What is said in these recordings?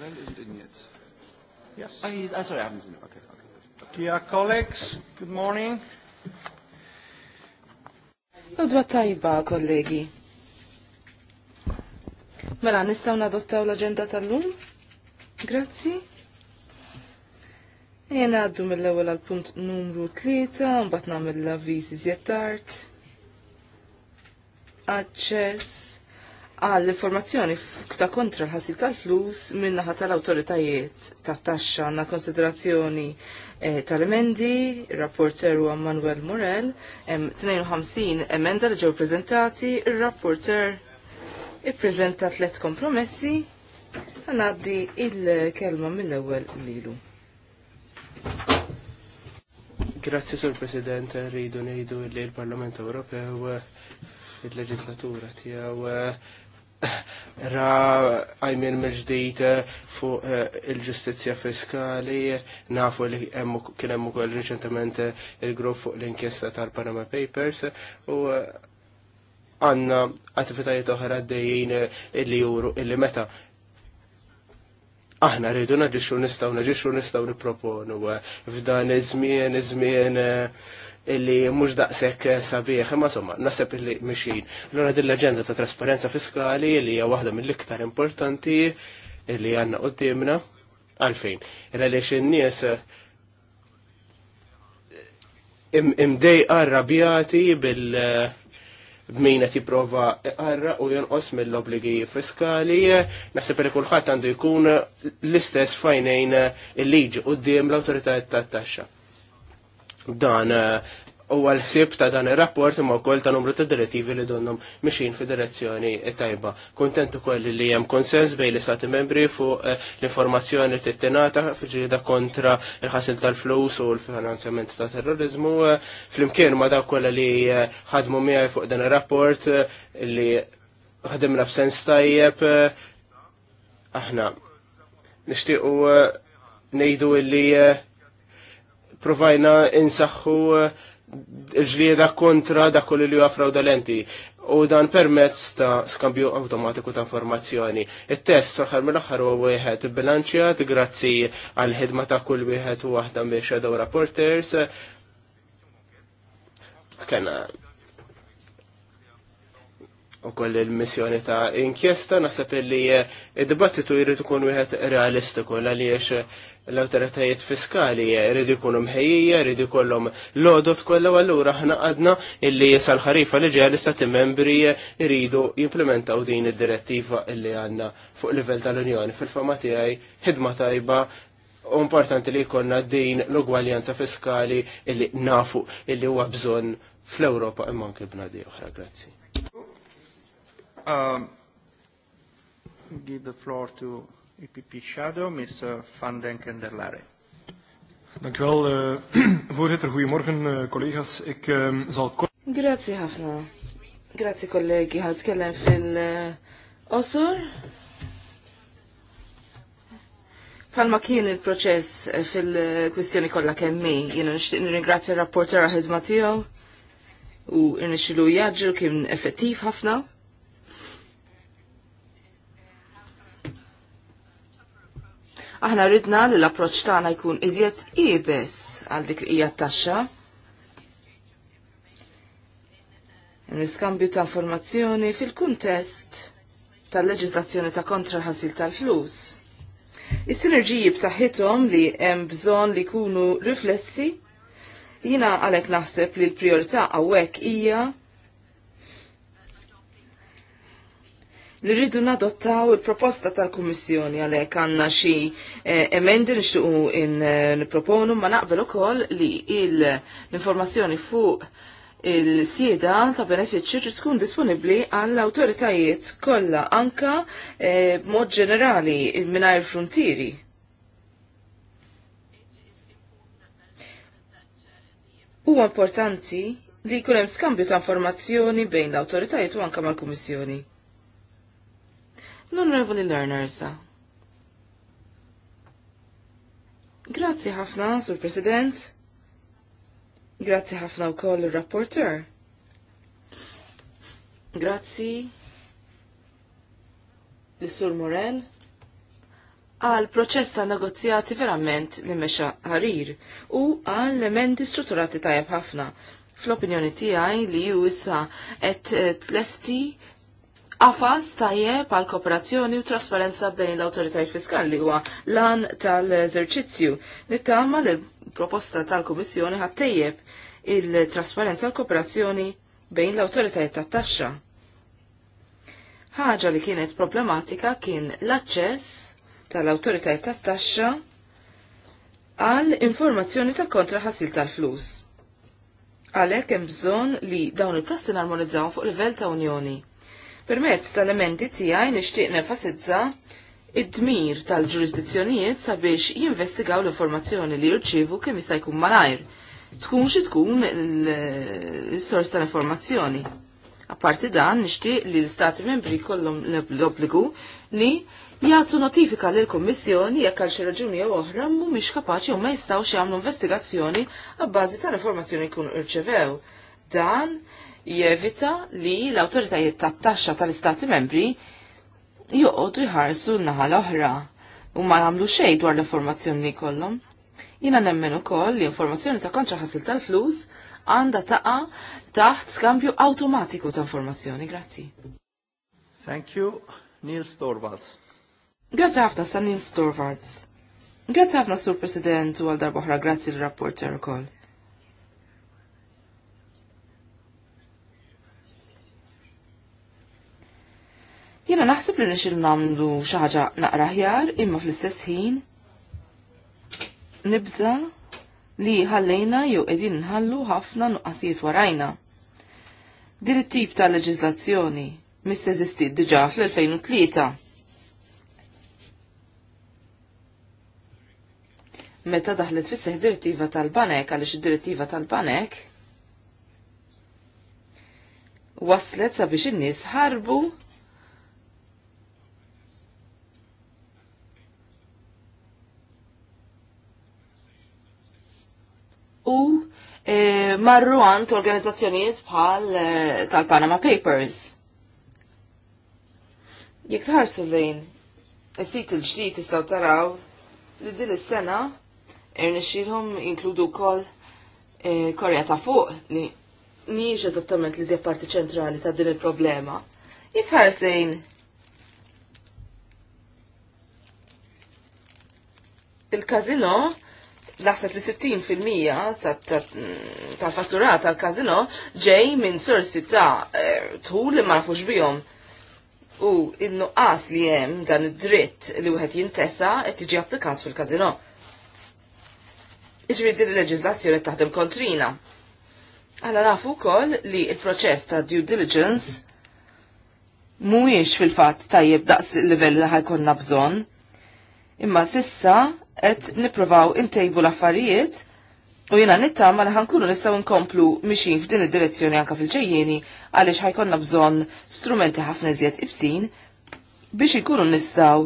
Morel isn't in yet. Yes. Oh, ah, he's, oh ah, sorry, I haven't seen it. Okay, okay. Dear colleagues, good morning. Nodwa tajba, kollegi. Mela, nistaw nadottaw l-agenda tal-lum? Grazzi. Jena għaddu mill-ewel għal-punt numru 3, mbat namil l-avvizi zjettart. Aċċess l informazzjoni kta kontra l-ħasil tal-flus minnaħa tal-autoritajiet ta' taxxa na' konsiderazzjoni eh, tal-emendi, rapporter u Manuel Morel, 52 emenda li ġew prezentati, rapporter i-prezenta tlet kompromessi, għanaddi il-kelma mill ewwel lilu. Grazzi, Sur President, rridu nejdu li l-Parlament Ewropew il leġislatura tiegħu ra għajmen mil-ġdijt eh, fuq eh, il-ġustizja fiskali, nafu li kien hemm ukoll reċentament eh, il-grupp fuq l-inkjesta tal-Panama Papers u għanna attivitajiet oħra għaddejjin illi juru illi meta aħna rridu naġixxu nistgħu naġiċu nistgħu nipproponu f'dan iż-żmien iż-żmien Illi mhux daqshekk sabiħ, imma somma naħseb li mixin. Lura din l-aġenda ta' trasparenza fiskali li hija waħda mill-iktar importanti li għandna qudiemna għalfejn. Illa li in-nies eh, imdej arrabjati bil b'min eh, qed jipprova iqarra u jonqos mill-obligi fiskali, naħseb li kulħadd għandu jkun l-istess fajnejn il-liġi qudiem l-awtoritajiet tat-taxxa. Dan eh, u għal sib ta' dan il-rapport imma wkoll ta' numru ta' direttivi li donnom mixin fi direzzjoni tajba. Kontent koll li hemm konsens bejn li stati membri fuq eh, l-informazzjoni tittenata fil-ġrida kontra il-ħasil tal-flus u l-finanzjament ta' terrorizmu. Eh, flimkien ma dak koll li ħadmu mija fuq dan ir-rapport li ħadimna f-sens tajjeb aħna nixtiequ ngħidu li provajna insaxħu eh, ġlieda kontra dak li huwa fraudolenti u dan permezz ta' skambju automatiku ta' informazzjoni. Il-test fl-aħħar mill-aħħar huwa wieħed bilanċjat grazzi għal ħidma ta' kull wieħed u waħda minn shadow reporters. Kena u koll il-missjoni ta' inkjesta nasab li eh, id-dibattitu jrid ikun wieħed realistiku għaliex l-autoritajiet fiskali jridu jkunu mħejjija, jridu jkollhom lodot kollha allura aħna għadna illi sal-ħarifa li ġeja l-istati membri jridu jimplementaw din id-direttiva illi għandna fuq livell tal-Unjoni. Fil-fama tiegħi ħidma tajba u importanti li jkollna din l-ugwaljanza fiskali illi nafu illi huwa bżonn fl-Ewropa imma anke b'nadi oħra. Grazzi. Um, give the floor to EPP Shadow, Mr. Van Denkenderlare. Dank u wel, uh, voorzitter. Goedemorgen, uh, collega's. Ik um, zal kort... Grazie, Hafna. Grazie, collega. het Għal tkellem fil-osor. Eh, Pan ma kien il-proċess fil-kwistjoni kollha kemmi, jiena nixtieq nirringrazzja r-rapporter għal ħidma tiegħu u rnexxilu jaġġel kien effettiv ħafna. Aħna ridna li l-approċ tagħna jkun iżjed ibes għal dik li hija taxxa. Niskambju ta' informazzjoni fil-kuntest tal-leġislazzjoni ta' kontra ħasil tal-flus. Is-sinerġiji b'saħħithom li hemm bżonn li jkunu riflessi, jina għalhekk naħseb li l-priorità hawnhekk hija li rridu nadottaw il-proposta tal-Kummissjoni għalhekk għandna xi eh, emendi nixtuqu in eh, nipproponu ma naqbel ukoll li l-informazzjoni fuq il-sieda ta' benefiċċju tkun disponibbli għall awtoritajiet kollha anka eh, b'mod ġenerali mingħajr frontieri. Huwa importanti li jkun hemm skambju ta' informazzjoni bejn l-awtoritajiet u anke mal-Kummissjoni l honorable Learners. Grazzi ħafna, Sur President. Grazzi ħafna u koll il-rapporter. Grazzi l-Sur Morel għal proċess ta' negozjati verament li meċa ħarir u għal elementi strutturati tajab ħafna. Fl-opinjoni tiegħi li ju issa qed tlesti qafas tajjeb għal kooperazzjoni u trasparenza bejn l-autoritajiet fiskali huwa lan tal-eżerċizzju. Nittama li l-proposta tal-Kummissjoni ħattejjeb il-trasparenza l kooperazzjoni bejn l-autoritajiet tat-taxxa. Ħaġa li kienet problematika kien l-aċċess tal-autoritajiet tat-taxxa għal informazzjoni ta' kontra ħasil tal-flus. Għalhekk hemm bżonn li dawn il-prassi narmonizzaw fuq livell ta' Unjoni. Permezz tal-emendi tiegħi nixtieq nefasizza id-dmir tal-ġurisdizzjonijiet sabiex jinvestigaw l-informazzjoni li jirċievu kemm jista' jkun malajr. Tkun xi tkun l-sors tal-informazzjoni. Apparti dan nixtieq li l-Stati membri kollhom l-obbligu li jagħtu notifika lill kommissjoni jekk għal xi raġuni jew oħra mhumiex kapaċi jew ma jistgħux jagħmlu investigazzjoni għabbażi tal-informazzjoni jkunu rċevew. Dan jevita li l-autoritajiet tat-taxxa tal-Istati membri joqogħdu jħarsu l-naħa l-oħra u ma jagħmlu xejn dwar l-informazzjoni kollhom. jkollhom. Jiena nemmen ukoll li informazzjoni ta' kontra ħasil tal-flus għandha taqa taħt skambju awtomatiku ta' informazzjoni. Grazzi. Thank you, Neil Torvalds. Grazzi ħafna sa' Neil Storvalds. Grazzi ħafna Sur President u għal oħra, grazzi l-rapporter ukoll. Jena naħseb li nixil namdu xaħġa naqra ħjar imma fl-istess ħin nibza li ħallejna jew qegħdin nħallu ħafna nuqqasijiet warajna. Din it-tip ta' leġiżlazzjoni mis-seżisti diġà fl-2003. meta daħlet fis seħ direttiva tal-banek, għaliex id-direttiva tal-banek, waslet sabiex in-nies ħarbu u e, marru għant organizzazzjonijiet bħal e, tal-Panama Papers. Jek tħarsu lejn, is-sit il-ġdid istaw taraw li din is-sena irnexxielhom jinkludu wkoll korja e, Korea ta' fuq li mhijiex eżattament li żjed parti ċentrali ta' din il-problema. Jek tħares lejn il-kazino Lasnet li 60% fil-mija tal fatturata tal-kazino ġej minn sorsi ta' eh, tħul li marfux bijom. U innu nuqqas li hemm dan id-dritt li wieħed jintesa qed tiġi applikat fil-kazino. Iġri din il-leġizlazzjoni taħdem kontrina. Għana nafu kol li il-proċess ta' due diligence mhuwiex fil-fatt tajjeb daqs il level li ħajkonna bżonn. Imma sissa qed nippruvaw intejbu l-affarijiet u jiena nittama li ħankunu nistgħu nkomplu mixin f'din id-direzzjoni anke fil-ġejjieni għaliex ħajkonna bżonn strumenti ħafna iżjed ibsin biex ikunu nistgħu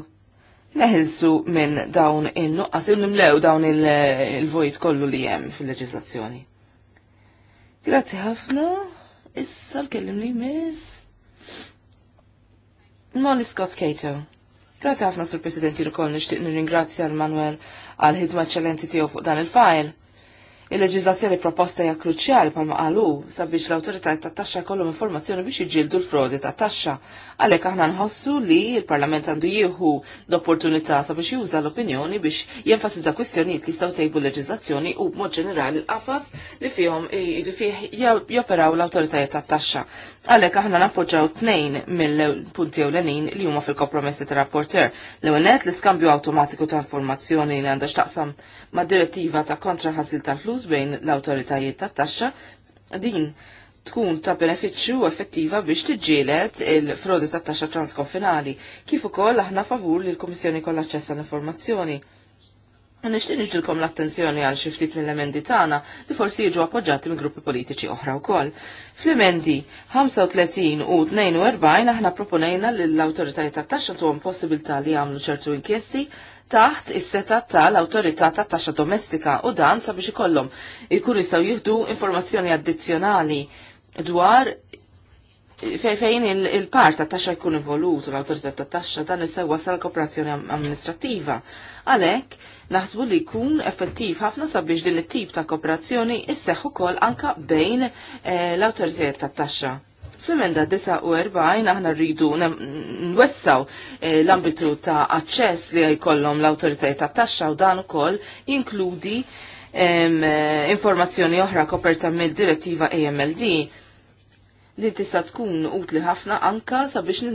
neħilsu minn dawn in-nuqqas il-nimlew dawn il-vojt kollu li hemm fil-leġiżlazzjoni. Grazzi ħafna, issa l-kellim li miss. Molly Scott Cato. Grazie ħafna sur President jirkoll nixtieq nirringrazzja l-Manuel għal ħidma eċċellenti tiegħu fuq dan il-fajl. il leġizlazzjoni proposta hija kruċjali palma qalu sabiex l-awtoritajiet tat-taxxa jkollhom informazzjoni biex jiġġieldu l-frodi tat-taxxa Għalhekk aħna nħossu li l-Parlament għandu jieħu l-opportunità sabiex juża l-opinjoni biex jenfasizza kwistjonijiet li jistgħu tejbu leġiżlazzjoni u b'mod ġenerali l-qafas li fihom li fih joperaw l-awtoritajiet tat-taxxa. Għalhekk aħna nappoġġaw tnejn mill-punti ewlenin li huma fil-kompromessi tar-rapporter. L-ewwel l-iskambju awtomatiku ta' informazzjoni li għandha x'taqsam ma' direttiva ta' kontra ħasil tal-flus bejn l-awtoritajiet tat-taxxa din tkun ta' benefiċċju effettiva biex tiġġielet il-frodi tat taxxa transkonfinali, kif ukoll aħna favur li l-Kummissjoni kollha aċċess għall informazzjoni. Nixtieq niġdilkom l-attenzjoni għal xi ftit mill-emendi tagħna li forsi jiġu appoġġati minn gruppi politiċi oħra wkoll. Fl-emendi 35 u 42 aħna proponejna lill awtoritajiet tat-taxxa tuhom possibilità li jagħmlu ċertu inkjesti taħt is-seta tal-Awtorità ta' taxxa Domestika u dan sabiex ikollhom ikun jistgħu jieħdu informazzjoni addizzjonali dwar fejn il-part ta' taxxa jkun involut l-autorità ta' taxxa dan jista' wasal kooperazzjoni amministrattiva. Għalhekk naħsbu li jkun effettiv ħafna sabiex din it-tip ta' kooperazzjoni isseħħ ukoll anka bejn eh, l-awtoritajiet ta' taxxa. Fl-emenda 49 aħna rridu nwessaw eh, l-ambitu ta' aċċess li jkollhom l-awtoritajiet ta' taxxa u dan ukoll jinkludi eh, informazzjoni oħra koperta mill-direttiva AMLD li tista tkun utli ħafna anka sabiex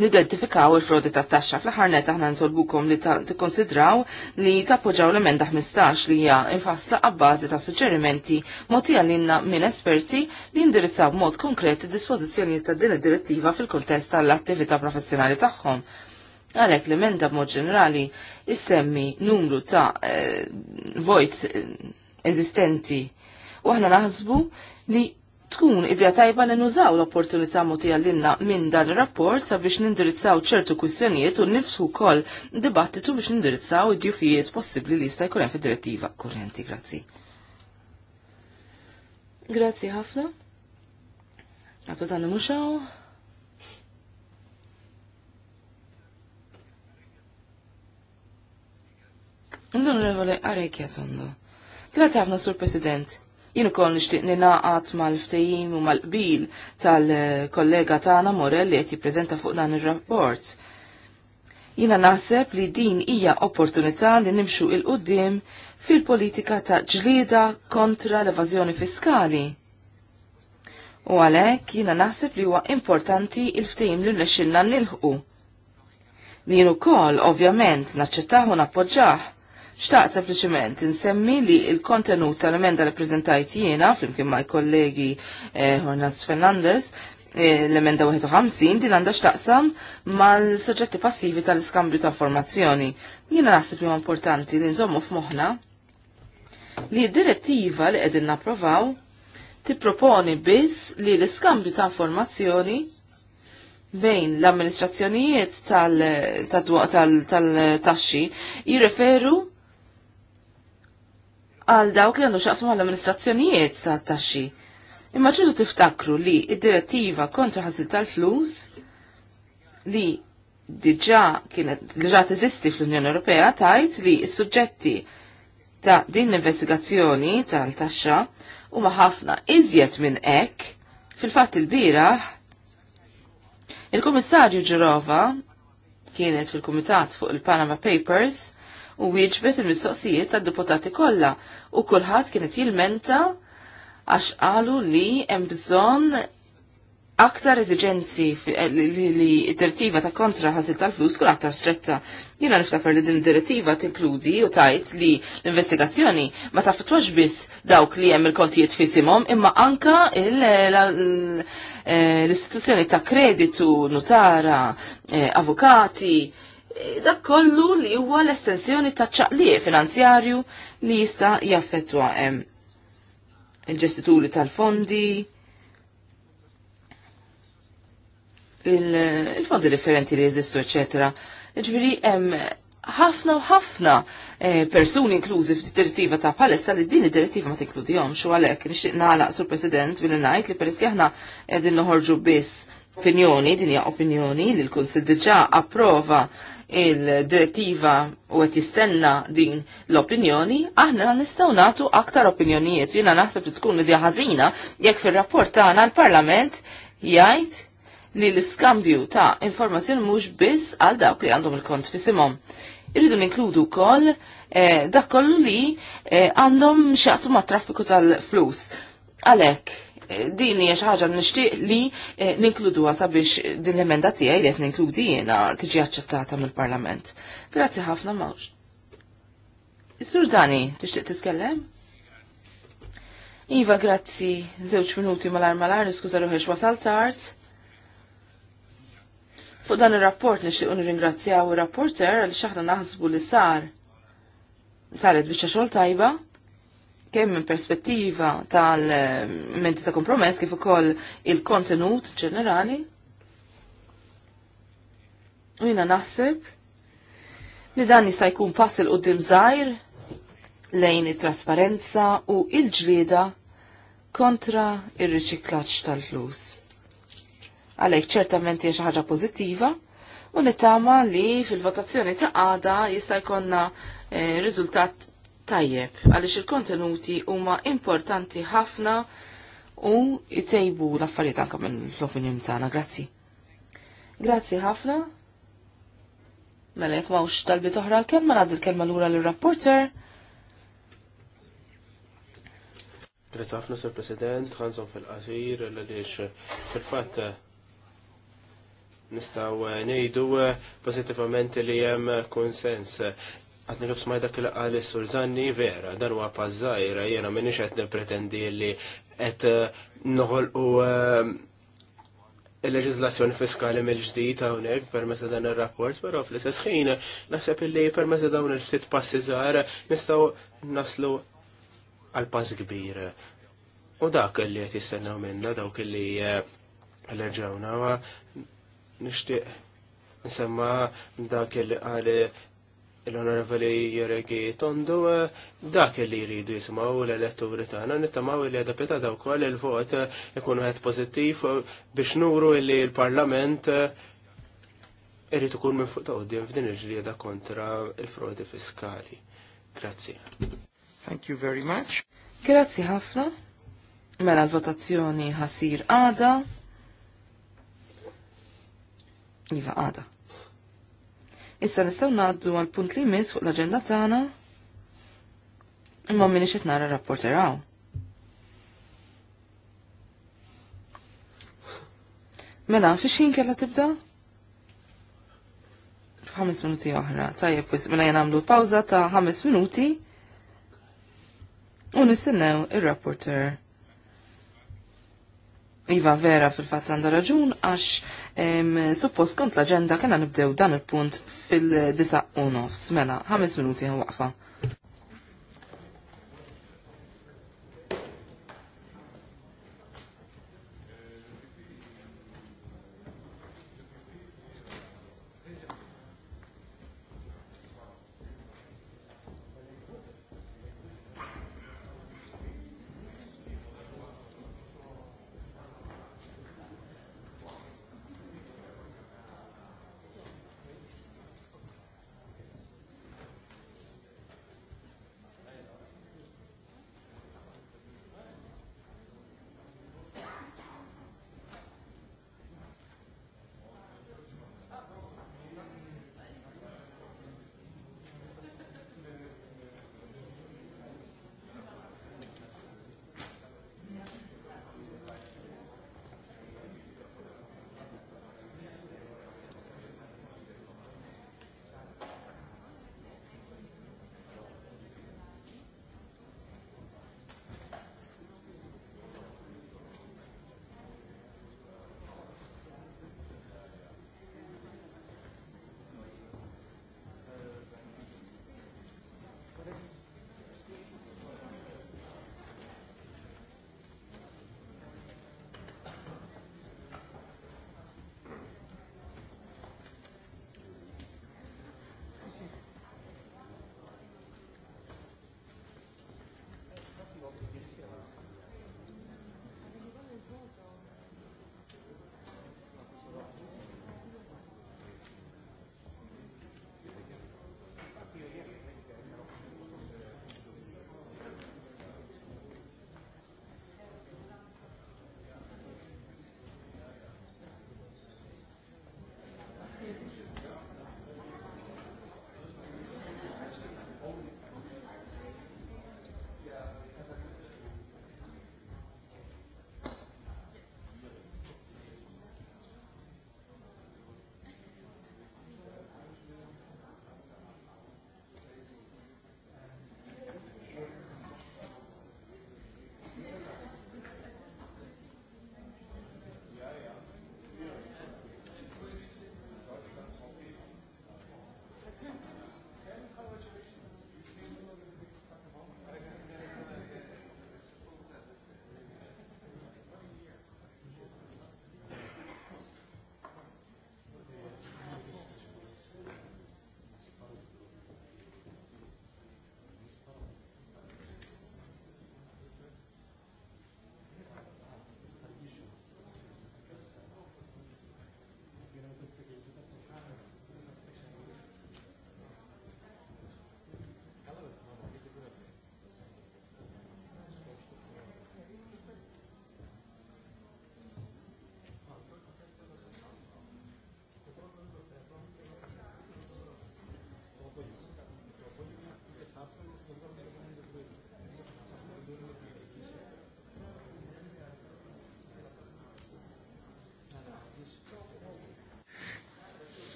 nidentifikaw il-frodi ta' taxxa. Fl-aħħar net aħna nsolbukom li tikkonsidraw li tappoġġaw l-emenda 15 li hija infassla għabbażi ta' suġġerimenti moti għalinna minn esperti li indirizzaw b'mod konkret dispożizzjonijiet ta' din id-direttiva fil-kontest tal-attività professjonali tagħhom. Għalhekk l-emenda b'mod ġenerali issemmi numru ta' eh, voids eh, eżistenti u naħsbu li tkun idea tajba li nużaw l-opportunità moti għallimna minn dan il-rapport sabiex nindirizzaw ċertu kwistjonijiet u nifsu kol dibattitu biex nindirizzaw id-djufijiet possibli li jista' jkun hemm fid-direttiva kurrenti. Grazzi. Grazzi ħafna. Għabda dan muxaw. L-onorevole Arekja Tondo. Grazie ħafna, Sur President. Jien ukoll nixtieq ninaqat mal-ftehim u mal-qbil tal-kollega Tana Morel li qed jippreżenta fuq dan ir-rapport. Jiena naħseb li din hija opportunità li nimxu il qudiem fil-politika ta' ġlieda kontra l-evażjoni fiskali. U għalhekk jiena naħseb li huwa importanti il-ftehim li nexxilna nilħqu. Jien ukoll ovvjament naċċettaħu nappoġġaħ X'taq sempliciment insemmi li il-kontenut tal-emenda li prezentajt jiena flimkien ma' kollegi eh, Hornas Fernandez eh, l-emenda 51 din għandha x'taqsam mal-soġġetti passivi tal-iskambju ta' formazzjoni. Jiena naħseb li importanti li nżommu f'moħħna li d-direttiva li qegħdin napprovaw tipproponi biss li l-iskambju ta' formazzjoni bejn l-amministrazzjonijiet tal-taxxi tal, tal, tal, jirreferu għal dawk li għandu xaqsmu għall-amministrazzjonijiet ta' taxxi. Imma ċudu tiftakru li id-direttiva kontra ħasil tal-flus li diġa kienet diġa teżisti fl-Unjoni Ewropea tajt li s-suġġetti ta' din l-investigazzjoni tal-taxxa huma ħafna iżjed minn hekk fil-fatt il bieraħ il-Kummissarju Ġirova kienet fil-Kumitat fuq il-Panama Papers u wieġbet il-mistoqsijiet tad-deputati kollha u kulħadd kienet jilmenta għax qalu li hemm bżonn aktar eżiġenzi eh, li direttiva ta' kontra ħasil tal-flus kun aktar stretta. Jina niftakar li din direttiva tinkludi u tajt li l-investigazzjoni ma taffetwax biss dawk li hemm il-kontijiet fisimhom imma anka eh, l-istituzzjoni ta' kreditu, notara, eh, avukati, dak kollu li huwa l-estensjoni ta' ċaqlie finanzjarju li jista' jaffettwa hemm il-ġestituri tal-fondi, il-fondi il differenti li jeżistu, eċetera. Ġviri, hemm ħafna u ħafna eh, persuni inklużi fid-direttiva ta' palessa li din id-direttiva ma tinkludihom xu għalhekk nixtieq nagħlaq sur President billi ngħid li peress aħna qegħdin noħorġu biss opinjoni, din hija opinjoni li l-Kunsil diġà approva il-direttiva u għet jistenna din l-opinjoni, aħna nistaw natu aktar opinjonijiet. Jina naħseb li tkun idea ħażina jekk fil-rapport tagħna l-Parlament jgħid li l-iskambju ta' informazzjoni mhux biss għal dawk li għandhom il-kont fissimom. Irridu ninkludu wkoll eh, dak kollu li eh, għandhom xaqsu ma' traffiku tal-flus. Għalhekk, din hija xi ħaġa nixtieq li eh, ninkluduha sabiex din l-emenda tiegħi li qed ninkludi jiena tiġi aċċettata mill-Parlament. Grazzi ħafna mawx. Is-Sur Zani, tixtieq titkellem? Iva, grazzi, żewġ minuti malar malar, niskuża ruħex wasal tard. Fuq dan ir-rapport nixtieq nirringrazzjaw ir-rapporter għal xaħna naħsbu li sar. Saret biex xogħol tajba, kemm minn perspettiva tal-menti ta' kompromess kif ukoll il-kontenut ġenerali. U jina naħseb li dan jista' jkun pass il qudiem żgħir lejn it-trasparenza u il-ġlieda kontra ir-riċiklaġġ il ġlieda kontra ir riċiklaġġ tal flus Għalhekk ċertament hija xi ħaġa pożittiva u nittama li fil-votazzjoni ta' għada jista' jkollna eh, riżultat tajjeb għalix il-kontenuti huma importanti ħafna u jtejbu l-affarijiet anke mill-opinjoni tagħna. Grazzi. Grazzi ħafna. Mela jekk m'hawnx talbi oħra l-kelma ngħaddi l-kelma lura lir-rapporter. Grazzi ħafna, Sir President, ħanżhom fil-qasir, għaliex fil fatt nistaw nejdu eh, pozitivament li jem konsens għadni għaf smajda kila għalis Surzanni vera, dan huwa pazzajra, jena minix għet nipretendi li għet eh, noħol u eh, il-leġizlazzjoni fiskali mill-ġdijt għawnek permessa dan il-rapport, pero fl-istess ħin, naħseb li permessa dawn il-sit passi zaħar nistaw naslu għal-pass kbir. U dak li għet jistennaw minna, dawk li għal eh, ġawna nishtiq nisemma dak li għali l-onorevoli Joregi Tondo dak li jridu jismaw l-elettori tagħna nittamaw li għadapita daw kol il-vot ikun wieħed pożittiv biex nuru li l-Parlament irid ikun minn fuq taqdiem f'din il-ġlieda kontra il-frodi fiskali. Grazzi. Thank you very much. Grazzi ħafna. Mela l-votazzjoni ħasir għada. Iva għada. Issa nistgħu ngħaddu għal punt li jmiss fuq l-aġenda tagħna. Imma minix qed nara rapporteraw. Mela, fiex xin kella tibda? F'ħames minuti oħra. Tajjeb, mela jien għamlu pawza ta' ħames minuti u nistennew ir-rapporter. Iva vera fil-fat għanda raġun għax suppost kont l-agenda kena nibdew dan il-punt fil disa u nofs mela 5 minuti għan waqfa.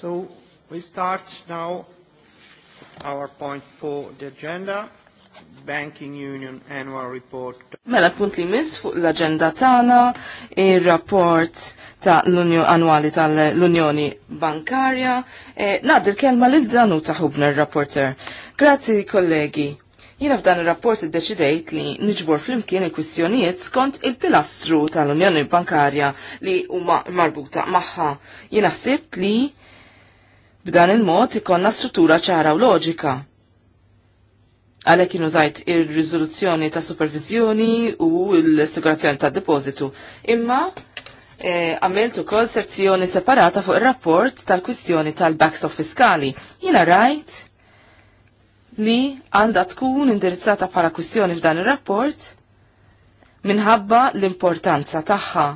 So we start now our point for the agenda, Banking Union Annual Report. Mela punt li miss fuq l-agenda tana, il-rapport ta' l unjoni Annuali tal-Unjoni Bankarja. E, Nadir kelma li danu ta' hubna il-rapporter. Grazzi kollegi. Jina f'dan il-rapport id-deċidejt li niġbor flimkien il-kwistjonijiet skont il-pilastru tal-Unjoni Bankarja li huma marbuta magħha. Jina ħsibt li B'dan il-mod ikonna struttura ċara u loġika. Għalek kienu zajt il-rizoluzzjoni ta' supervizjoni u l-assigurazzjoni ta' depozitu. Imma eh, għamilt e, ukoll sezzjoni separata fuq ir-rapport tal-kwistjoni tal-backstop fiskali. Jina rajt li għandha tkun indirizzata bħala kwistjoni f'dan ir-rapport minħabba l-importanza tagħha,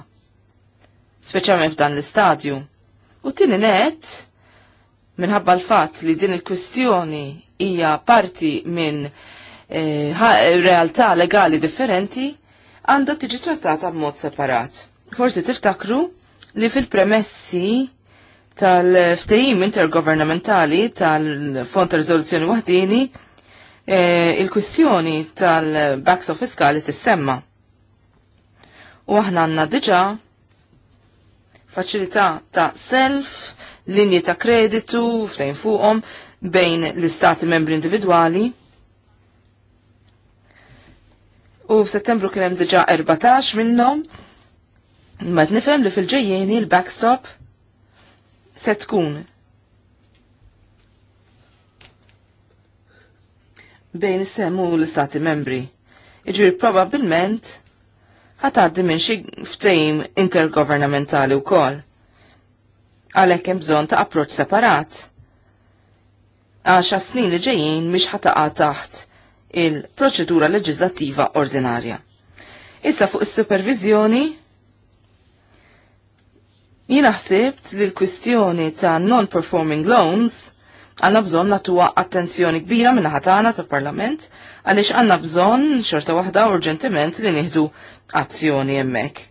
speċjalment f'dan l-istadju. U tini net minħabba l-fatt li din il-kwistjoni hija parti minn eh, realtà legali differenti, għandha tiġi trattata b'mod separat. Forsi tiftakru li fil-premessi tal-ftehim intergovernamentali tal-Fond ta' Riżoluzzjoni Waħdini eh, il-kwistjoni tal baxo Fiskali tissemma. U aħna għandna diġà faċilità ta' self linji ta' kreditu flejn fuqhom bejn l-istati membri individwali. U f'Settembru kien hemm diġà 14 minnhom. Ma nifhem li fil-ġejjeni l-backstop se tkun bejn is-sem semmu l-istati membri. Iġri probabilment għaddi minn xi ftehim intergovernamentali wkoll għalhekk hemm bżonn ta' approċċ separat. Għaxa snin li ġejjin mhix ħataqa' taħt il-proċedura leġislattiva ordinarja. Issa fuq is-supervizjoni Jina ħsibt li l-kwistjoni ta' non-performing loans għanna bżon natuwa attenzjoni kbira minna ħatana ta' parlament għalix għanna bżon xorta wahda urġentiment li nieħdu azzjoni jemmek.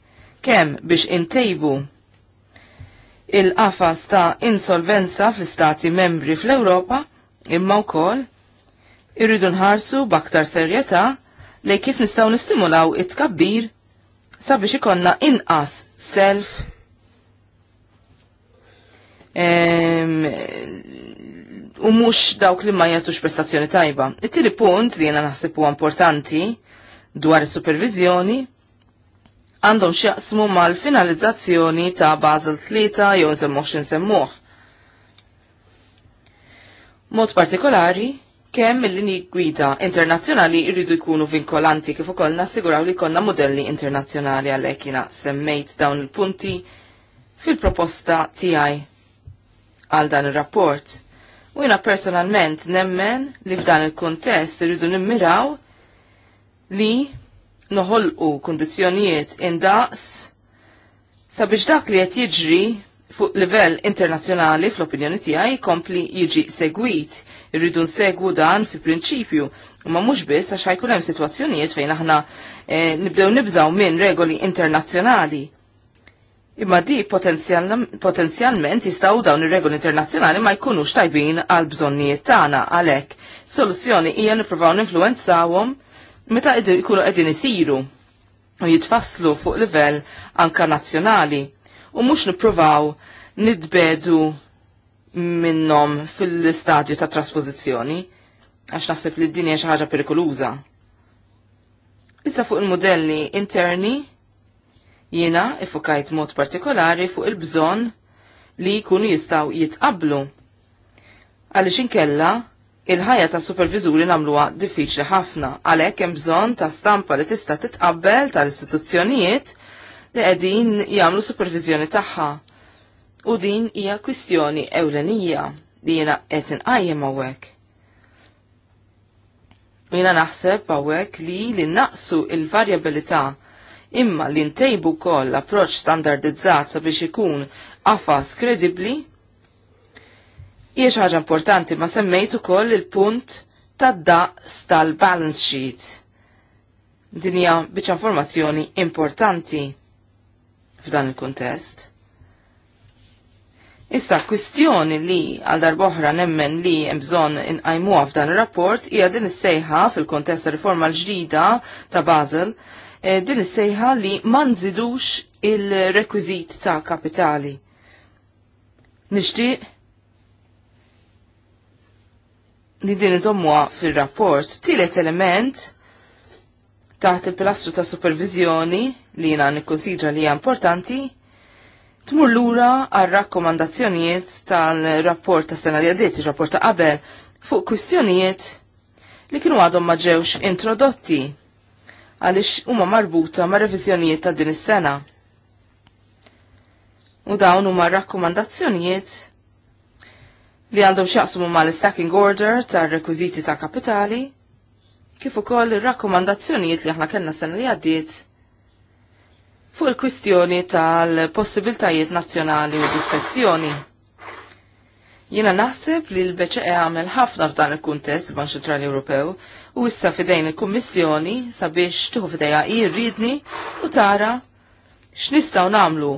Kem biex intejbu il-qafas ta' insolvenza fl-istati membri fl-Europa imma wkoll irridu nħarsu baktar serjetà li kif nistgħu nistimulaw it-tkabbir sabiex ikonna inqas self um, u mux dawk li ma jatux prestazzjoni tajba. It-tili punt li jena naħseb importanti dwar supervizjoni għandhom xjaqsmu mal-finalizzazzjoni ta' Basel 3 jew nsemmuħx nsemmuħ. Mod partikolari, kemm il-linji gwida internazzjonali jridu jkunu vinkolanti kif ukoll nassiguraw li konna modelli internazzjonali għalhekk jiena semmejt dawn il-punti fil-proposta tiegħi għal dan ir-rapport. U jiena personalment nemmen li f'dan il kuntest irridu nimmiraw li noħolqu kondizjonijiet indaqs sabiex dak li qed jiġri fuq livell internazzjonali fl-opinjoni tiegħi kompli jiġi segwit. Irridu nsegwu dan fi prinċipju, ma mhux biss għax ħajkun hemm sitwazzjonijiet fejn aħna e, nibdew nibżaw minn regoli internazzjonali. Imma di potenzjalment jistgħu dawn ir-regoli internazzjonali ma jkunux tajbin għal bżonnijiet tagħna għalhekk. Soluzzjoni hija nippruvaw ninfluwenzawhom meta jkunu qegħdin isiru u jitfasslu fuq livell anka nazzjonali u mhux nippruvaw nidbedu minnhom fil-istadju ta' traspożizzjoni għax naħseb li d-dinja xi ħaġa perikoluża. Issa fuq il-modelli interni jiena ifukajt mod partikolari fuq il-bżonn li jkunu jistgħu jitqablu. għaliex inkella il-ħajja ta' supervizuri namluwa diffiċli ħafna, għalhekk hemm bżonn ta' stampa li tista' titqabbel tal-istituzzjonijiet li qegħdin jagħmlu supervizjoni tagħha. U din hija kwistjoni ewlenija li jiena qed inqajjem hawnhekk. U jiena naħseb hawnhekk li li naqsu il-varjabilità imma li ntejbu wkoll l approċċ standardizzat sabiex ikun qafas kredibbli Iex ħaġa importanti ma semmejt ukoll il-punt tad-daqs tal-balance sheet. Dinja biċ informazzjoni importanti f'dan il-kuntest. Issa kwistjoni li għal darboħra nemmen li jemżon inqajmuha f'dan ir-rapport hija din is-sejħa fil-kontest riforma l-ġdida ta' Basel, e, din is-sejħa li ma nżidux il-rekwiżit ta' kapitali. Nixtieq li din iżommuha fil-rapport. Tielet element taħt il-pilastru ta' supervizjoni li jina nikkonsidra li hija importanti tmur lura għar rakkomandazzjonijiet tal-rapport ta' sena li għaddiet, il-rapport ta' qabel, fuq kwistjonijiet li kienu għadhom ma ġewx introdotti għaliex huma marbuta ma' reviżjonijiet ta' din is-sena. U dawn huma rakkomandazzjonijiet li għandhom xaqsmu mal-stacking order tar-rekwiżiti ta' kapitali, kif ukoll ir-rakkomandazzjonijiet li aħna kellna sena li għaddiet fuq il-kwistjoni tal-possibiltajiet nazzjonali u diskrezzjoni. Jiena naħseb li l-BCE għamel ħafna f'dan il-kuntest Bank Ċentrali Ewropew u issa fidejn il-Kummissjoni sabiex tuħu fidejha jirridni u tara x'nistgħu nagħmlu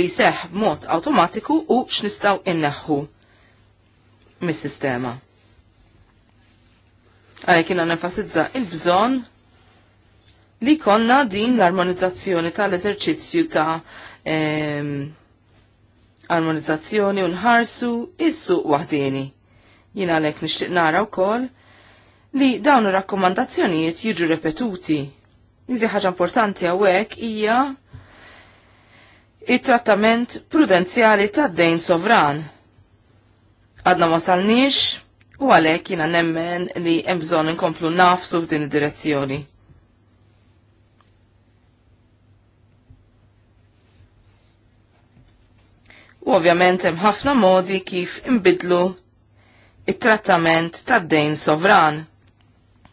li seħ b'mod awtomatiku u x'nistgħu inneħħu mis-sistema. Għalek jina nenfasizza il-bżon li konna din l-armonizzazzjoni tal-eżerċizzju ta' ehm, armonizzazzjoni unħarsu issu wahdini. Jina għalek nishtiq nara u kol li dawn ir-rakkomandazzjonijiet jiġu repetuti. Nizi ħaġa importanti għawek hija il trattament prudenzjali tad-dejn sovran għadna ma salniex u għalhekk jiena nemmen li hemm bżonn inkomplu nafsu f'din id-direzzjoni. U ovvjament hemm ħafna modi kif imbidlu it-trattament tad-dejn sovran.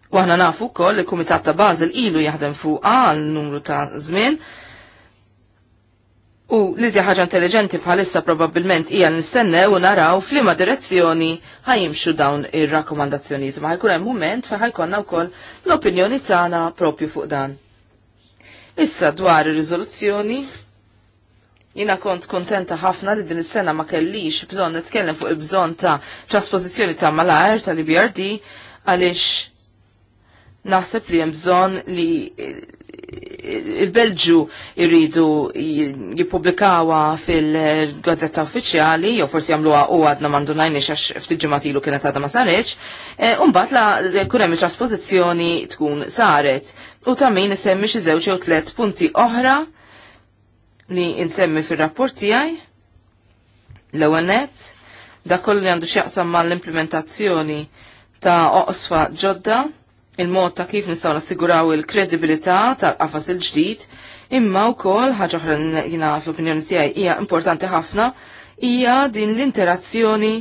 U aħna nafu wkoll li kumitat ta' Basel ilu jaħdem fuq għal numru ta' żmien U l-iżja ħaġa intelligenti bħalissa probabbilment hija nistenne u naraw f'liema direzzjoni ħajimxu dawn ir-rakkomandazzjonijiet ma ħajkun hemm mument fejn ħajkonna wkoll l-opinjoni tagħna propju fuq dan. Issa dwar ir-riżoluzzjoni jina kont kontenta ħafna li din is-sena ma kellix bżonn nitkellem fuq il-bżonn ta' trasposizzjoni ta' malajr tal-IBRD għaliex naħseb li hemm bżonn li il-Belġu irridu jipublikawa fil-gazzetta uffiċjali, jew forsi jagħmluha u għadna mandu najni għax ftit ilu kienet għadha ma eh, u mbagħad la kun hemm trasposizzjoni tkun saret. U ta' min isemmi xi żewġ jew tliet punti oħra li insemmi fir-rapport tiegħi. L-ewwel nett, dak kollu li għandu x'jaqsam mal-implementazzjoni ta' oqsfa ġodda il-mod ta' kif nistgħu nassiguraw il-kredibilità tal-qafas il-ġdid, imma wkoll ħaġa oħra jina fl-opinjoni tiegħi hija importanti ħafna hija din l-interazzjoni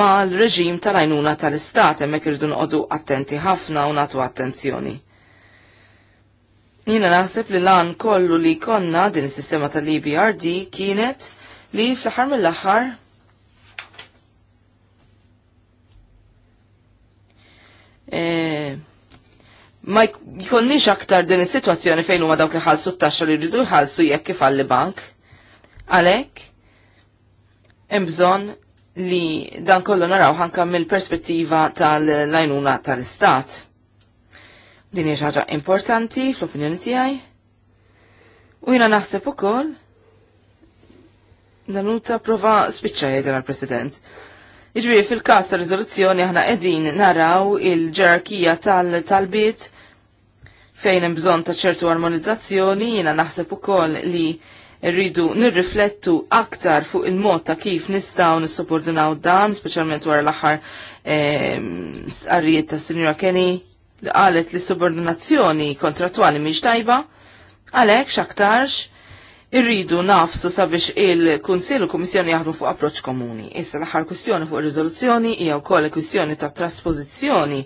mal-reġim tal-għajnuna tal-istat hemmhekk irridu noqogħdu attenti ħafna u nagħtu attenzjoni. Jiena naħseb li lan kollu li konna din is-sistema tal-EBRD kienet li fl-aħħar mill-aħħar E, ma jkonniex aktar din is-sitwazzjoni fejn huma dawk li ħalsu t-taxxa li jridu jħallsu jekk ifalli bank. Għalhekk hemm bżonn li dan kollu naraw ħanka mill-perspettiva tal-lajnuna tal-istat. Din hija ħaġa importanti fl-opinjoni tiegħi. U jiena naħseb ukoll Nanuta prova spiċċa jgħidra l-President. Iġviri fil-kas ta' rizoluzzjoni aħna edin naraw il-ġerarkija tal-talbiet fejn hemm bżonn ta' ċertu armonizzazzjoni jiena naħseb ukoll li rridu nirriflettu aktar fuq il-mod ta' kif nistgħu nissupportinaw dan, speċjalment wara l-aħħar ehm, arrijiet ta' Sinjora Kenny li qalet li subordinazzjoni kontrattwali mhix tajba, għalhekk x'aktarx irridu nafsu sabiex il-Kunsill u Kummissjoni jaħdmu fuq approċċ komuni. Issa l-aħħar kwistjoni fuq ir-riżoluzzjoni hija wkoll kwistjoni ta' trasposizzjoni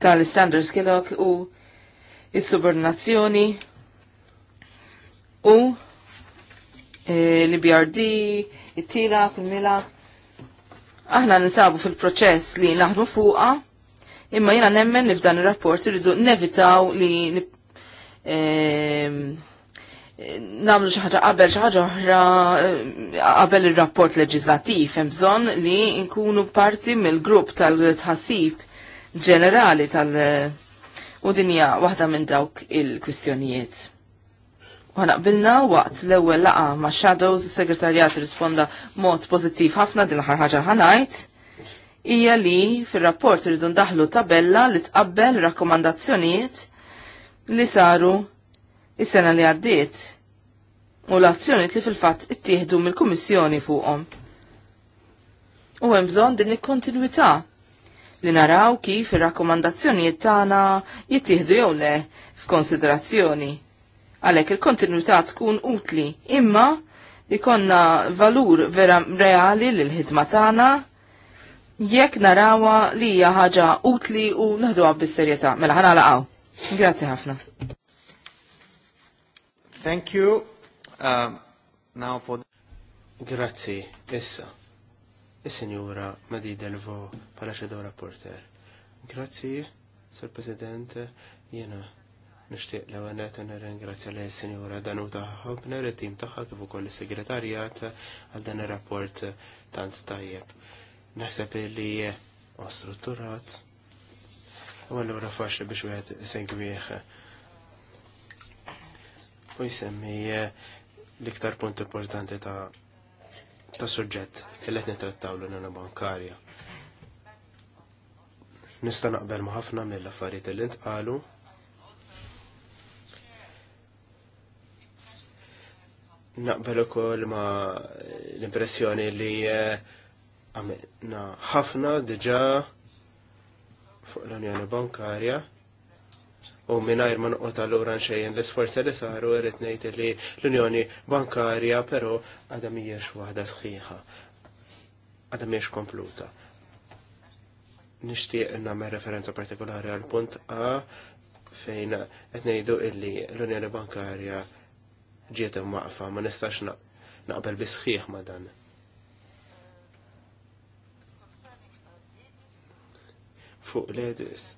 tal-standards kellok u is-subordinazzjoni u e, l-BRD, it-tila, kull Aħna ninsabu fil-proċess li naħdmu fuqa, imma jena nemmen li f'dan ir rapport irridu nevitaw li e, namlu xi ħaġa qabel xi ħaġa oħra eh, qabel ir-rapport leġislattiv hemm bżonn li nkunu parti mill-grupp tal-tħassib ġenerali tal- eh, u dinja waħda minn dawk il-kwistjonijiet. U ħanaqbilna waqt l-ewwel laqa ma' Shadows is-Segretarjat risponda mod pożittiv ħafna din l-aħħar ħaġa ħanajt hija li fir-rapport irridu ndaħlu tabella li tqabbel rakkomandazzjonijiet li saru is-sena li għaddiet u l azzjonijiet li fil-fatt ittieħdu mill-Kummissjoni fuqhom. U hemm bżonn din il-kontinwità li naraw kif ir-rakkomandazzjonijiet tagħna jittieħdu jew le f'konsiderazzjoni. Għalhekk il-kontinwità tkun utli imma ikonna valur vera reali lil ħidma tagħna jekk narawa li hija ħaġa utli u naħduha bis-serjetà mela ħanalaqgħu. Grazzi ħafna. Thank you. Um, now for... Grazzi, issa. Is-senjura Madi Delvo, pala xedaw rapporter. Grazzi, Sir President, jena nishtiq l għanet nir-ingrazzja li s-senjura Danuta Hobner, nir-tim taħħa kifu koll il-segretarjat għal dan il-rapport tant tajjeb. Naħseb li għastrutturat, u għallura faċli biex wieħed segwieħ u jsemmi eh, l-iktar punt importanti ta' ta' suġġett li qed nittrattaw l-Unjoni Bankarja. Nista' naqbel ma' ħafna mill-affarijiet li ntqalu naqbel ukoll ma l-impressjoni li eh, għamilna ħafna diġà fuq l-Unjoni Bankarja u minnajr ma noqgħod allura nxejjen l-isforzi li saru irrid ngħid li l-Unjoni Bankarja però għadha mhijiex waħda sħiħa. Għadha mhijiex kompluta. Nixtieq nagħmel referenza partikolari għal punt A fejn qed ngħidu illi l-Unjoni Bankarja ġiet maqfa ma nistax naqbel bi sħiħ ma dan. Fuq l-edis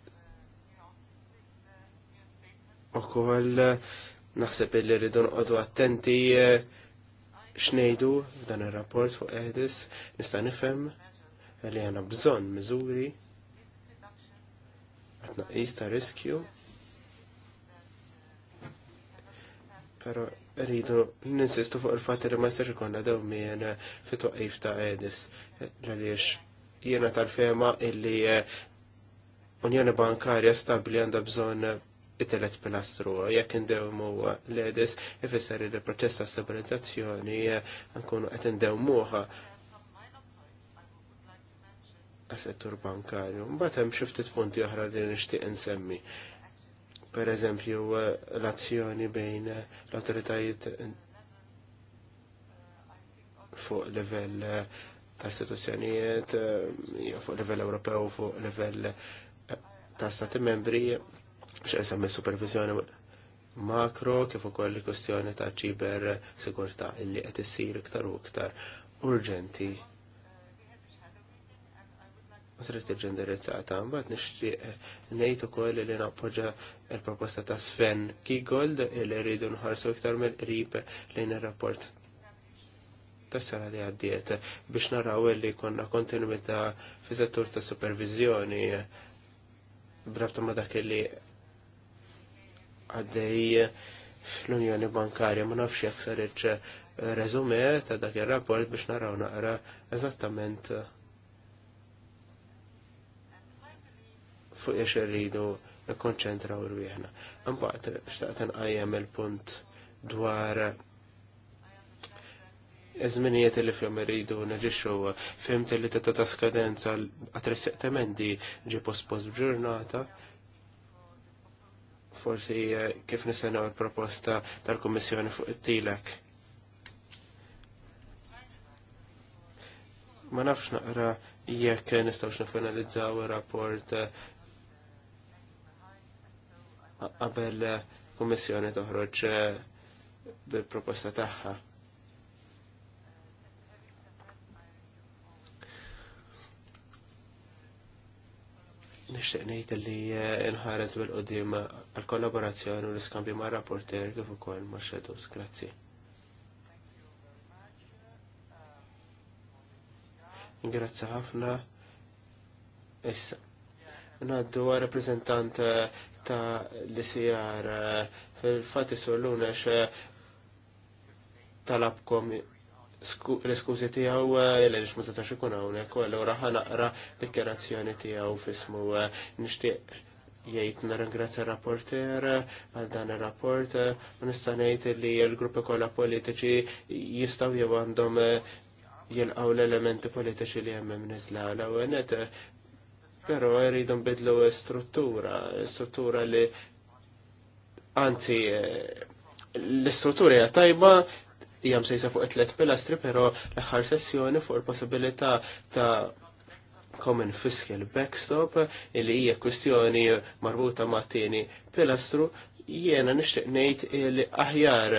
ukoll naħseb li rridu noqogħdu attenti eh, xnejdu dan ir-rapport fuq Edis nista' nifhem li għandna bżonn miżuri għat naqis ta' riskju pero rridu ninsistu fuq il fatt li ma jistax ikonna daw mien fi toqif ta' edis. Għaliex jiena tal-fema illi eh, Unjoni Bankarja stabli għandha bżonn it-telet pilastru. jek indewmu l-edis, ifisser li proċess ta' stabilizzazzjoni eh, nkunu qed indewmuha għas-settur bankarju. Mbagħad hemm xi ftit punti oħra li nixtieq insemmi. Per eżempju, eh, l-azzjoni bejn eh, l-autoritajiet fuq livell ta' istituzzjonijiet, fuq livell Ewropew, fuq livell ta' stati membri, x'esem supervizjoni makro kif ukoll il-kwestjoni ta' ċiber sigurta illi qed issir iktar u iktar urġenti. Trid tiġi indirizzata, mbagħad nixtieq ngħid ukoll li nappoġġa l-proposta ta' Sven Kigold li rridu nħarsu iktar mill-qrib lejn ir-rapport tas-sena li għaddiet biex naraw li konna kontinuità fi settur ta' supervizjoni brabta ma dak li għaddej fl-Unjoni Bankarja ma nafx jekk saritx eh, reżume ta' dak ir-rapport biex naraw naqra eżattament eh, fuq jiex irridu nikkonċentraw rwieħna. Mbagħad xtaqt inqajjem il-punt dwar Iżminijiet li fjom irridu neġixxu fimt li teta ta' skadenza għat emendi ġi pospos b'ġurnata forsi eh, kif nisenaw il-proposta tal-Kommissjoni fuq it-tilek. Ma nafx naqra jekk nistawx nifinalizzaw il-rapport eh, qabel eh, Kommissjoni toħroġ bil-proposta tagħha. Nishtiq ngħid li eh, nħares bil-qudiem għall-kollaborazzjoni u l-iskambju ma' rapporter kif ukoll ma' Shadows. Grazzi. Grazzi ħafna. Issa. Naddu rappresentant eh, ta' l-ICR eh, fil-fat isollunex talabkom l eskuzi tijaw l-għalix eh, ma setax ikun hawnhekk, allura ħanaqra dikjerazzjoni tijaw fismu eh, nixtieq jgħid nirringrazzja rapporter eh, għal dan ir-rapport u nista' ngħid li l-gruppi kollha politiċi jistgħu jew għandhom jilqgħu l-elementi politiċi li hemm nizla l-ewwel però jridu bidlu struttura, struttura li anzi l-istruttura hija tajba hija sejsa fuq it-tlet pilastri, però l-aħħar sessjoni fuq il-possibilità ta' common l backstop li hija kwistjoni marbuta ma' tieni pilastru jiena nixtieq ngħid li aħjar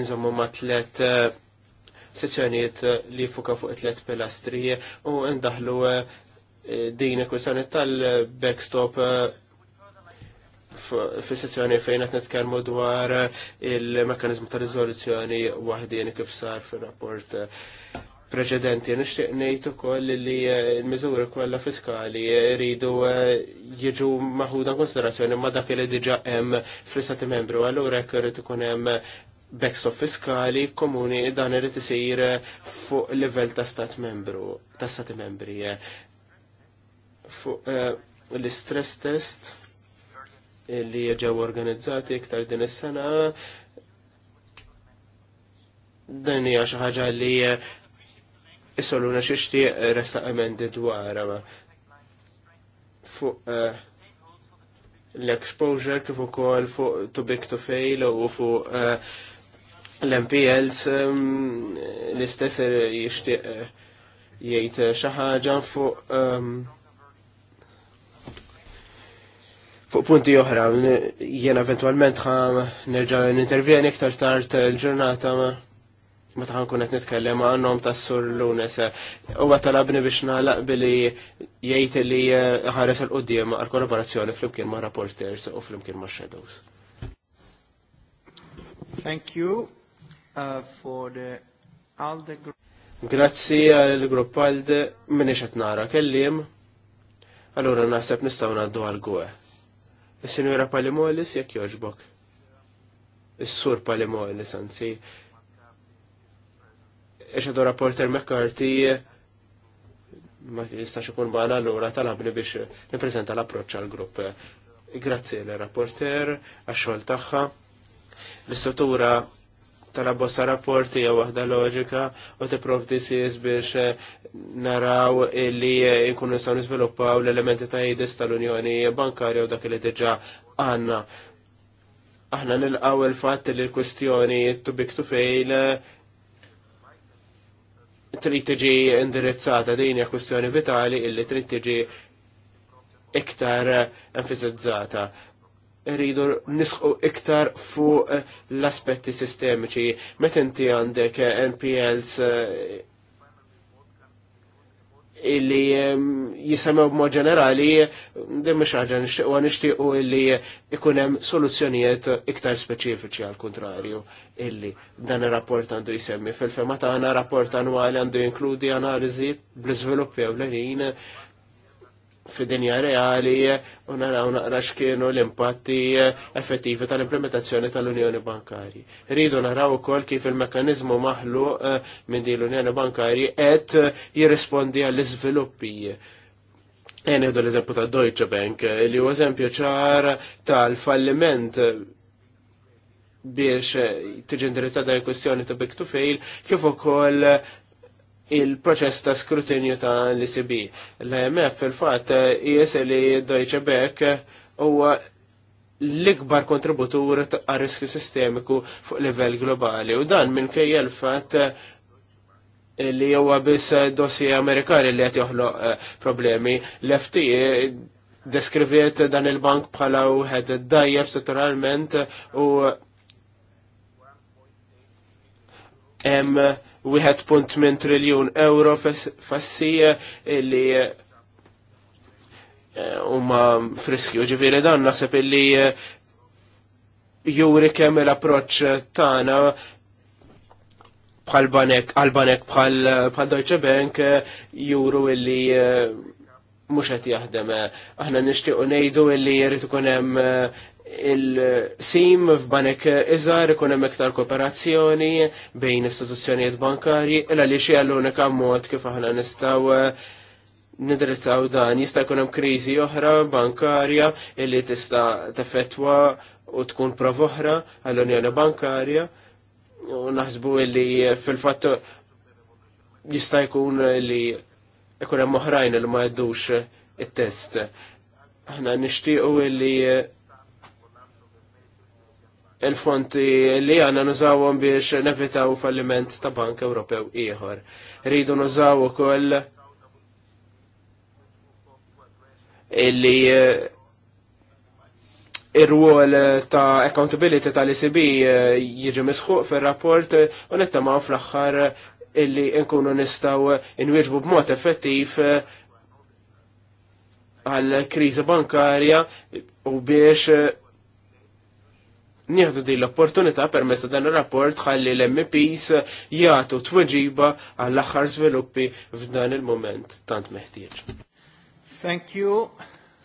inżommu ma' tlet eh, sessjonijiet li fuka fuq it-tlet pilastri u ndaħlu eh, din kwestjoni tal-backstop eh, fi sessjoni fejn qed nitkellmu dwar il-mekkaniżmu ta' riżoluzzjoni waħdin kif sar fir-rapport preċedenti. Nixtieq ngħid ukoll li l-miżuri kollha fiskali jridu jiġu maħuda konsiderazzjoni ma' dak li diġà hemm fl-istati membru, allura jekk irid ikun hemm backstop fiskali komuni dan irid isir fuq livell ta' stat membru, ta' stati membri. Fuq eh, l-istress test li ġew organizzati iktar din is-sena. Dan hija xi ħaġa li issoluna xi xtieq resta emendi dwar fuq eh, l-exposure kif ukoll fuq to big to fail u fuq eh, l-MPLs ehm, l-istess jixtieq eh, jgħid xi ħaġa fuq um fuq punti oħra, jena eventualment ħam nerġa n-intervjeni iktar tard il-ġurnata meta ħankun qed nitkellem għandhom tas-sur Lunes. Huwa talabni biex nagħlaq billi jgħid li eh, ħares il qudiem għal kollaborazzjoni flimkien ma' rapporters u flimkien ma' shadows. Thank you uh, for the ALDE group. Grazzi għal-grupp ALDE minni xet nara kellim. Allora naħseb nistgħu ngħaddu għal-gwe. Is-Sinjura Palimolis jekk jogħġbok. Is-Sur Palimolis anzi. Ix-għadu rapporter McCarthy ma jistax ikun bħala l-ura talabni biex nippreżenta l-approċċ għall-grupp. Grazzi l-rapporter għax-xogħol tagħha. L-istruttura Tara bosta rapporti jew waħda loġika u tipprovdi sis biex eh, naraw illi eh, nkunu nistgħu niżviluppaw l-elementi ta' jidis tal-Unjoni Bankarja u dak li diġà għandna. Aħna nilqaw il-fatt li l-kwistjoni to big to fail eh, trid tiġi indirizzata din hija kwistjoni vitali illi trid tiġi iktar enfisizzata rridu nisqu iktar fuq eh, l-aspetti sistemiċi. Meta inti għandek eh, NPLs eh, illi jisemaw b'mod ġenerali, dem mhux ħaġa nixtiequ illi ikun hemm soluzzjonijiet iktar speċifiċi għal kontrarju illi dan ir-rapport għandu jsemmi fil-fema tagħna rapport annwali għandu jinkludi analiżi bl izviluppi għu l fid-dinja reali u naraw x'kienu l-impatti effettivi tal-implementazzjoni tal-Unjoni Bankari. Rridu naraw ukoll kif il-mekkaniżmu maħlu eh, minn din l-Unjoni Bankarji qed jirrispondi għall-iżviluppi. E iħdu l-eżempju ta' Deutsche Bank eh, li u eżempju ċar tal-falliment biex tiġi indirizzata l-kwestjoni ta' back to fail kif ukoll il-proċess ta' skrutinju ta' l-ICB. L-IMF fil-fat jies li Deutsche Bank huwa l-ikbar kontributur għal riskju sistemiku fuq livell globali. U dan minn kejja l-fat li huwa biss dossi Amerikani li qed joħloq eh, problemi. L-FT deskriviet dan il-bank bħala wieħed dajjef strutturalment u hemm 1.8 triljun euro fassija li eh, huma friski. Ġifieri dan naħseb illi eh, juri kemm l-approċċ tagħna bħal banek, għal banek bħal, bħal Deutsche Bank eh, juru illi mhux qed jaħdem. Aħna nixtiequ ngħidu illi jrid ikun hemm il-sim f'banek iżar ikun hemm iktar kooperazzjoni bejn istituzzjonijiet bankarji il għaliex hija l-unika mod kif aħna nistgħu eh, nidrizzaw dan jista' jkun hemm kriżi oħra bankarja li tista' tefetwa u tkun prov oħra għall-Unjoni Bankarja u naħsbu li fil-fatt jista' jkun li jkun hemm oħrajn li ma jeddux it-test. Aħna nixtiequ li il-fonti li għanna nużawhom biex nevitaw falliment ta' Bank Ewropew ieħor. Rridu nużaw ukoll illi eh, il-ruol ta' accountability tal-ECB eh, jiġi misħuq fil-rapport u nittamaw fl-axħar illi nkunu nistaw inwieġbu b'mod effettiv eh, għal kriżi bankarja u biex nieħdu din l-opportunità permezz dan ir-rapport ħalli l-MPs jagħtu tweġiba għall-aħħar sviluppi f'dan il-moment tant meħtieġ. Thank you,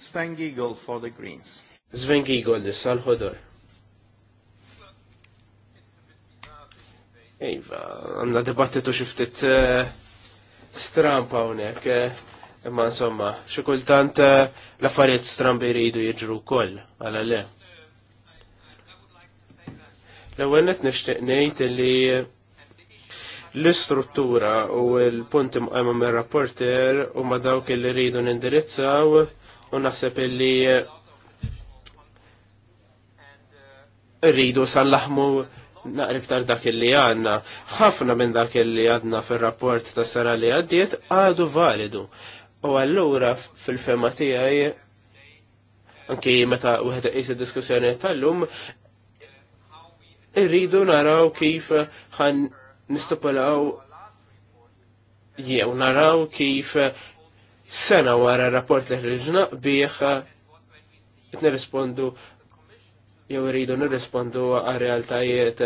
Sven Giegel for the Greens. Sven Giegel issa ħodor Ejva, għanna dibattitu xiftit eh, strampa unek, eh, imma insomma, xikultant eh, l-affarijiet strambi rridu jiġru koll, għala le. L-ewwel qed nixtieq ngħid li l-istruttura u l-punti mqajma mir-rapporter huma dawk li rridu nindirizzaw u naħseb li rridu sallaħmu naqrib tar dak li għanna. ħafna minn dak li għadna fil-rapport ta' sara li għaddiet għadu validu. U għallura fil-fema tijaj, anki meta u għed diskussjoni tal-lum, irridu naraw kif eh, ħan nistupalaw jew naraw kif eh, sena wara rapport li ħriġna bieħ eh, nirrispondu jew irridu nirrispondu għal realtajiet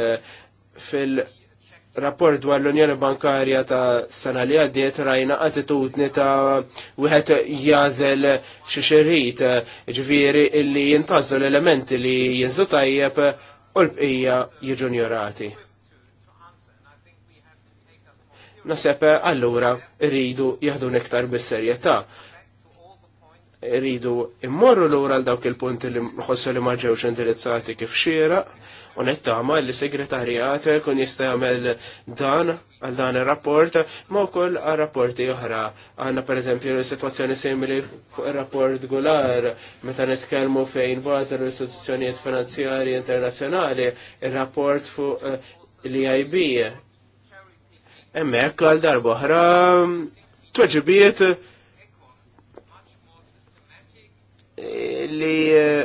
fil-rapport dwar l-Unjoni Bankarja ta' sena li għaddiet rajna attitudni ta' wieħed jażel xi xirrid ġifieri illi jintażlu l-elementi li jinżu tajjeb u l-bqija jiġu njorati. Naseb allura rridu jahdu nektar bis-serjetà. Rridu immorru lura għal dawk il-punti li nħossu li ma ġewx indirizzati kif xiera, u nittama li segretarjat kun jista' jagħmel dan għal dan ir-rapport ma wkoll għal rapporti Għanna per pereżempju sitwazzjoni simili fuq ir-rapport Gular meta nitkellmu fejn bazar l-istituzzjonijiet finanzjarji internazzjonali, ir-rapport fuq eh, l-IB. Emmek għal darba oħra tweġibiet eh, li eh,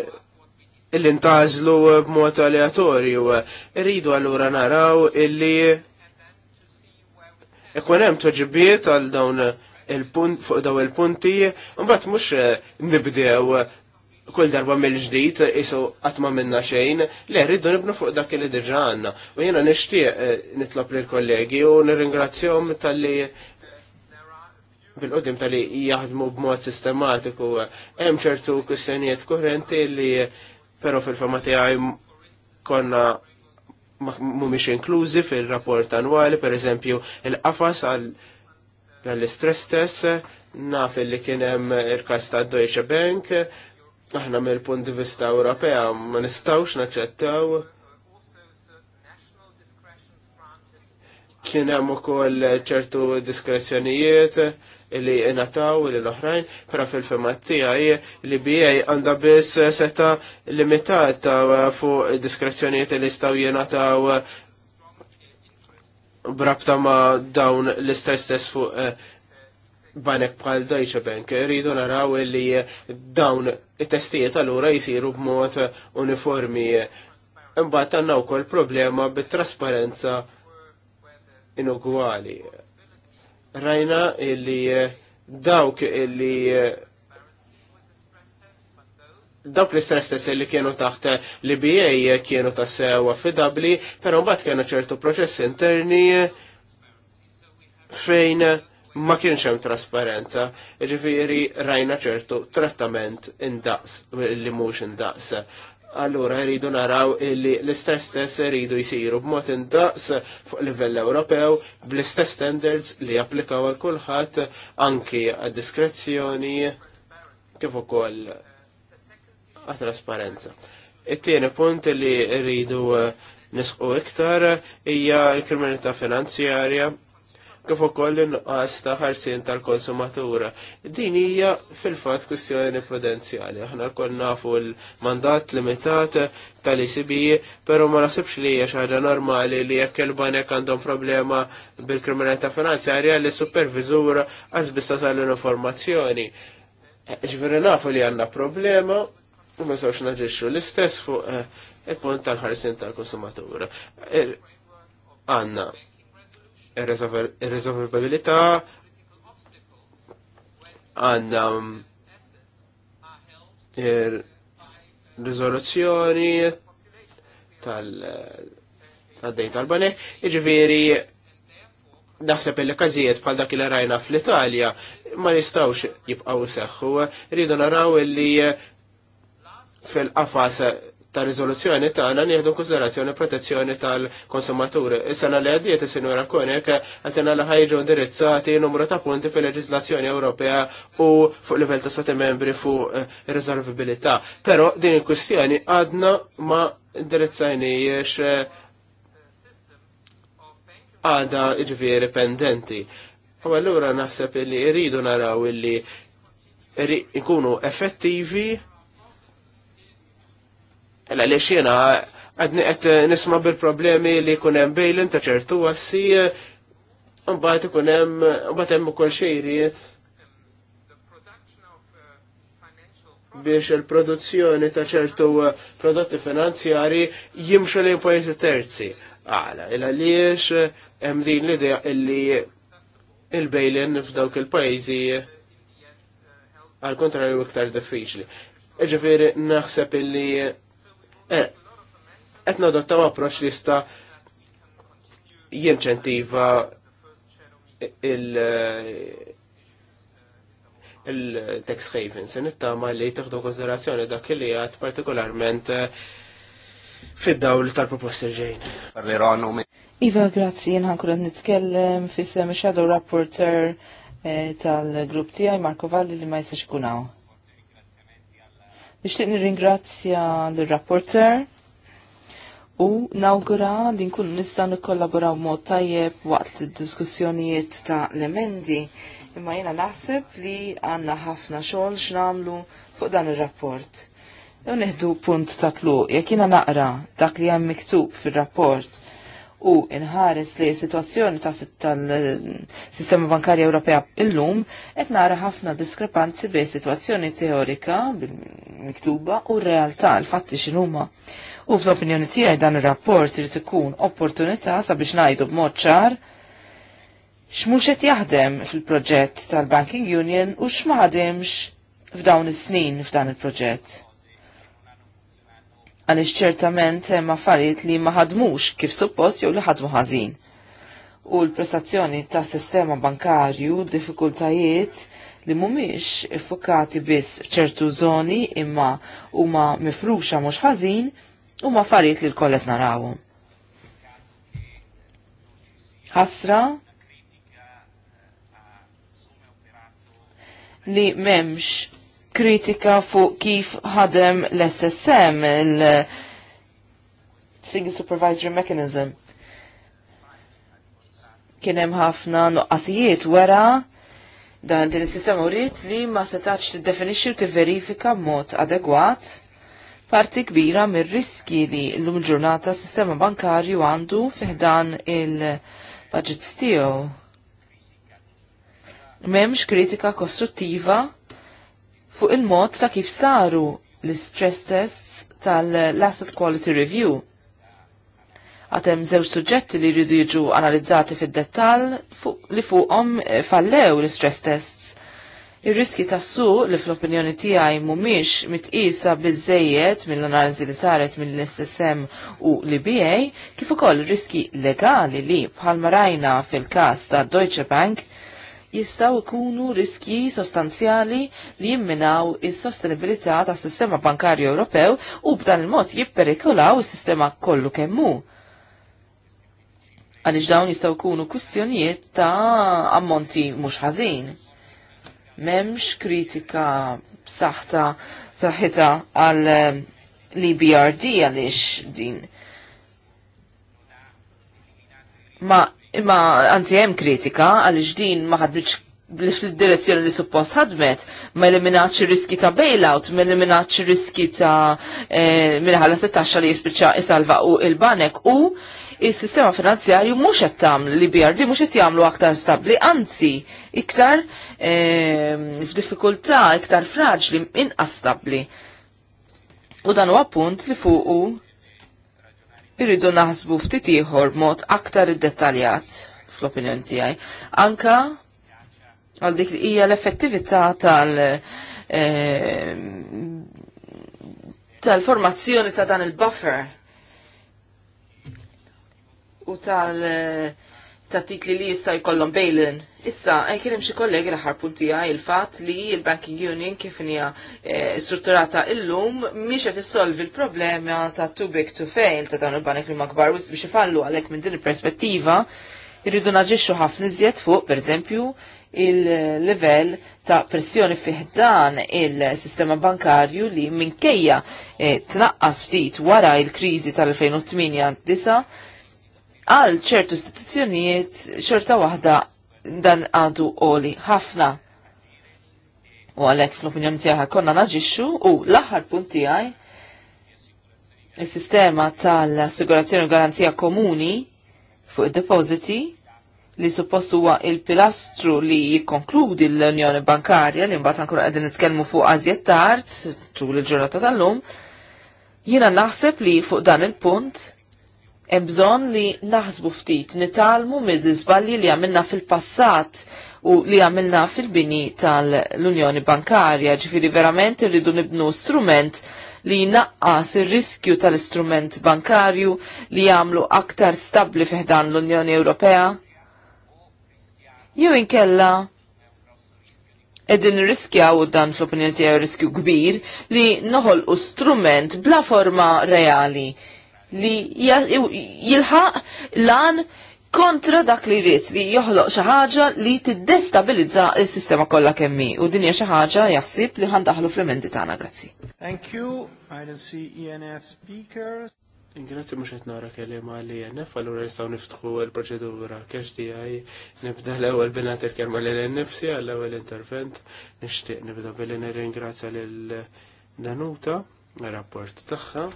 illi ntażlu eh, b'mod aleatorju. Irridu allura naraw illi ikun hemm toġibiet għal dawn il-punt fuq daw il-punti, mbagħad mhux eh, nibdew kull darba mill-ġdid isu għatma minna xejn, li rridu nibnu fuq dak li diġa għanna. U jena nishtiq eh, nitlob lil kollegi u nirringrazzjom tal-li bil-qoddim tal-li jaħdmu b'mod sistematiku. Hemm ċertu kwistjonijiet kurrenti li pero fil-fema tiegħi konna mhumiex inklużi fil-rapport annwali, per eżempju, il-qafas għall-stress test, naf li kien hemm il-każ ta' Deutsche Bank, aħna mill-punt di vista Ewropea ma nistgħux naċċettaw. Kien hemm ukoll ċertu diskrezzjonijiet li nataw li l-oħrajn, pra fil femat tijaj li bijaj għanda bis seta limitata fuq diskrezzjoniet li staw jenataw brabta ma dawn l-istess fu fuq eh, banek bħal Deutsche Bank. Rridu naraw li dawn it-testijiet allura jisiru b'mod uniformi. Imbagħad għandna wkoll problema bit-trasparenza inugwali rajna illi eh, dawk illi eh, dawk li stress test li kienu taħt li BA eh, kienu ta' sewa dabli, pero mbagħad kienu ċertu proċess interni fejn ma kienx hemm trasparenza, ġifieri rajna ċertu trattament indaqs li mhux indaqs. Allura rridu naraw illi l-istess test rridu jisiru b'mod indaqs fuq livell Ewropew bl-istess standards li japplikaw għal kulħadd anki għad diskrezzjoni kif ukoll għat trasparenza. It-tieni punt li rridu eh, nisqu iktar hija l-kriminalità finanzjarja kif ukoll inqas ta' ħarsien tal-konsumatura. Din hija fil-fatt kwistjoni prudenzjali. Aħna lkoll nafu l-mandat limitat tal-ICB, però ma naħsibx li hija xi ħaġa normali li jekk il-banek għandhom problema bil-kriminalità finanzjarja li supervizur għaż bista sal informazzjoni Ġveri nafu li għandna problema, u ma sawx naġiċu l-istess fuq eh, il-punt tal-ħarsin tal-konsumatura. Er, għanna, irresolvabilità għanna mm, ir-riżoluzzjoni tal-dejn tal-banek, iġviri naħseb il kazijiet bħal dak il rajna fl-Italja ma nistawx jibqaw seħħu, rridu naraw li fil-qafas ta' rizoluzzjoni tagħna nieħdu konsiderazzjoni protezzjoni tal-konsumaturi. Is-sena li għaddiet is-sinjura Konek għasena li ħajġu indirizzati numru ta' punti fil-leġislazzjoni Ewropea u fuq livell ta' stati membri fuq eh, risolvibilità. Però din il-kwistjoni għadna ma indirizzajniex eh, għada ġviri pendenti. U għallura naħseb li rridu naraw illi nkunu effettivi Ela li xiena għadni għed eh, nisma bil-problemi li jkun hemm bejlin ta' ċertu għassi mbagħad eh, ikun hemm mbagħad hemm ukoll xejriet biex il-produzzjoni ta' ċertu eh, prodotti finanzjari jimxu li pajjiżi terzi. Għala, il għaliex hemm din l-idea illi il-bejlin f'dawk il-pajjiżi għal kontrarju iktar diffiċli. Ġifieri naħseb illi qed ta' approċċ li jista' jinċentiva il- il-tax havens, nittama li taħdu konsiderazzjoni dak li għad partikolarment eh, fid-dawl tal-proposti ġejn. Um- iva, grazzi, jenħan kullan nitkellem fissem Shadow Rapporteur eh, tal-grupp tijaj Marko Valli li ma jistax kunaw. Nixtieq nirringrazzja l-rapporter u nawgura li nkun nista' nikkollaboraw mod tajjeb waqt id-diskussjonijiet ta' l-emendi. Imma jiena naħseb li għandna ħafna xogħol x'namlu fuq dan ir-rapport. Jew neħdu punt ta' tluq jekk jiena naqra dak li hemm miktub fir-rapport u inħares li situazzjoni ta' tal-sistema bankarja Ewropea illum qed nara ħafna diskrepanzi bejn situazzjoni teorika miktuba u r-realtà l-fatti x'inhuma. U fl-opinjoni tiegħi dan ir-rapport irid ikun opportunità sabiex ngħidu b'mod ċar x'mhux qed jaħdem fil-proġett tal-Banking Union u x'maħdemx f'dawn is-snin f'dan il-proġett għaliex ċertament hemm affarijiet li ma ħadmux kif suppost jew li ħadmu ħażin. U l-prestazzjoni tas sistema bankarju, diffikultajiet li mhumiex iffukati biss f'ċertu zoni imma huma mifruxa mhux ħażin huma affarijiet li l-kollet narawhom. Ħasra li memx kritika fuq kif ħadem l-SSM, il-Single eh, Supervisory Mechanism. Kienem ħafna nuqqasijiet wara dan din is-sistema uriet li ma setax tiddefinixxi u tivverifika b'mod adegwat parti kbira mir-riski li l-lum ġurnata s-sistema bankarju għandu fiħdan il-budgets tiegħu. Memx kritika kostruttiva fuq il-mod ta' kif saru l-stress tests tal-Asset Quality Review. Għatem żewġ suġġetti li jridu jiġu analizzati fid-dettall fu li fuqhom eh, fallew l-stress tests. Ir-riski tas-su li fl-opinjoni tiegħi mhumiex mitqisa biżejjed mill-analiżi li saret mill-SSM u l-BA kif ukoll riski legali li bħalma rajna fil-każ ta' Deutsche Bank jistaw ikunu riskji sostanzjali li jimminaw is-sostenibilità tas-sistema bankarju Ewropew u b'dan il-mod jipperikolaw is-sistema kollu kemmu. Għaliex dawn jistaw ikunu kwistjonijiet ta' ammonti mhux ħażin. M'hemmx kritika b'saħħta ta'ħita għal eh, l-EBRD għaliex din ma Imma anzi hemm kritika għaliex din ma ħadmitx fil-direzzjoni li suppost ħadmet, ma eliminax riski ta' bailout, ma eliminax riski ta' eh, minħalla taxxa li jispiċċa isalva u il-banek u il-sistema finanzjarju mhux qed tagħmlu li BRD mhux qed jagħmlu aktar stabbli, anzi iktar eh, f'diffikultà, iktar fraġli, inqas stabbli. U dan huwa punt li fuqu irridu naħsbu ftit ieħor mod aktar iddettaljat fl-opinjoni tiegħi. Anka għal dik li hija l-effettività tal- eh, tal-formazzjoni ta' dan il-buffer u tal- uh, ta' titli li jista' jkollhom bejlin. Issa, għaj kienem xie kollegi l-ħar punti il-fat li il-Banking Union kif hija e, eh, strutturata illum miex qed issolvi l-problema ta' too big to fail ta' dawn il-banek li makbar wis biex ifallu għalhekk minn din il-perspettiva jridu naġixxu ħafna iżjed fuq, pereżempju, il-level ta' pressjoni fiħdan il-sistema bankarju li minkejja e, tnaqqas ftit wara il-kriżi 2008 2009 għal ċertu istituzzjonijiet xorta waħda dan għadu oli ħafna. U għalek fl-opinjoni tijaha konna naġixxu u l-aħħar punt tiegħi is-sistema tal-assigurazzjoni u garanzija komuni fuq id depositi li suppost huwa il-pilastru li jikkonkludi l-Unjoni Bankarja li mbagħad ankun qegħdin nitkellmu fuq għażjed tard tul il-ġurnata tal-lum, jiena naħseb li fuq dan il-punt Hemm bżonn li naħsbu ftit, nitalmu mill-iżbalji li għamilna fil-passat u li għamilna fil-bini tal-Unjoni Bankarja, ġifiri verament irridu nibnu strument li naqqas ir-riskju tal-istrument bankarju li jagħmlu aktar stabbli fiħdan l-Unjoni Ewropea? Jew inkella edin riskjaw u dan fl-opinjoni tiegħu riskju kbir li noħol u strument bla forma reali li jilħaq lan kontra dak li rrit li joħloq xi ħaġa li tiddestabilizza s-sistema kollha kemmi u dinja xaħġa xi ħaġa jaħsib li ħandaħlu fl-emendi tana. grazzi. Thank you. I don't see ENF speakers. Ingrazzi mhux qed nara ma li ENF allura jistgħu niftħu l-proċedura kex tiegħi nibda l-ewwel binat il-kelma lil nifsi għall-ewwel intervent nixtieq nibda billi nirringrazzja l Danuta rapport tagħha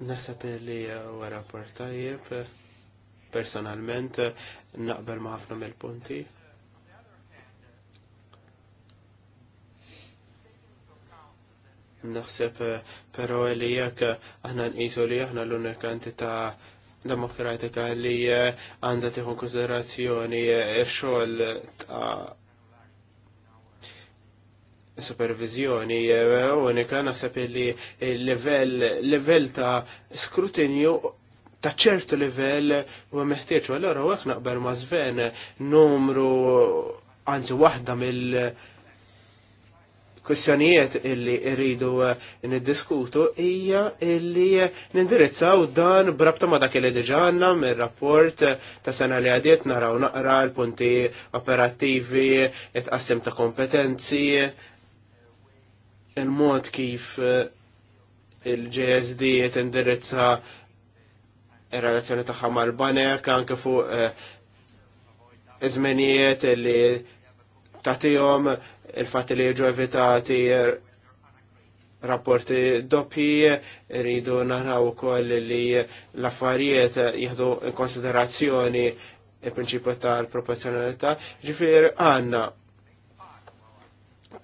Nasab li eh, wara portajib, personalment naqbel ma' ħafna mill-punti. Naħseb eh, però li jekk aħna nqisu li aħna l-unika ta' demokratika li eh, għandha tiħu konsiderazzjoni x-xogħol ta' supervizjoni eh, unika naħseb li level ta' skrutinju ta' ċertu livell u meħtieġ u allora u naqbel ma' zven numru anzi waħda mill kwistjonijiet illi rridu eh, niddiskutu hija illi nindirizzaw dan brabta ma dak li diġanna mir-rapport ta' sena li għadiet naraw naqra l-punti operattivi, it-qassim ta' kompetenzi, il-mod kif eh, il-JSD qed indirizza ir-relazzjoni tagħha mal-banek anke fuq eh, iż-żmenijiet li tagħtihom il fat li jiġu evitati rapporti doppi rridu naraw ukoll li l-affarijiet jieħdu konsiderazzjoni il-prinċipju tal-proporzjonalità. Ġifier għandna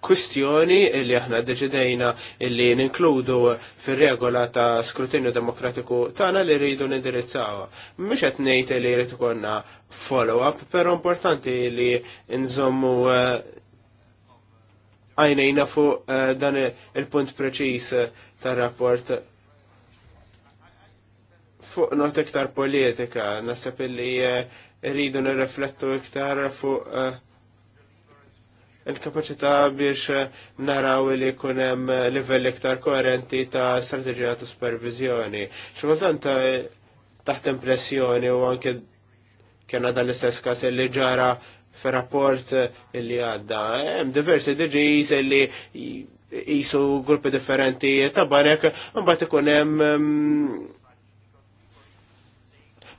kwistjoni illi aħna deċidejna illi ninkludu fir-regola ta' skrutinju demokratiku tagħna li rridu nindirizzawa. Mux qed ngħid li jrid konna follow-up, però importanti li nżommu eh, għajnejna fuq eh, dan il-punt preċiż tar-rapport fuq not iktar politika, nasab illi eh, rridu nirreflettu iktar fuq il-kapacità biex eh, naraw li jkun hemm eh, livell iktar koerenti ta' strateġija ta' supervizjoni. Ximultant eh, taħt impressjoni u anke kena dan l-istess kas li ġara fer rapport li għadda. Hemm diversi DGs li jisu gruppi differenti ta' barek, mbagħad ikun hemm mm,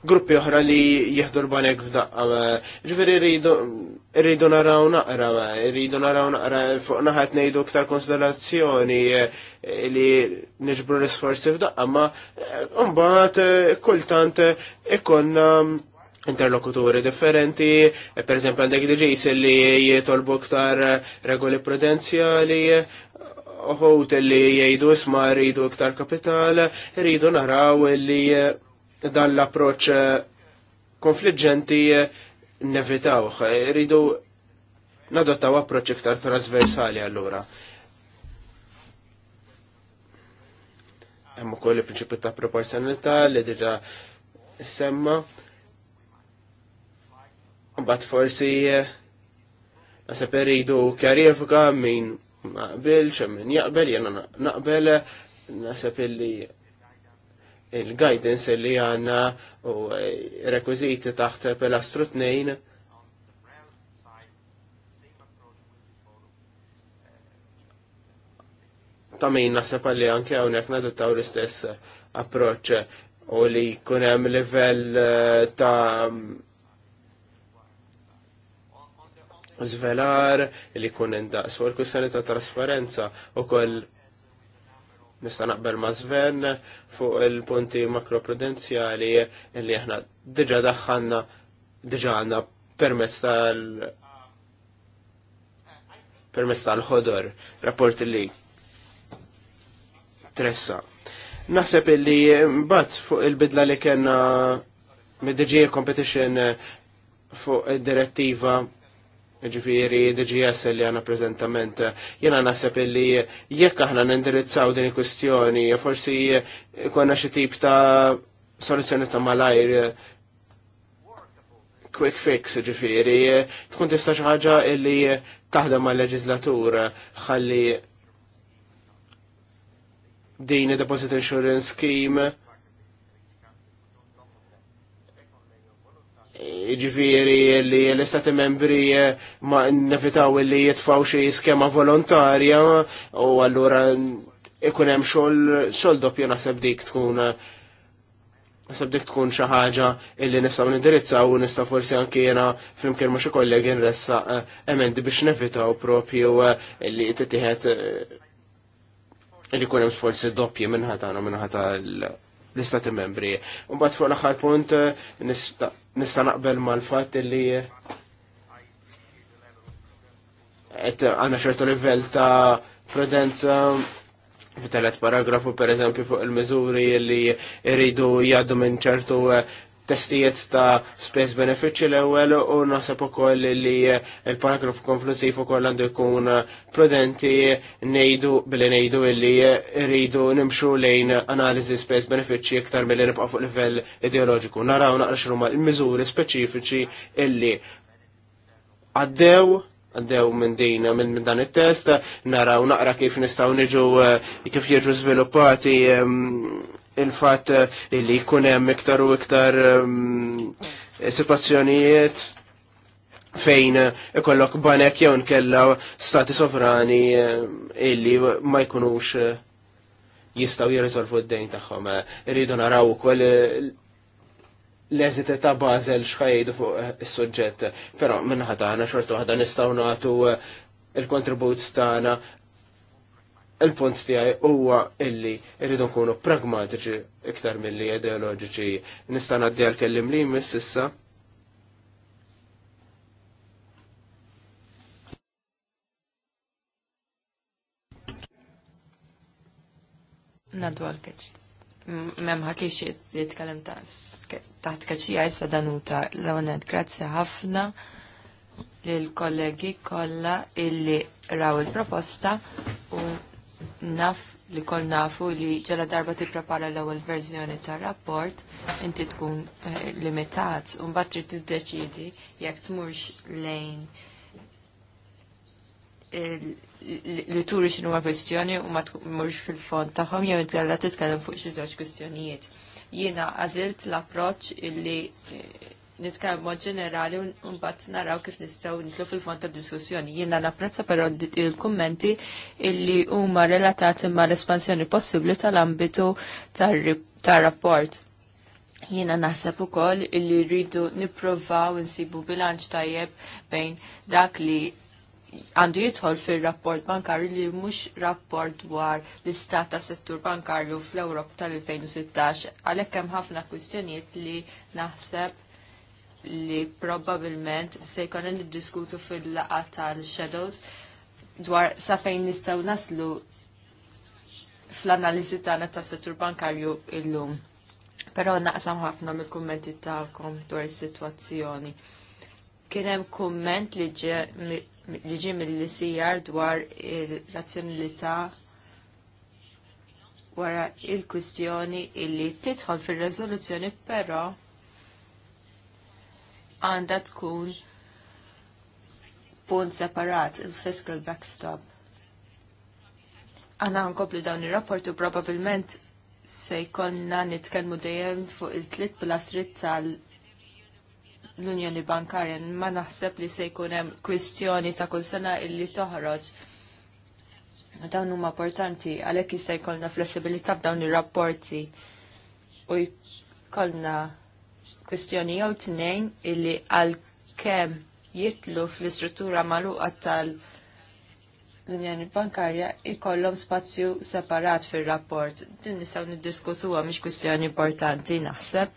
gruppi oħra li jieħdu l-banek f'daqqa. Ġifieri rridu naraw naqra, rridu naraw naqra fuq naħat ngħidu iktar konsiderazzjoni eh, li niġbru l-isforzi f'daqqa, ma mbagħad eh, kultant eh, ikonna mm, interlokuturi differenti, per esempio għandek DJs li jitolbu iktar regoli prudenzjali, uħut li jgħidu isma rridu iktar kapital, rridu naraw li dan l-approċ eh, konfliġġenti eh, nevitaw, Rridu nadottaw approċ iktar trasversali allura. Hemm ukoll il-prinċipju ta' proporzjonalità li diġà semma. Mbagħad forsi eh, naħseb iridu kjarifika min ma x'emmin min jaqbel, jena naqbel, nasab illi il-guidance li għanna u eh, rekwiziti taħt pilastru 2 Tamin min naħseb għalli għonek nadu taw l-istess approċ u li kunem level eh, ta' zvelar li kun indaqs fuq il-kwistjoni ta' trasparenza u koll nista' naqbel ma' Sven fuq il-punti makroprudenzjali li aħna diġa daħħanna diġa għandna permezz tal tal-ħodor rapport li tressa. Naħseb illi mbagħad fuq il-bidla li kena mid-DG e Competition fuq id-direttiva ġifiri DGS li għana prezentament, jena naħseb li jekk aħna nindirizzaw din il-kwestjoni, forsi konna xi tip ta' soluzzjoni ta' malajr quick fix ġifiri, tkun tista' xi ħaġa li taħdem mal leġizlatur ħalli din deposit insurance scheme Iġifiri li l-istati membri eh, ma nevitaw li jitfaw xie skema volontarja u allura ikun hemm xogħol doppju naħseb dik tkun naħseb dik tkun xi ħaġa illi nistgħu nindirizzaw u nista' forsi anke jiena flimkien ma xi kollegi nressaq eh, emendi biex nevitaw propju eh, li titieħed li jkun hemm sforzi doppji minnħatana minnħata l-istati membri. bat fuq l-aħħar punt nista' nista' naqbel mal-fatt li qed għandna ċertu livell ta' prudenza fit-telet paragrafu per eżempju fuq il-miżuri li rridu jgħaddu minn ċertu eh, testijiet ta' space benefit l-ewwel u naħseb ukoll li l-paragraf konflussiv ukoll għandu jkun prudenti ngħidu billi ngħidu illi rridu nimxu lejn analiżi space benefit iktar milli nibqa' fuq livell ideoloġiku. Naraw naqra x'huma l-miżuri speċifiċi illi għaddew għaddew minn din minn min dan it-test, naraw naqra kif nistaw niġu kif jiġu żviluppati ehm, il-fat eh, li kunem iktar u iktar ehm, situazzjonijiet fejn ikollok banek jew nkella stati sovrani eh, illi ma jkunux eh, jistaw jirriżolvu d-dejn tagħhom. Irridu naraw ukoll l-eżite ta' Basel xħajdu fuq is-suġġett. Però minnaħa tagħna xorta waħda nistgħu nagħtu il-kontribut tagħna il-punt tiegħi huwa illi irridu nkunu pragmatiċi iktar milli ideoloġiċi. Nista' għaddi għal kellim li mississa? Naddu Nadu għal keċt. Memħat li xie li tkellem taħt keċija għajsa danuta l-għonet. Grazie ħafna lil kollegi kolla illi raw il-proposta u naf li kol nafu li ġela darba ti prepara l ewwel verżjoni ta' rapport inti tkun eh, limitat un batri ti deċidi jek tmurx lejn li turi xinu ma kwestjoni u ma tmurx fil-fond taħom jew inti għalla titkellem fuq xi żewġ kwestjonijiet. Jiena għażilt l-approċċ illi eh, nitkellem mod ġenerali u mbagħad naraw kif nistgħu nitlu fil-fond ta' diskussjoni. Jiena napprezza però il-kummenti illi huma relatati ma' l-espansjoni possibbli tal-ambitu tar-rapport. Jiena naħseb ukoll illi rridu nipprovaw insibu bilanċ tajjeb bejn dak li għandu jidħol fil-rapport bankarju li mhux rapport dwar l-istat ta' settur bankarju fl-Ewrop tal-2016 għalhekk hemm ħafna kwistjonijiet li naħseb li probabilment se jkollna niddiskutu fil-laqa tal-shadows dwar sa fejn nistgħu naslu fl-analiżi tagħna tas-settur bankarju illum. Però naqsam ħafna mill-kummenti tagħkom dwar is-sitwazzjoni. Kien hemm kumment li ġie mill-CR dwar il-razzjonalità wara il-kwistjoni illi tidħol fir-reżoluzzjoni però għandha tkun punt separat il-fiscal backstop. Għana nkomplu dawn ir-rapport u probabilment se jkollna nitkellmu dejjem fuq il-tliet pilastri tal l-Unjoni Bankarja ma naħseb li se jkun hemm kwistjoni ta' kull sena illi toħroġ. Dawn huma importanti għalhekk jista' jkollna flessibilità f'dawn ir-rapporti u jkollna Kwestjoni jew tnejn illi għalkemm jitlu fl-istruttura magħluqa tal-Unjoni Bankarja ikollhom spazju separat fir-rapport. Din nistgħu niddiskutuha mhix kwistjoni importanti naħseb.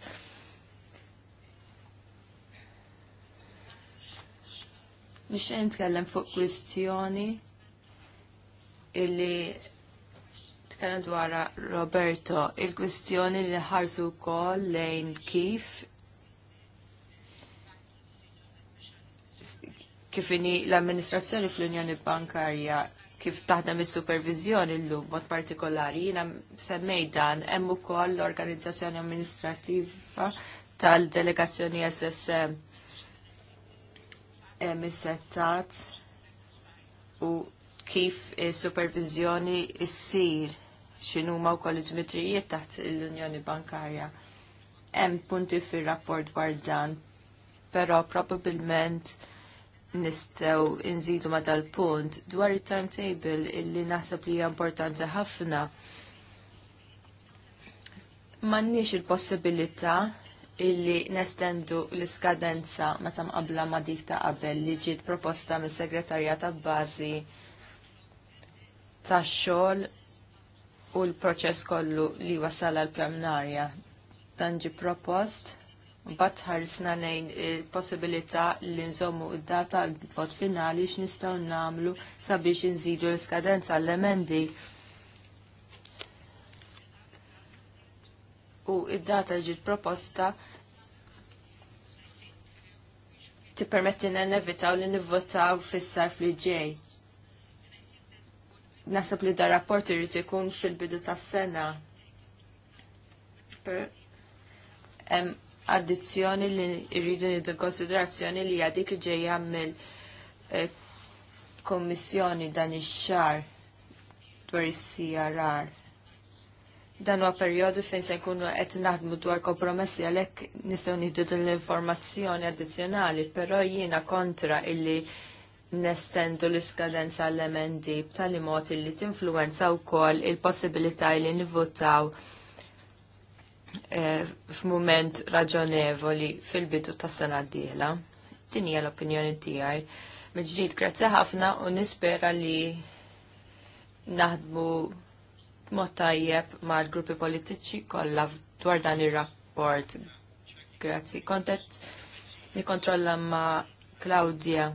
Nixtieq nitkellem fuq kwistjoni illi tkellem dwar Roberto, il-kwistjoni li ħarsu wkoll lejn kif kif inhi l-amministrazzjoni fl-Unjoni Bankarja kif taħdem is-supervizjoni llum mod partikolari jiena semmej dan hemm ukoll l-organizzazzjoni amministrattiva tal-delegazzjoni SSM emissettat u kif il supervizjoni ssir x'inhuma wkoll il-ġmitrijiet taħt l-Unjoni Bankarja. Hemm punti fir-rapport dwar dan, però probabbilment nistaw inżidu ma dal-punt dwar il-timetable illi naħseb li hija importanti ħafna. M'għandniex il possibilita illi nestendu l-iskadenza meta qabla ma dik ta' qabel li ġiet proposta mis-segretarja ta' bażi tax-xogħol u l-proċess kollu li wasala l-premnarja. dan propost Bat ħarisna nejn il-possibilità li nżommu id-data l-vot finali x'nistgħu nagħmlu sabiex inżidu l-iskadenza l-emendi. U id-data ġiet proposta tippermettina nevitaw li nivvotaw fis-sarf li ġej. Nasab li da rapport irid ikun fil-bidu tas-sena addizzjoni li rridu nidu konsiderazzjoni li għadik li ġejja mill eh, kommissjoni dan ix-xar dwar is-CRR. Dan huwa perjodu fejn se nkunu qed naħdmu dwar kompromessi għalhekk nistgħu nieħdu l-informazzjoni addizzjonali, però jiena kontra illi nestendu l-iskadenza għall mnd b'tali mod illi tinfluwenza wkoll il-possibilità li nivvotaw il Eh, f'mument raġonevoli fil-bidu tas sena d-dieħla. Din hija l-opinjoni tiegħi. Miġrid grazzi ħafna u nispera li naħdmu mod tajjeb mal-gruppi politiċi kollha dwar dan ir-rapport. Grazzi. Kontet nikkontrolla ma' Claudia.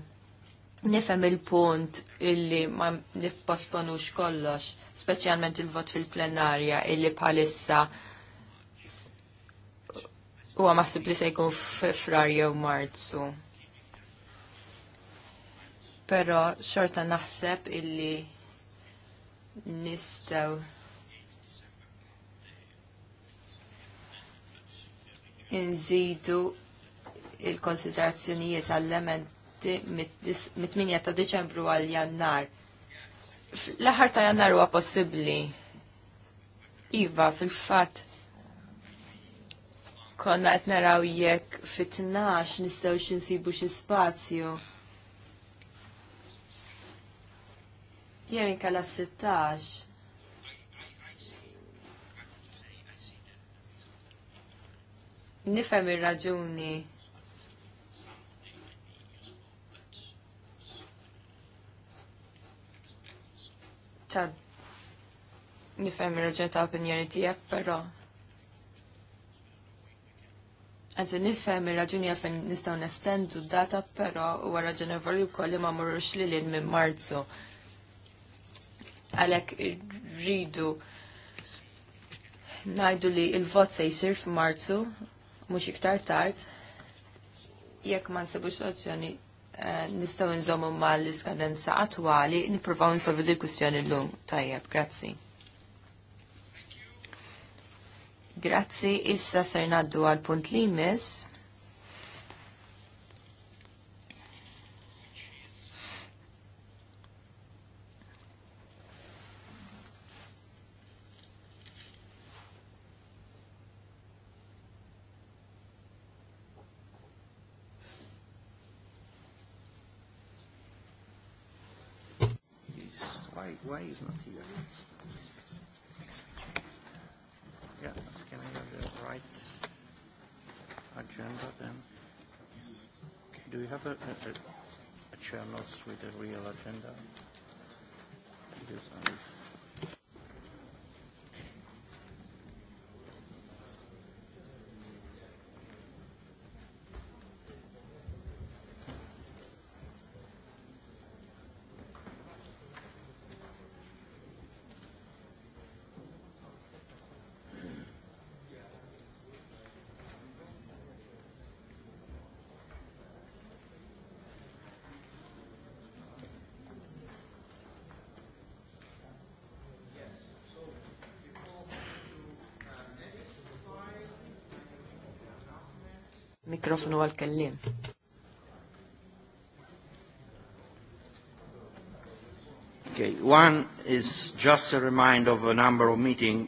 Nifhem il-punt illi ma nipposponux kollox, speċjalment il-vot fil-plenarja illi bħalissa huwa maħsib li se jkun f'Frar jew Marzu. Però xorta naħseb illi nistgħu nżidu il-konsiderazzjonijiet għall-elementi mit-8 ta' Deċembru għal Jannar. L-aħħar ta' Jannar huwa possibbli. Iva, fil-fatt konna qed naraw jekk fit nistaw nistgħu xinsibu xi spazju. Jew inkella sittax. Nifhem ir-raġuni ta' nifhem ir-raġuni ta' opinjoni tiegħek, però Għanġi nifhem ir-raġuni għafen nistgħu nestendu data, però huwa raġonevoli wkoll li ma morrux li l-in minn Marzu. Għalhekk rridu ngħidu li l-vot se jsir f'Marzu mhux iktar tard jekk ma nsebux nistaw eh, nistgħu nżommu mal-iskadenza attwali nippruvaw nsolvu kustjoni kwistjoni llum. Tajjeb, grazzi. Grazzi, issa ser naddu għal punt li jmiss. why is not here? have a, a, a chair notes with a real agenda? Yes, I Mikrofonu għal-kellim. Okay, one is just a reminder of a number of meeting,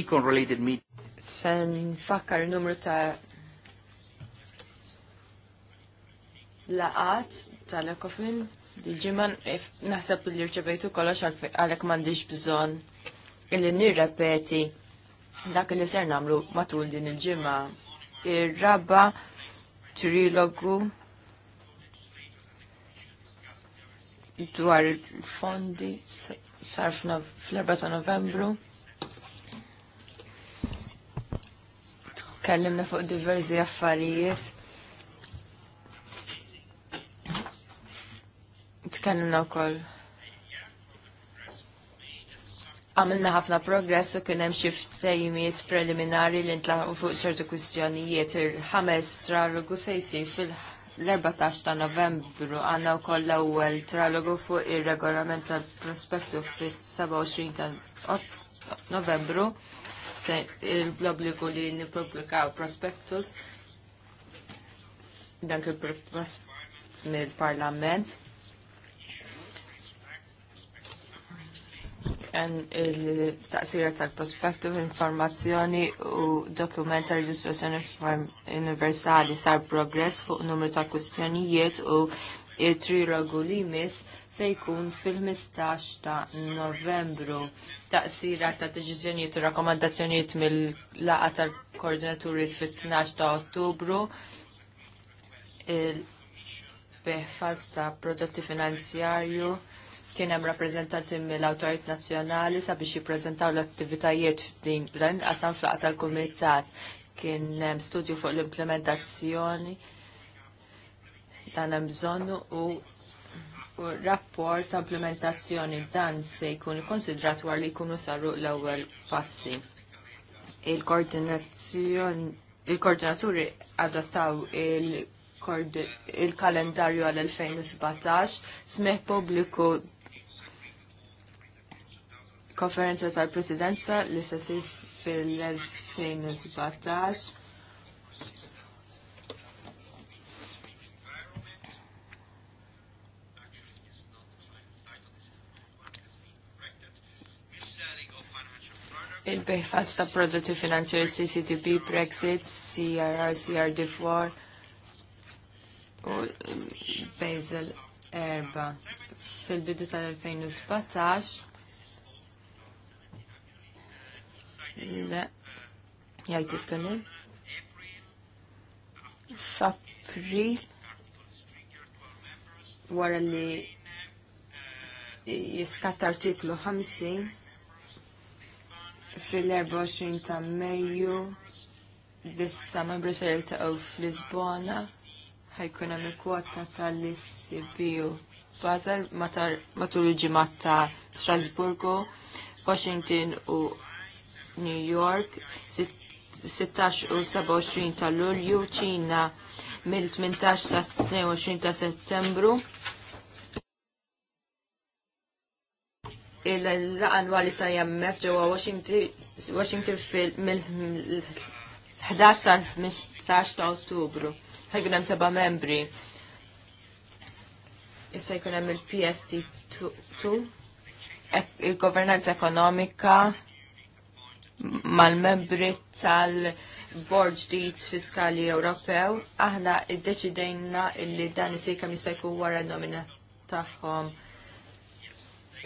econ-related meeting. Sen fakkar numru ta' laqat tal-ekofin Ġiman, naħseb li rċebejtu kollox għalek mandiġ bżon illi nirrepeti dak li ser namlu matul din il-ġimma ir-raba trilogu dwar il-fondi sarfna fl-4 ta' novembru. Tkellimna fuq diversi affarijiet. Tkellimna wkoll għamilna ħafna progress u kien hemm xi ftejmiet preliminari li ntlaħu fuq ċertu kwistjonijiet il-ħames tralogu se jsir fil-14 ta' Novembru għandna wkoll l-ewwel tralogu fuq ir-regolament tal-prospektu fil-27 ta' Novembru il obbligu li nippubblikaw prospektus dan il-propost mill-Parlament il-taqsira tal prospektiv informazzjoni u dokument ta' reġistrazzjoni universali sar progress fuq numru ta' kwistjonijiet u il-trilogu li mis se jkun fil-15 ta' novembru. Taqsira ta' deċiżjonijiet u rakkomandazzjonijiet mill-laqa tal-koordinaturi fit-12 ta' ottubru il-beħfaz ta' prodotti finanzjarju kien hemm rappreżentanti mill-awtorit nazzjonali sabiex jippreżentaw l-attivitajiet f'din l-inqasam fl tal-kumitat kien hemm studju fuq l-implementazzjoni dan hemm bżonn u rapport ta' implementazzjoni dan se jkun ikkonsidrat war li jkunu saru l-ewwel passi. Il-koordinazzjoni il-koordinaturi adottaw il-kalendarju il koordinazzjoni il koordinaturi adottaw il kalendarju għal 2017 smeħ publiku konferenza tal-presidenza li se sir fil-2017. il beħfat ta' prodotti finanzjari CCTB, Brexit, CRR, CRD4 u um, Basel erba' fil-bidu tal-2017 Le. Jgħid jitkellem. F'April wara li jiskat artiklu 50 fil-24 ta' Mejju dissa ma' Brisel ta' u lisbona ħajkun hemm kwota tal-ICBU Basel matul il-ġimgħat ta' Strasburgo, Washington u New York 16 u 27 ta' Lulju, Ċina mill-18 sa' 22 ta' Settembru. il laqanwali annwali ta' IMF ġewwa Washington mill-11 sa' 15 ta' Ottubru. Ħajkun seba' membri. Issa jkun hemm il-PST2 e-, il-governanza ekonomika mal-membri tal-Bord ġdid Fiskali Ewropew, aħna iddeċidejna illi dan isir kemm jista' jkun wara nomina tagħhom.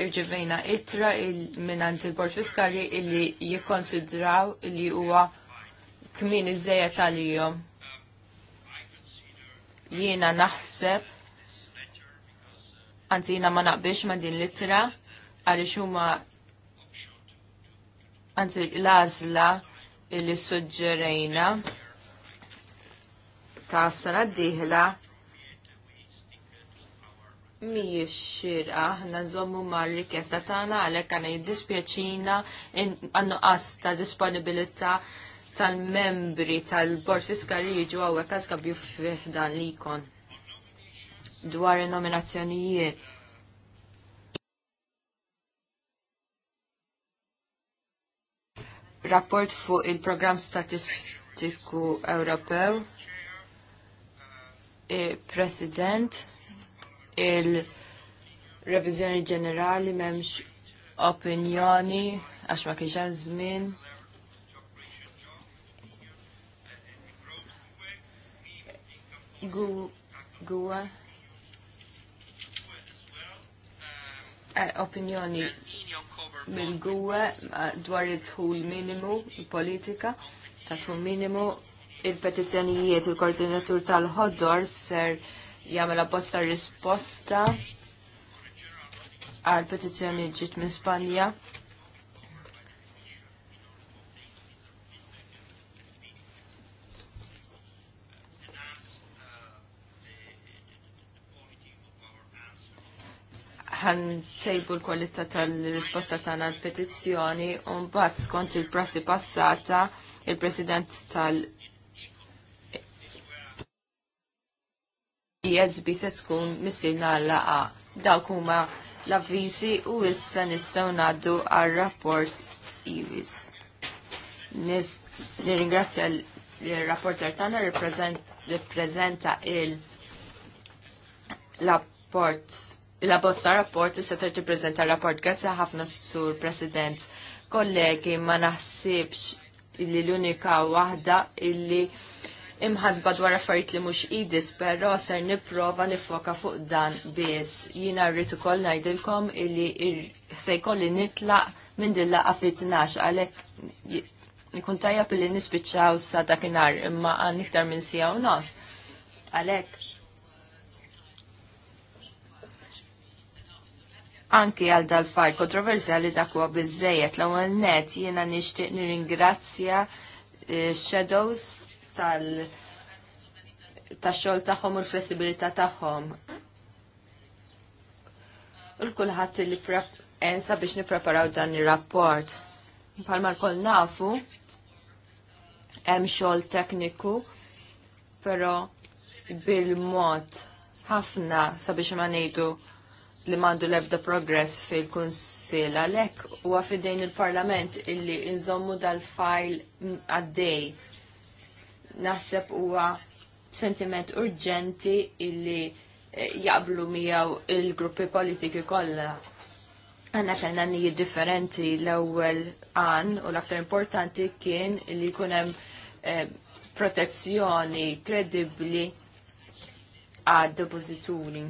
Irġivejna itra il minant il-Bord Fiskali illi jikkonsidraw illi huwa kmin iżejja tal-jum. Jiena naħseb, anzi jiena ma naqbix ma din l-ittra, għaliex huma anzi l-għażla li suġġerejna ta' sena d-dieħla Mijiex xirqa, ħna zommu mar rikesta tagħna għalhekk għana jiddispjaċina għannuqas ta' disponibilità tal-membri tal-Bord Fiskali jiġu għawek għazgabju li likon dwar il-nominazzjonijiet rapport fuq il program statistiku Ewropew, il-President, e, il-Revizjoni ġenerali memx opinjoni, għax ma kienx hemm żmien. Gwa. E, opinjoni mill-gwe dwar il dħul minimu, politika ta' tħul minimu, il-petizjonijiet, il-koordinatur tal-ħoddor ser jagħmel posta risposta għal petizjoni ġit minn Spanja ħan tejbu l-kwalità tal-risposta tagħna l-petizzjoni u mbagħad skont il-prassi passata il-President tal- ISB e se tkun missilna laqa dawk huma l-avviżi u issa nistgħu ngħaddu għar-rapport IWIS. Nirringrazzja l-rapporter tagħna rippreżenta il-rapport la bosta rapport is-setter tippreżenta rapport grazzi ħafna sur President. Kollegi, ma naħsibx li l-unika waħda illi imħasba dwar affarijiet li mhux idis, però ser nipprova nifoka fuq dan biss. Jiena rrid ukoll ngħidilkom illi se jkolli nitlaq minn din laqa fit għalhekk nikun tajja li nispiċċaw sa dakinhar imma għan iktar minn sija u nos. Għalhekk anki għal dal-fajl kontroversjali dak huwa biżejjed l-ewwel net jiena nixtieq nirringrazzja eh, shadows tal tax-xogħol tagħhom u l-flessibilità tagħhom. Il kulħadd li ensa eh, biex nippreparaw dan ir-rapport. Palma l-koll nafu, hemm xogħol tekniku, però bil-mod ħafna sabiex ma ngħidu li mandu lebda progress fil-Kunsil għalek u għafidejn il-Parlament illi inżommu dal-fajl għaddej. Naħseb huwa sentiment urġenti illi eh, jaqblu miegħu il-gruppi politiki kollha. Għanna kellna nijiet differenti l-ewwel għan u l-aktar importanti kien li jkun hemm eh, protezzjoni kredibbli għad depożituri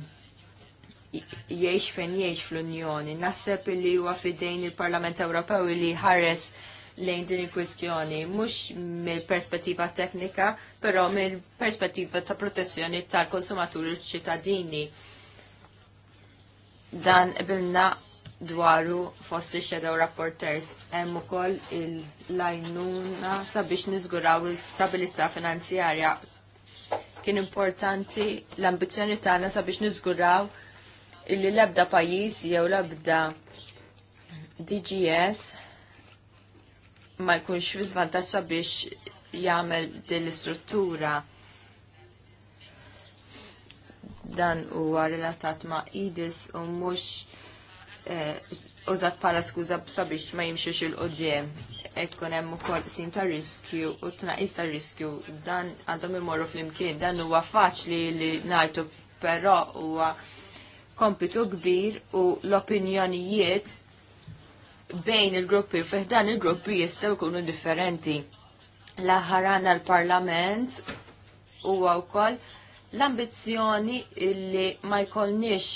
jiex fejn jiex fl-Unjoni. Naħseb li huwa fidejn il-Parlament Ewropew li ħares lejn din il-kwistjoni, mhux mill-perspettiva teknika, però mill-perspettiva ta' protezzjoni tal-konsumaturi ċittadini. Dan bilna dwaru fost il-shadow rapporters hemm ukoll il-lajnuna sabiex niżguraw il-stabilità finanzjarja. Kien importanti l-ambizzjoni tagħna sabiex niżguraw illi l-ebda pajjiż jew l-ebda DGS ma jkunx fi żvantaġġ sabiex jagħmel din l-istruttura dan huwa relatat ma' IDIS u mhux eh, użat bħala skuża sabiex ma jimxux il-qoddim. Ekkun hemm ukoll sin ta' riskju u tnaqis ta' riskju dan għandhom imorru flimkien dan huwa faċli li ngħidu però huwa kompitu kbir u l-opinjonijiet bejn il-gruppi u fiħdan il-gruppi jistaw kunu differenti. Laħarana l-parlament u wkoll l-ambizjoni illi ma jkollniex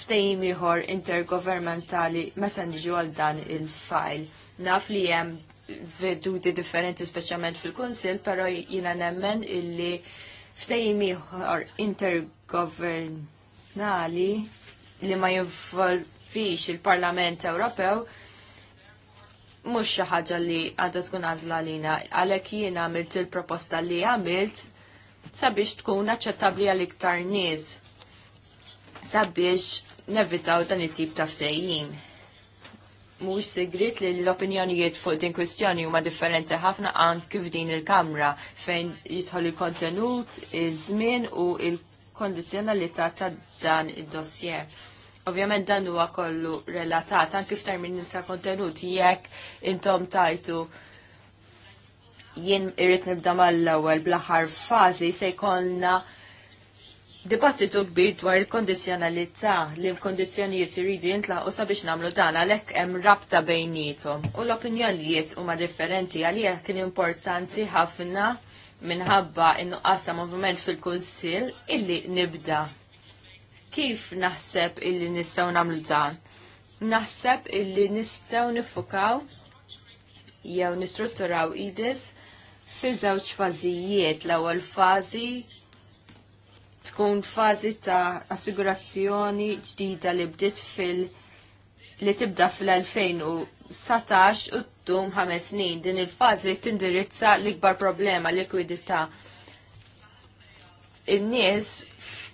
ftejim ieħor intergovernmentali meta nġu għal dan il-fajl. Naf li hemm veduti differenti speċjalment fil-Kunsill, però jiena nemmen illi ftejim ieħor intergovernali li ma jinvolvix il-Parlament Ewropew mhux xi ħaġa li għadha tkun għażla għalina għalhekk jien għamilt il-proposta li għamilt sabiex tkun aċċettabbli għal iktar nies sabiex nevitaw dan it-tip ta' ftejjim. Mhux sigrit li l-opinjonijiet fuq din kwistjoni huma differenti ħafna anki f'din il-kamra fejn jidħol il-kontenut, iż-żmien u il-kondizzjonalità ta' dan id-dossier Ovvjament dan huwa kollu relatat anke f'termin ta' kontenut jekk intom tajtu jien irrid nibda mal-ewwel bl-aħħar fażi se jkollna dibattitu kbir dwar il-kondizjonalità li l-kondizjonijiet iridu jintlaqu sabiex nagħmlu dan għalhekk hemm rabta bejnietom u l-opinjonijiet huma differenti għalija kien importanti ħafna minħabba innuqqas ta' moviment fil-Kunsill illi nibda Kif naħseb illi nistgħu nagħmlu dan? Naħseb illi nistgħu nifukaw jew nistrutturaw idis fi żewġ fażijiet. L-ewwel fażi tkun fażi ta' assigurazzjoni ġdida li bdiet fil- li tibda fil 2016 u tum ħames snin. Din il-fazi tindirizza l-ikbar problema, likwidità. In-nies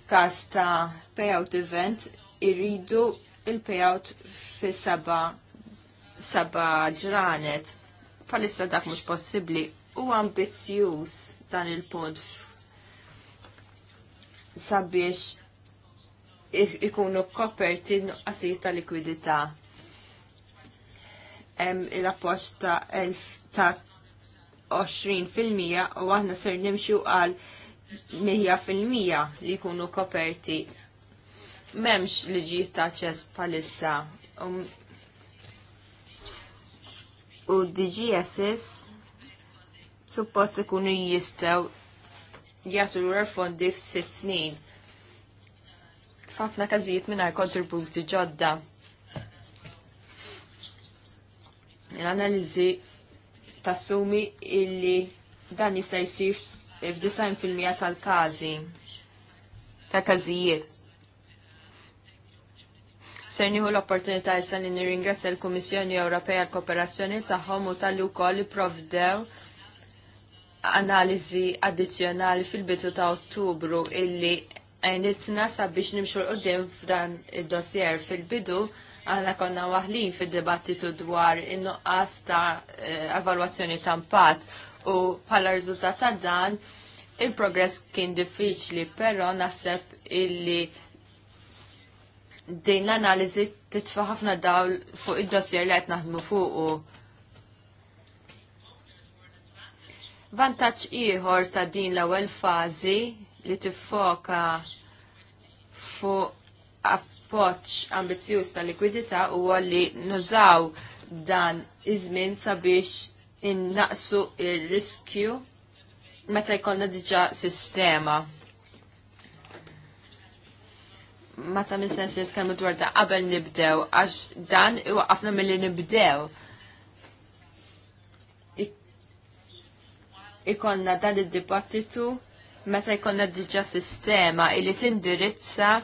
kas ta' payout event irridu il-payout fi saba saba ġranet. Palissa dak mhux possibbli u ambizzjuż dan il-punt sabiex ikunu koperti nuqqasijiet ta' likwidità. il-appoġġ ta' 20% u aħna ser nimxu għal fil-mija li jkunu koperti. Memx li ġi ċess palissa. Um, u DGSS suppost ikunu jistaw jgħatu l-refondi f-sitt snin. Ħafna każijiet mingħajr kontributi ġodda. L-analiżi tassumi illi dan jista' jsir fil-mija tal-kazi, ta' kazijiet. Ser nieħu l-opportunità issa li nirringrazzja l-Kummissjoni Ewropea l-Kooperazzjoni tagħhom u tal li provdew analiżi addizzjonali fil-bitu ta' Ottubru illi għenitna sabiex nimxu l-qoddim f'dan id-dossier fil-bidu għana konna waħlin fil-dibattitu dwar in-nuqqas ta' eh, evalwazzjoni tampat u bħala riżultat ta' dan il-progress kien diffiċli, però naħseb illi din l-analiżi titfa' ħafna dawl fuq id-dossier li qed naħdmu fuqu. Vantaġġ ieħor ta' din l-ewwel fażi li tiffoka fuq appoġġ ambizjuż ta' likwidità huwa li nużaw dan iż-żmien sabiex innaqsu il-riskju meta jkollna diġa sistema. Meta minn sens nitkellmu dwar ta' qabel nibdew, għax dan iwaqafna milli nibdew. Ikonna dan id-dibattitu meta jkollna diġa sistema illi tindirizza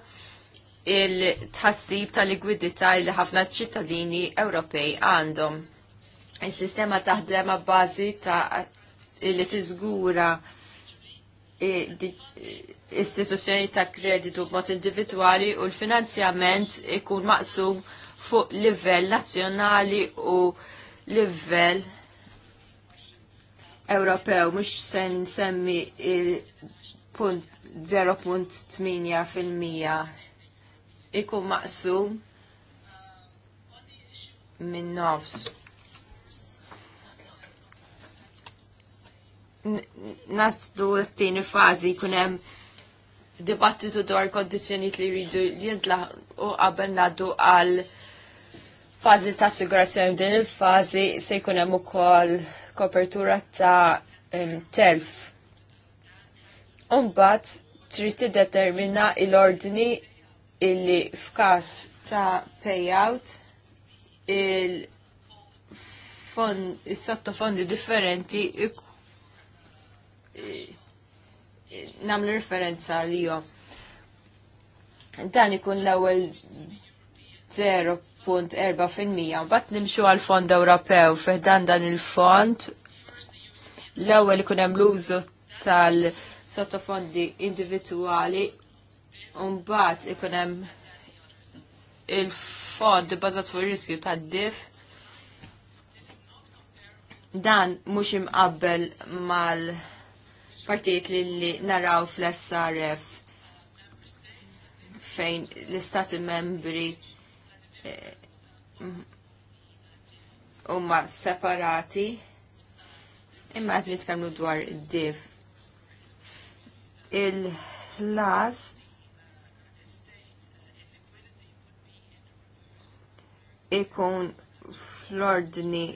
il-tħassib tal-likwidità li ħafna ċittadini Ewropej għandhom Il-sistema taħdem bażi ta' li tiżgura istituzzjoni ta' kreditu b'mod individwali u l-finanzjament ikun maqsum fuq livell nazzjonali u livell Ewropew, mhux se nsemmi il 0.8% ikun maqsum minn nofs. nasdu l-tini fazi kunem dibattitu dwar kondizjoniet li rridu jintla u qabel naddu għal fazi ta' assigurazzjoni din il-fazi se jkun hemm ukoll kopertura ta' telf. Umbat trid determina l-ordni illi f'każ ta' payout il-sottofondi differenti namlu referenza li jo. Dan ikun l ewwel 0.4% bat nimxu għal-Fond Ewropew fiħdan dan il-fond l ewwel ikun hemm l-użu tal-sottofondi individuali u mbagħad ikun hemm il-fond bazat fuq riskju tad-dif. Dan mhux imqabbel mal- partijiet li naraw fl-SRF fejn l-istati membri eh, umma separati imma għed nitkellmu dwar div il-las ikun fl-ordni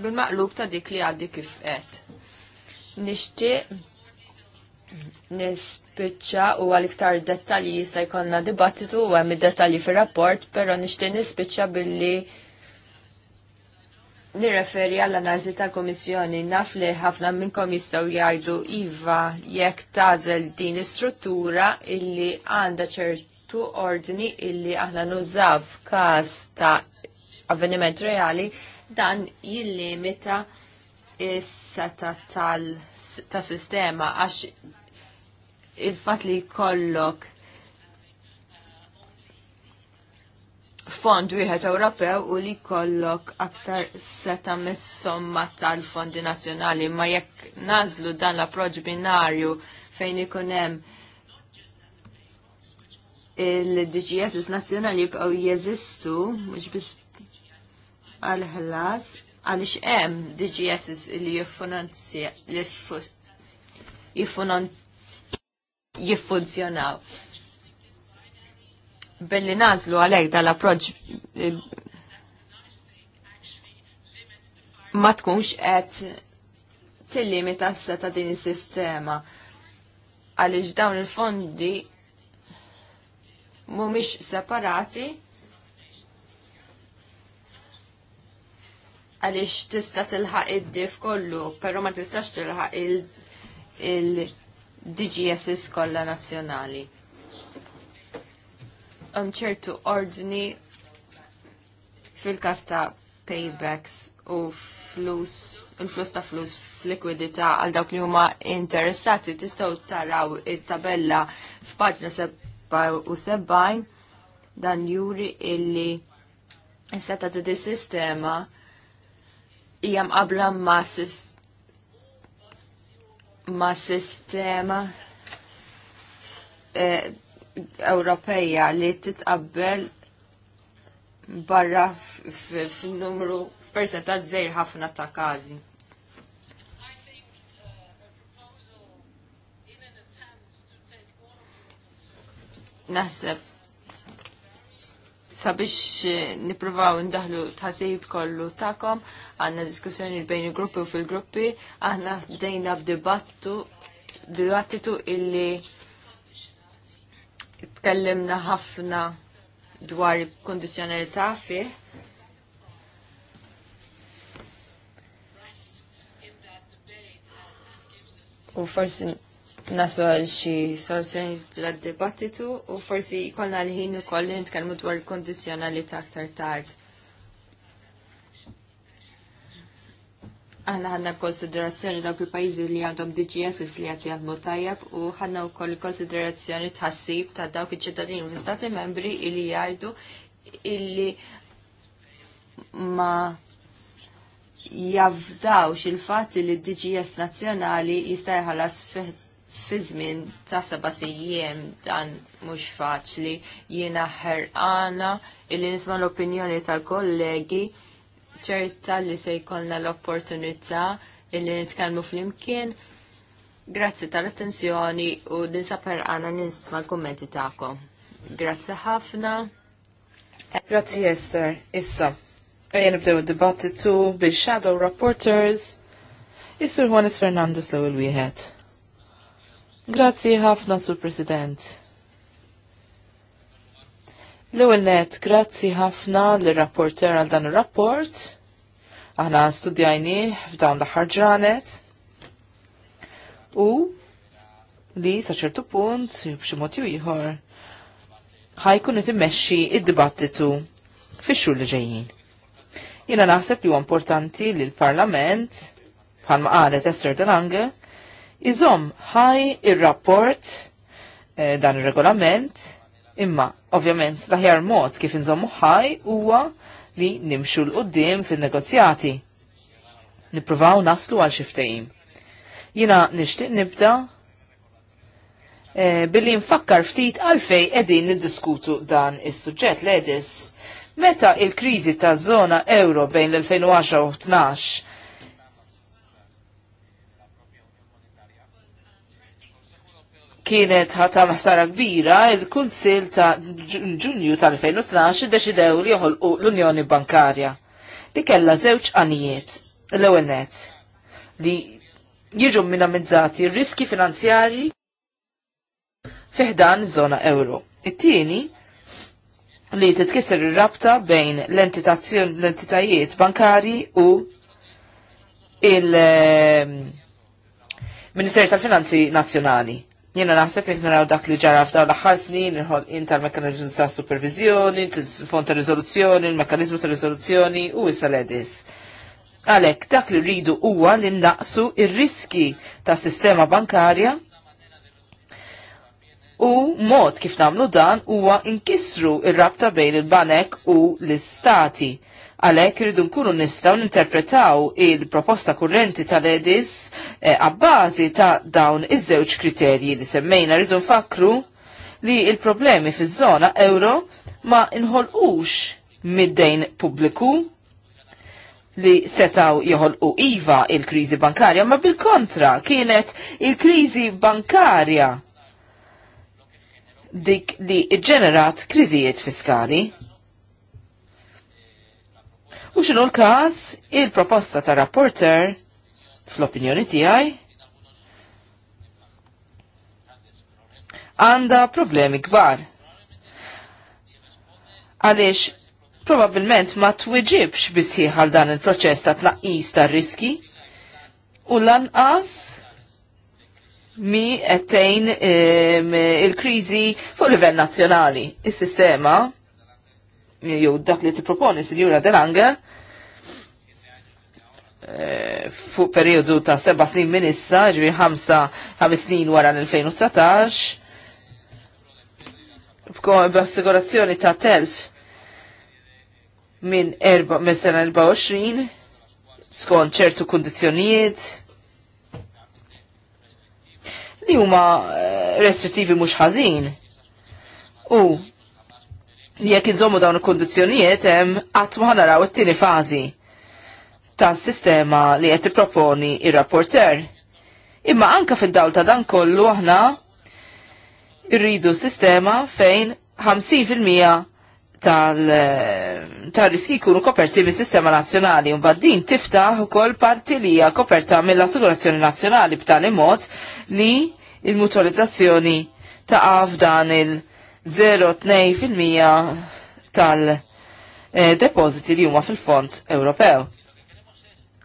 bil-maqlub ta' dik li għaddi kif għed nixtieq nispiċċa u għal-iktar dettalji jista' jkollna dibattitu u hemm id-dettalji fir-rapport, però nixtieq nispiċċa billi Nirreferi għall analiżi tal-Komissjoni naf li ħafna minnkom jistgħu jgħidu iva jekk tażel din istruttura illi għandha ċertu ordni illi aħna nużaw f'każ ta' avveniment reali dan jillimita is-seta ta' sistema għax il-fat li kollok fond wieħed Ewropew u li kollok aktar seta mis-somma tal-fondi nazzjonali ma jekk nażlu dan l-approċ binarju fejn ikun hemm il-DGS nazzjonali jibqgħu jeżistu mhux biss għal ħlas għaliex hemm DGS li jiffunanzja li jiffunzjonaw. Belli nazlu għalhekk dal-approċċ eh, ma tkunx qed tillimita s ta' din is-sistema għaliex dawn il-fondi mumiex separati għaliex tista' tilħaq id-dif kollu, però ma tistax tilħaq il-DGSs il kollha nazzjonali. Hemm ċertu ordni fil-każ ta' paybacks u flus, il-flus ta' flus fl-likwidita għal dawk li huma interessati tistgħu taraw it-tabella f'paġna 77 dan juri illi Is-seta ta' sistema hija mqabla ma' ma' sistema eh, Ewropeja li titqabbel barra f'numru f'percentaġġ żejr ħafna ta' każi. Naħseb sabiex eh, nipruvaw ndaħlu tħasib kollu takom, għanna diskussjoni bejn il-gruppi u fil-gruppi, aħna bdejna b'dibattu, dibattitu illi tkellimna ħafna dwar kondizjonalità fih. U forsi nasu għal xi soluzzjoni bl-dibattitu u forsi jkollna l-ħin ukoll li nitkellmu dwar il-kondizzjonalità aktar tard. Aħna ħadna konsiderazzjoni dawk il-pajjiżi li għandhom DGS li qed jaħdmu tajjeb u ħadna wkoll konsiderazzjoni tħassib ta' dawk iċ-ċittadini fl-Istati membri li jgħidu illi ma jafdawx il-fatt li d-DGS nazzjonali jista' jħallas fih fi żmien ta' sabat dan mhux faċli jiena ħerqana illi nisma' l-opinjoni tal-kollegi ċerta li se jkollna l-opportunità illi nitkellmu flimkien. Grazzi tal-attenzjoni u dinsaper ħerqana nisma' l-kummenti tagħkom. Grazzi ħafna. Grazzi Esther. Issa. Ejja bdew id-dibattitu bil-Shadow Reporters. Issur Juanis Fernandez l-ewwel wieħed. Grazzi ħafna, Sur President. L-ewwel net, grazzi ħafna lir-rapporter għal dan ir-rapport. Aħna studjajni f'dawn l-aħħar ġranet. U li sa ċertu punt, b'xi mod ieħor, ħajkun qed immexxi id-dibattitu fix-xhur li ġejjin. Jiena naħseb li huwa importanti li l-Parlament bħalma qalet Esther Delange iżom ħaj ir-rapport eh, dan ir-regolament imma ovvjament l-aħjar mod kif nżommu ħaj huwa li nimxu l-qoddim fil-negozjati. Nipruvaw naslu għal xiftejim. Jina nishtiq nibda eh, billi nfakkar ftit għalfej edin niddiskutu dan is-suġġett l-edis. Meta il-krizi ta' zona euro bejn l-2010 u 12 kienet ħata ħsara kbira, il-Kunsil ta' ġunju tal-2012 deċidew li joħolqu l-Unjoni Bankarja. li kella żewġ għanijiet, l-ewwel net, li jiġu minimizzati riski finanzjari fiħdan żona euro. It-tieni li titkisser ir-rabta bejn l-entitajiet bankari u il- ehm, Ministeri tal-Finanzi Nazzjonali. Jena naħseb jek naraw dak li ġara f'dawn l-aħħar snin, il-ħolqien tal-mekanizmu ta' supervizjoni, fond ta' riżoluzzjoni, il-mekanizmu ta' riżoluzzjoni u issa l-edis. Għalek, dak li rridu huwa li naqsu ir-riski ta' sistema bankarja U mod kif namlu dan huwa inkisru ir-rabta bejn il-banek u l-istati. Għalek rridu nkunu nistaw ninterpretaw il-proposta kurrenti tal-Edis eh, għabbażi eh, ta' dawn iż-żewġ kriterji li semmejna rridu nfakru li il-problemi fiż-żona euro ma inħolqux mid-dejn pubbliku li setaw joħolqu iva il-krizi bankarja, ma bil-kontra kienet il-krizi bankarja dik li ġenerat kriżijiet fiskali. U xinu l-kas il-proposta ta' rapporter fl-opinjoni tiegħi għanda problemi kbar. Għaliex probabilment ma twiġibx bisħiħ dan il-proċess ta' tnaqqis ta' riski u lanqas mi għettejn il-krizi fuq livell nazzjonali. Is-sistema, jew dak li t-proponi Sinjura Delanga, eh, fuq periodu ta' seba snin minn issa, ġvi ħamsa ħames snin wara l-2019, b'assigurazzjoni ta' telf minn sena 24, skont ċertu kondizjonijiet, li huma eh, restrittivi mhux ħażin. U li jekk inżommu dawn il-kondizzjonijiet hemm qatt ma ħanaraw it-tieni fażi tas-sistema li qed tipproponi ir-rapporter. Imma anka fid-dawl ta' dan kollu aħna irridu sistema fejn 50% tal eh, tal riski jkunu koperti mis sistema nazzjonali un din tiftaħ ukoll parti li hija koperta mill-assigurazzjoni nazzjonali b'tali mod li il-mutualizzazzjoni ta' dan il-0.2% tal-depositi eh, li huma fil-Fond Ewropew.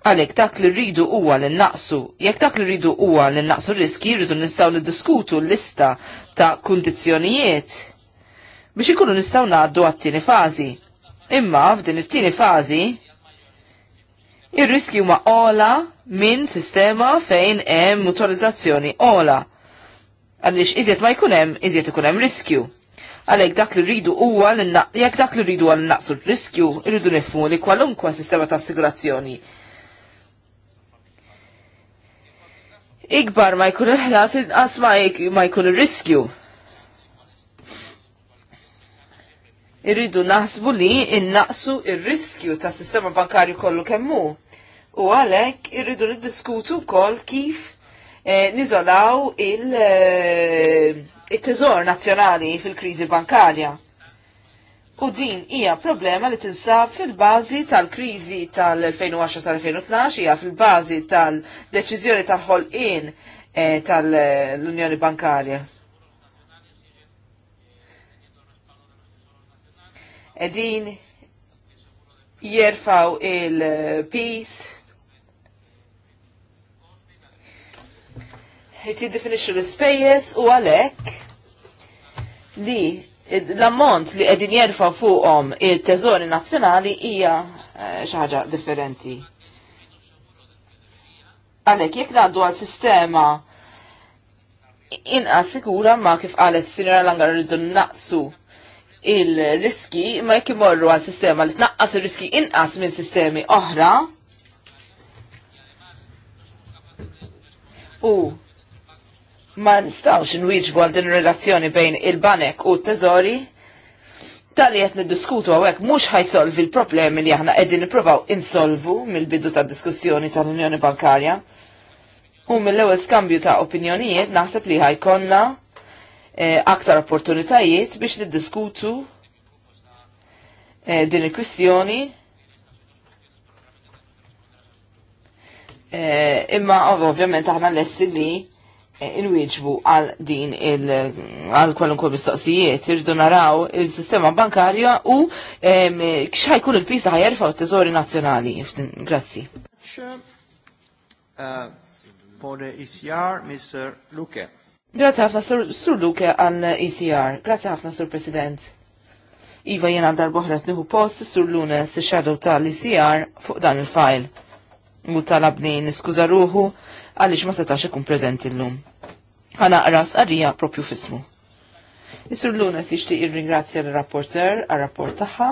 Għalek dak li rridu huwa li naqsu, jekk dak li rridu huwa li naqsu riski, rridu nistgħu niddiskutu l-lista ta' kundizzjonijiet biex ikunu nistgħu ngħaddu għat-tieni fażi. Imma f'din it-tieni fażi ir-riski huma ola minn sistema fejn hemm mutualizzazzjoni ola għaliex iżjed ma jkun hemm iżjed ikun hemm riskju. Għalhekk dak li rridu huwa jekk dak li rridu għal naqsu r-riskju, rridu nifhmu li kwalunkwa sistema ta' assigurazzjoni ikbar ma jkun il-ħlas inqas ma jkun ir-riskju. Irridu naħsbu li innaqsu il riskju tas sistema bankarju kollu kemmu. U għalhekk irridu niddiskutu wkoll kif Eh, niżolaw eh, il-teżor nazzjonali fil-kriżi bankarja. U din hija problema li tinsab fil-bażi tal-kriżi tal-2010 2012 hija fil-bażi tal-deċiżjoni tal-ħolqien eh, tal-Unjoni Bankarja. Edin jerfaw il-peace jt jiddefinixxu l-ispejjeż u għalhekk li l-ammont li qegħdin jerfa' fuqhom il-teżori nazzjonali hija eh, xi ħaġa differenti. Għalhekk jekk ngħaddu għal sistema inqas sikura ma kif qalet sinjora Langar rridu naqsu il-riski ma jek imorru għal sistema li tnaqqas ir-riski inqas minn sistemi oħra. U ma nistawx nwieġbu għal din relazzjoni bejn il-banek u t-teżori tal-li niddiskutu għawek mux ħajsolvi l-problemi li aħna għedin niprofaw insolvu mill-bidu ta' diskussjoni tal-Unjoni Bankarja. U mill-ewel skambju ta' opinjonijiet naħseb li ħajkonna eh, aktar opportunitajiet biex niddiskutu eh, din il-kwistjoni. Eh, imma ovvjament aħna l li Il wieġbu għal din għal kwalunkwe mistoqsijiet, irridu naraw il-sistema bankarja u kun il-pista ħajerfaw t-teżori nazjonali. Grazzi. Uh, for the ECR, Mr. Luke. Grazie ħafna, Sur Luke għal ECR. Grazie ħafna, Sur President. Iva jena darboħra t-nuhu post, Sur Lunes, s shadow tal-ECR fuq dan il-fajl. Mutalabni niskuza ruħu għaliex ma setax ikun preżenti llum. Ħanaqra għarrija propju fismu. Isur Lunes jixtieq jirringrazzja l-rapporter għal rapport tagħha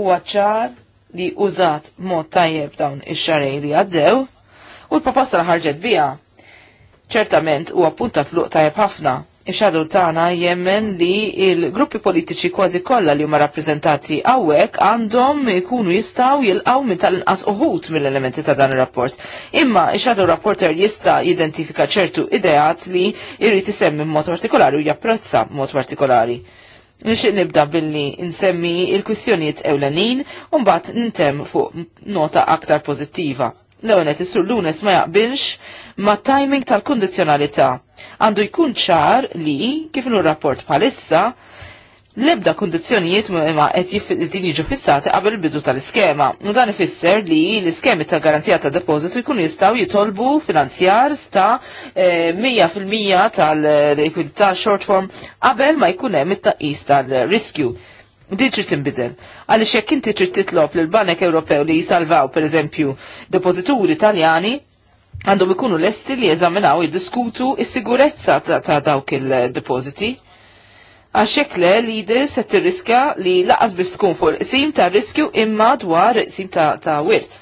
u għacċar li użat mod tajjeb dawn ix-xarej li għaddew u l-proposta li ħarġet biha ċertament u appuntat luq tajjeb ħafna Ix-xadu tagħna jemmen li il-gruppi politiċi kważi kollha li huma rappreżentati hawnhekk għandhom ikunu jistgħu jilqgħu minn tal-inqas uħut mill-elementi ta' dan ir-rapport. Imma ix-xadu rapporter jista' jidentifika ċertu ideat li jrid isemmi mod partikolari u japprezza b'mod partikolari. Nixtieq nibda billi nsemmi il-kwistjonijiet ewlenin u mbagħad nintem fuq nota aktar pożittiva l is-Sur lunes ma jaqbilx ma timing tal-kondizjonalità. Għandu jkun ċar li, kif nur rapport bħalissa l-ebda kondizjonijiet ma qed jiġu fissati qabel bidu tal-iskema. U dan ifisser li l-iskemi ta' garanzija ta' depożitu jkunu jistgħu jitolbu finanzjar sta' 100% eh, tal-likwidità short form qabel ma jkun hemm it-taqis tal-riskju. Din trid tinbidel. Għaliex jekk inti trid titlob lill Banek Ewropew li jisalvaw pereżempju depożituri Taljani, għandhom ikunu lesti li jeżaminaw jiddiskutu is-sigurezza ta' dawk il-depożiti għaxek le li e se tirriska li laqas biex tkun fuq il-qsim ta' riskju imma dwar qsim ta', wirt.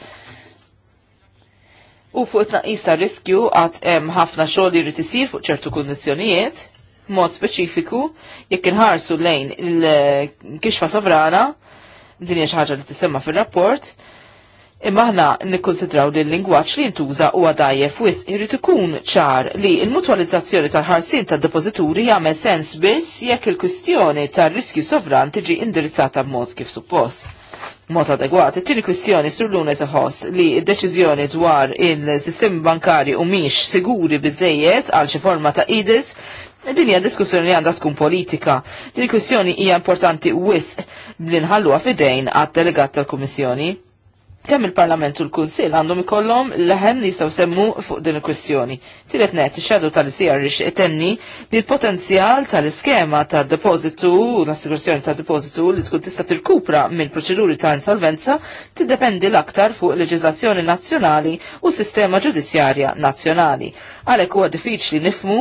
U fuq it-naqis ta' riskju għat hemm ħafna xogħol li jrid isir fuq ċertu kundizzjonijiet mod speċifiku jekk inħarsu lejn il-kixfa sovrana, din hija xi ħaġa li tisemma fir-rapport, Imma ħna nikkonsidraw li l-lingwaġġ li ntuża huwa dajjef wis irid ikun ċar li l-mutwalizzazzjoni tal-ħarsin tad-depożituri jagħmel sens biss jekk il-kwistjoni tar-riskju sovran tiġi indirizzata b'mod kif suppost. Mod adegwat, it-tieni kwistjoni sur lunes iħoss li d-deċiżjoni dwar il-sistemi bankari u miex siguri biżejjed għal xi forma ta' idis Din hija diskussjoni li għandha tkun politika. Din il-kwistjoni hija importanti wisq li nħalluha fidejn għad-delegat tal-Kummissjoni. Kemm il-Parlament u l-Kunsill għandhom ikollhom leħen li jistgħu semmu fuq din il-kwistjoni. Tielet net ix-xadu tal rix itenni li l-potenzjal tal-iskema tad-depożitu u l-assigurazzjoni tad-depożitu li tkun tista' tirkupra mill-proċeduri ta' insolvenza tiddependi l-aktar fuq leġiżlazzjoni nazzjonali u sistema ġudizzjarja nazzjonali. Għalhekk huwa diffiċli nifmu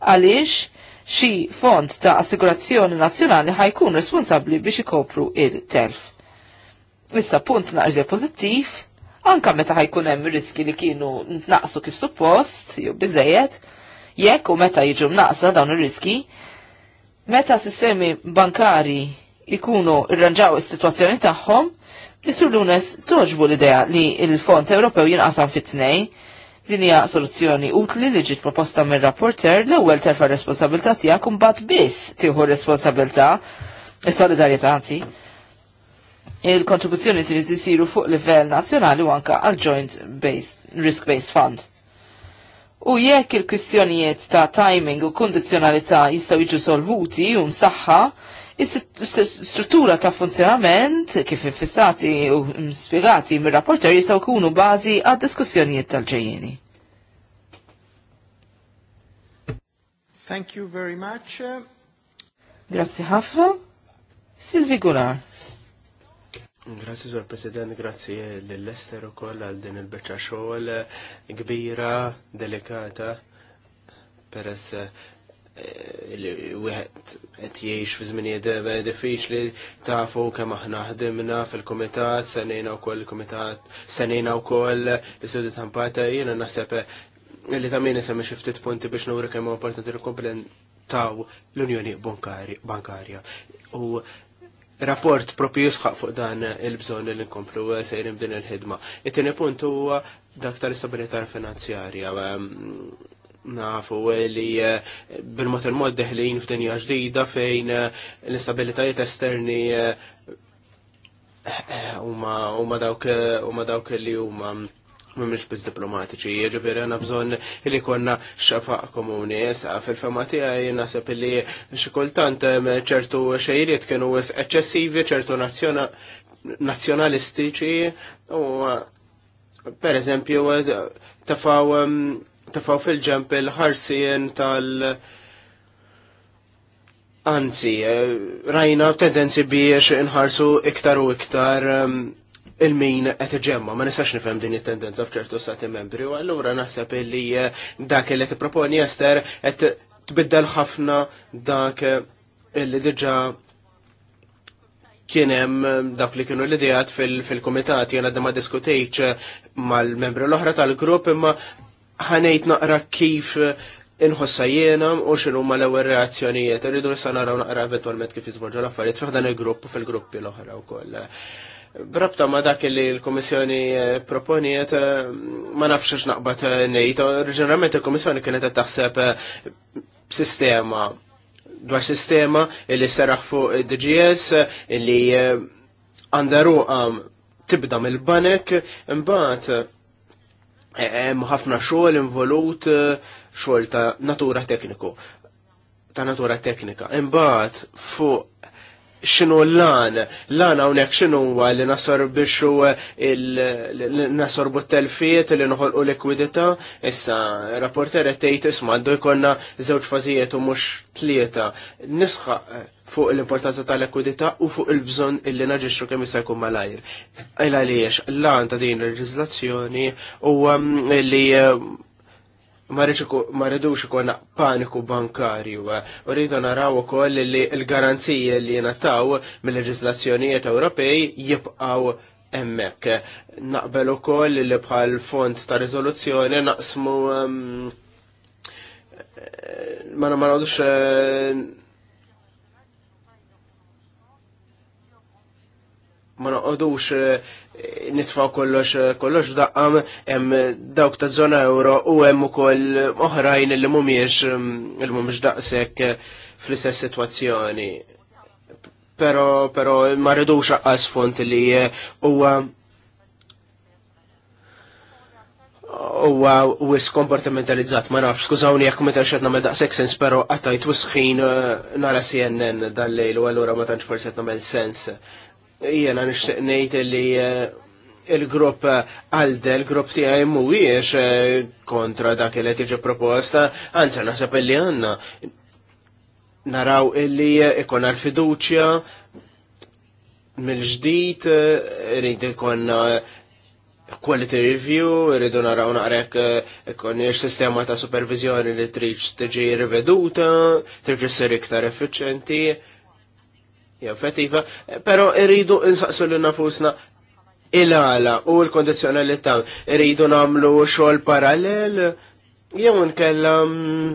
għaliex xi fond ta' assigurazzjoni nazzjonali ħajkun responsabbli biex ikopru il-telf. Issa punt naqżja pożittiv, anka meta ħajkun hemm riski li kienu ntnaqsu kif suppost, jew biżejjed, jekk u meta jiġu mnaqsa dawn ir-riski, meta sistemi bankari ikunu irranġaw is-sitwazzjoni tagħhom, Mr. Lunes toġbu l-idea li il-Fond Ewropew jinqasam fit-tnej, Din hija soluzzjoni utli li ġiet proposta minn rapporter l-ewwel terfa' responsabilità tiegħek imbagħad biss tieħu responsabilità is-solidarjetà e anzi. Il-kontribuzzjoni trid isiru fuq livell nazzjonali u anke għal Joint Based Risk Based Fund. U jekk il-kwistjonijiet ta' timing u kondizjonalità jistgħu jiġu solvuti u msaħħa, Is-struttura ta' funzjonament kif infissati u spiegati mir-rapporter jistgħu jkunu bażi għad diskussjonijiet tal-ġejjeni. Thank you very much. Grazzi ħafna. Silvi Gular. Grazzi, Zor President, grazzi l-Lester u koll għal din il-beċa xogħol kbira, delikata, peress li wieħed qed jgħix fi żminijiet diffiċli tafu kemm aħna ħdimna fil-kumitat, senejna wkoll il-kumitat, senejna wkoll l-istudju ta' mpata jiena naħseb li ta' min isem xi ftit punti biex nuri kemm importanti taw l-Unjoni Bankarja. U rapport propju jisħaq fuq dan il-bżon li nkomplu sejrim din il-ħidma. It-tieni punt huwa dak tal-istabilità finanzjarja nafu li eh, bil-mot il-mod deħlin f'dinja ġdida fejn eh, l-istabilitajiet esterni eh, huma dawk huma dawk li huma mhumiex biss diplomatiċi, jiġifieri għandna bżonn li konna xafaq komuni, sa fil-fema tiegħi naħseb li xi kultant ċertu xejriet kienu eċċessivi, ċertu nazzjonalistiċi u per eżempju tafaw mm, tafaw fil-ġemp il-ħarsien tal- Anzi, eh, rajna tendenzi biex inħarsu iktar u iktar ehm, il-min qed iġemma, ma nistax nifhem din it-tendenza f'ċertu stati membri, u allura naħseb li eh, dak li tipproponi Ester qed tbiddel ħafna dak eh, illi diġà kien hemm dak li kienu l idijat fil-kumitat jiena d ma diskutejx mal-membri l-oħra tal-grupp imma ħanejt naqra kif eh, inħossa jena u xinu ma l-ewel reazzjonijiet. Rridu nista naraw naqra eventualment kif jizvolġu l-affarijiet fih dan il-grupp u fil-gruppi l-oħra u koll. Brabta ma dak li l-Komissjoni eh, proponiet eh, ma nafx naqbat nejt. Oriġinarment il-Komissjoni kienet taħseb sistema dwar sistema illi seraħ fuq DGS illi għandaru tibda mill-banek imbagħad Eh, hemm ħafna xogħol involut eh, xogħol ta' natura tekniku ta' natura teknika. Imbagħad fuq xinu l-lan, l-lan għawnek xinu li nasorbixu eh, nasorbu t-telfiet li nħolqu likwidita, issa rapporter tejt isma għaddu jkonna zewċ fazijiet u mux tlieta. Nisħa eh, fuq l-importanza tal-likwidita u fuq il-bżon illi naġiċu kemm jista' jkun malajr. Illa li l-lan ta' din il-leġizlazzjoni u mm, li eh, ma rridux ikun paniku bankarju. U eh, rridu naraw ukoll li l-garanzije li nataw mill-leġislazzjonijiet Ewropej jibqaw emmek. Naqbel ukoll li bħal fond ta' riżoluzzjoni naqsmu ehm, eh, ma nagħmlux ma eh, noqodux nitfaw kollox kollox daqqam hemm dawk ta' zona euro u hemm ukoll oħrajn li mhumiex mm, li mhumiex daqshekk fl-istess sitwazzjoni. Però però ma rridux aqqas font li huwa huwa wis komportamentalizzat ma nafx skużawni jekk meta xed nagħmel daqshekk sens però qattajt wisħin eh, nara CNN dal-lejl u allura ma tantx forsi qed nagħmel sens Jena nishtiq ngħid li eh, il-grupp għalde, eh, il-grupp ti għaj muwiex eh, kontra dak li tiġi proposta, għanza nasab li għanna. Naraw illi ikon għal-fiduċja mill-ġdijt, rrid ikon quality review, rridu naraw naqrek ikon sistema ta' supervizjoni li triċ tiġi riveduta, s sir iktar effiċenti jaffettiva, pero irridu insaqsu l nafusna il-għala u l-kondizjonalità irridu namlu xogħol parallel jew nkella mm,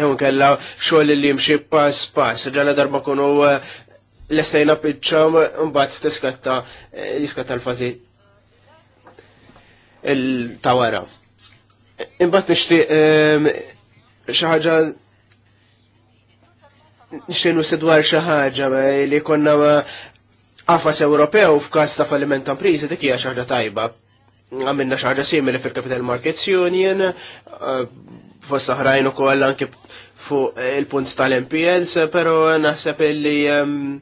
jew nkella xogħol li jimxi pass pass, ġana darba kunu eh, l-estajna pitċam t-skatta, eh, jiskatta l-fażi il-tawara. Imbagħad nixtieq eh, xi ħaġa xinu sidwar xi ħaġa li konna għafas eh, Ewropew f'każ ta' falliment ta' prizi dik hija xi ħaġa tajba. Għamilna xaħġa simili fil-Capital Markets Union, eh, fost oħrajn ukoll anke fuq il-punt tal-MPLs, pero naħseb li ehm,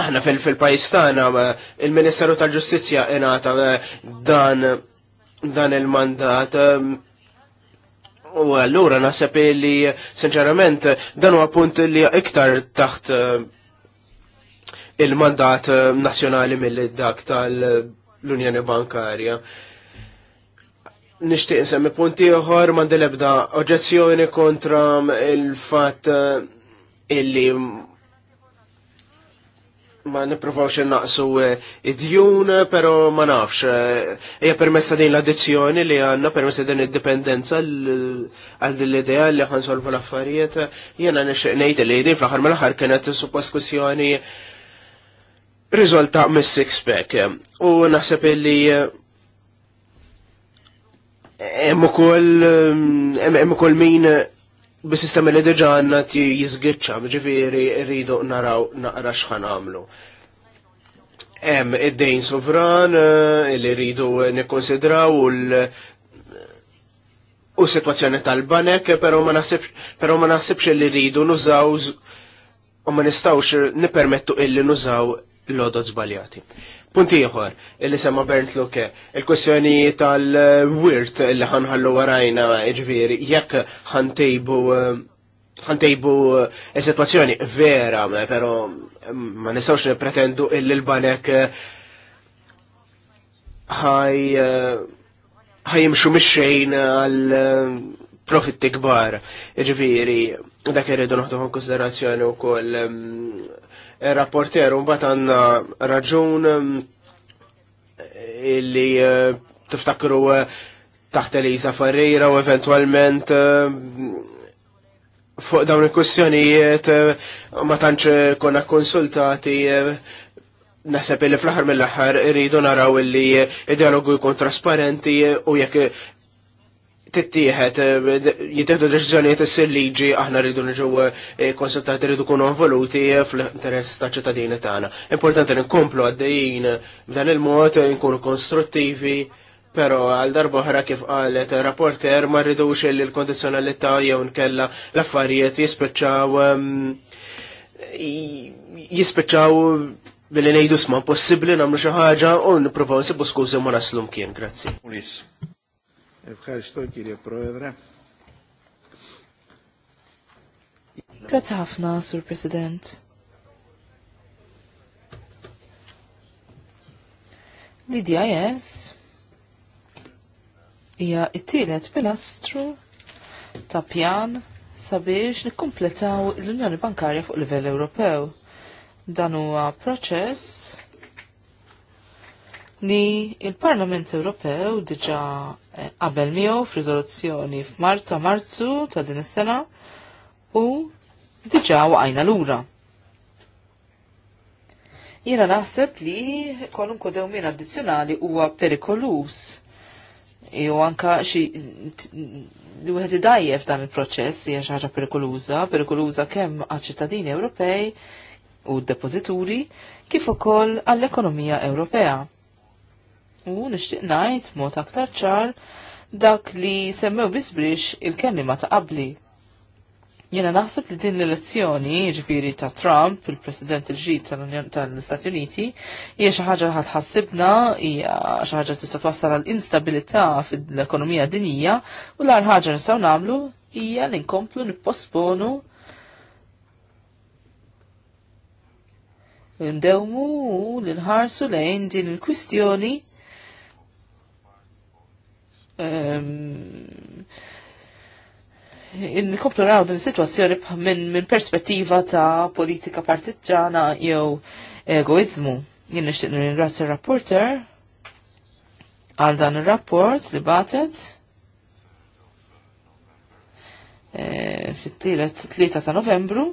aħna fil-pajis tagħna eh, il-Ministeru tal-Ġustizzja ingħata dan dan il-mandat ehm, U allura naħseb li sinċerament dan huwa punt li iktar taħt eh, il-mandat eh, nazzjonali mill-dak tal-Unjoni Bankarja. Nishtiq nsemmi punti uħor mandi lebda oġezzjoni kontra il-fat eh, illi ma niprovawx naqsu eh, id-djun, eh, pero ma nafx. Eh, Ija permessa din l-addizzjoni li għanna, permessa din id-dipendenza għal din l-idea li għan solvu l-affarijiet. Jena nejt li din fl-axar mal-axar kienet suppost kwestjoni rizolta mis six pack U naħseb li hemm kol min b sistema li diġa għanna jizgitxa, ġifiri rridu naraw naqra xħan għamlu. Em, id-dejn sovran eh, li rridu nikkonsidraw u u situazzjoni tal-banek, pero ma naħsibx li rridu nużaw u ma nistawx nipermettu illi nużaw l-odot zbaljati. Punt ieħor, illi semma Bernd Luke, il-kwestjoni tal-wirt li ħanħallu warajna, iġviri, jekk ħantejbu eh, ħantejbu eh, situazzjoni vera, eh, pero mm, ma nistawx pretendu illi l-banek ħaj ħajimxu mixxejn għal profitti kbar. Ġviri, dak irridu naħdu konsiderazzjoni u koll mm, rapporter, un bat għanna raġun eh, illi eh, tiftakru eh, taħt Elisa Ferreira u eventualment fuq dawn il-kussjonijiet ma tantx konna konsultati naħseb il fl-aħħar mill-aħħar irridu naraw illi id-dialogu jkun trasparenti u jekk tittieħed eh, jittieħdu deċiżjonijiet issir liġi aħna rridu niġu eh, konsultati rridu kunu involuti fl-interess ta' ċittadini tagħna. Importanti li nkomplu għaddejjin b'dan il-mod eh, nkunu konstruttivi, però għal darba kif qalet rapporter ma rridux li l-kondizzjonalità jew nkella l-affarijiet jispiċċaw ehm, jispiċċaw billi ngħidu sma possibbli nagħmlu xi ħaġa u nippruvaw nsibu skużi ma naslum kien, grazzi. Grazie ħafna, Sur President. Lidia Jess hija t-tielet pilastru ta' pjan sabiex nikkumpletaw l-Unjoni Bankarja fuq livell Ewropew. Dan huwa proċess li il-Parlament Ewropew diġa qabel miegħu f'riżoluzzjoni f'Marta Marzu ta' din is-sena u diġà waqajna lura. Jiena naħseb li kwalunkwe dewmien addizzjonali huwa perikolus. Jew anka xi li wieħed idajjef dan il-proċess hija xi ħaġa perikoluża, perikoluża kemm għaċ-ċittadini Ewropej u d-depożituri kif ukoll għall-ekonomija Ewropea U nixtieq ngħid mod aktar ċar dak li semmew bisbrix il-kellima ta' qabli. Jena naħseb li din l-elezzjoni, ġifiri ta' Trump, il-President il-ġid tal-Istati Uniti, hija xi ħaġa ħad ħassibna, hija xi ħaġa tista' twassal għal instabilità fil-ekonomija dinija, u l-għar ħaġa nistgħu nagħmlu hija li nkomplu nipposponu ndewmu l nħarsu lejn din il-kwistjoni Ehm, Nkomplu raw din situazzjoni minn min perspettiva ta' politika partiġana jew egoizmu. Jien nixtieq nirringrazzja r-rapporter għal dan ir-rapport li batet e, fit-tielet 3 ta' Novembru.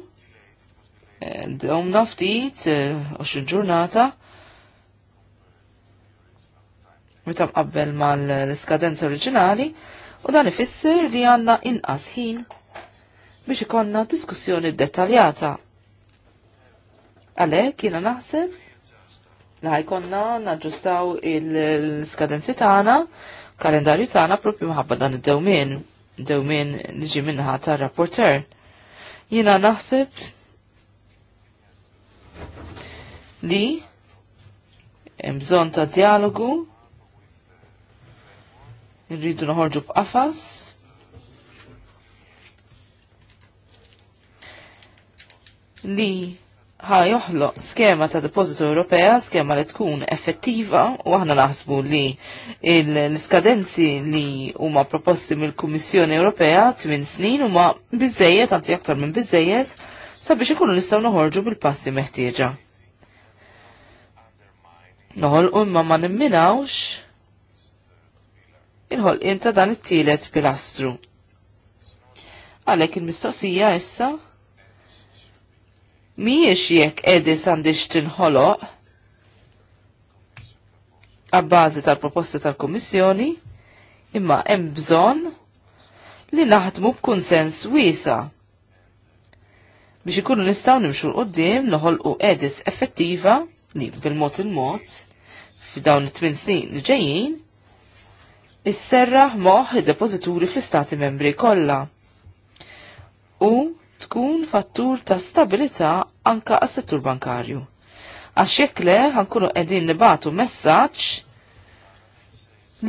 Dom naftit 20 ġurnata meta mqabbel mal-iskadenza oriġinali u dan ifisser li għandna inqas ħin biex ikonna diskussjoni dettaljata. Għalhekk jiena naħseb li ħajkonna naġġustaw l-iskadenzi tagħna, kalendarju tagħna propju minħabba dan id-dewmien, dewmien li ġi minnaħa tar-rapporter. Jiena naħseb li bżonn ta' dialogu Irridu nħorġu b'qafas. Li ħa joħloq skema ta' depożitu Ewropea, skema li tkun effettiva u aħna naħsbu li l-skadenzi li huma proposti mill-Kummissjoni Ewropea 8 snin huma biżejjed, anzi aktar minn biżejjed, sabiex ikunu nistgħu noħorġu bil-passi meħtieġa. Noħolqu imma ma nimminawx il-ħol inta dan it-tielet pilastru. Għalek il-mistoqsija issa miex jekk edis għandix tinħoloq għabbażi tal-proposta tal komissjoni imma hemm bżonn li naħdmu b'kunsens wiesa biex ikunu nistaw nimxu l-qoddim noħolqu edis effettiva li bil-mod il-mod f'dawn it-tmin snin li ġejjin isserraħ moħ id-depozituri fl-istati membri kollha. U tkun fattur ta' stabilità anka għas-settur bankarju. Għax jekk le ħankunu qegħdin nibatu messaġġ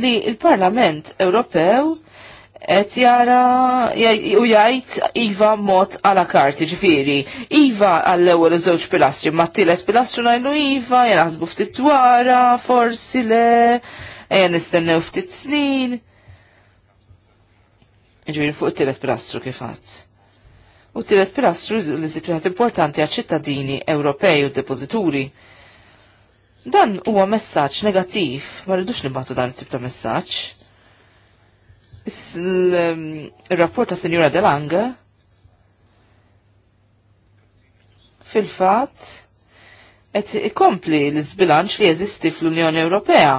li il-Parlament Ewropew qed jara u jgħid iva mod għala karti ġifieri. Iva għall-ewwel żewġ pilastri, ma t-tielet pilastru ngħidu iva, jaħsbu ftit dwara, forsi le eja nistennew ftit snin. Ġviri fuq it-tielet pilastru kifat. U t-tielet pilastru li zitruħat importanti għal ċittadini Ewropej u depozituri. Dan huwa messaġġ negattiv, ma rridux nibgħatu dan it-tip ta' messaġġ. Il-rapport ta' Sinjura Delanga fil-fatt qed ikompli l izbilanċ li jeżisti fl-Unjoni Ewropea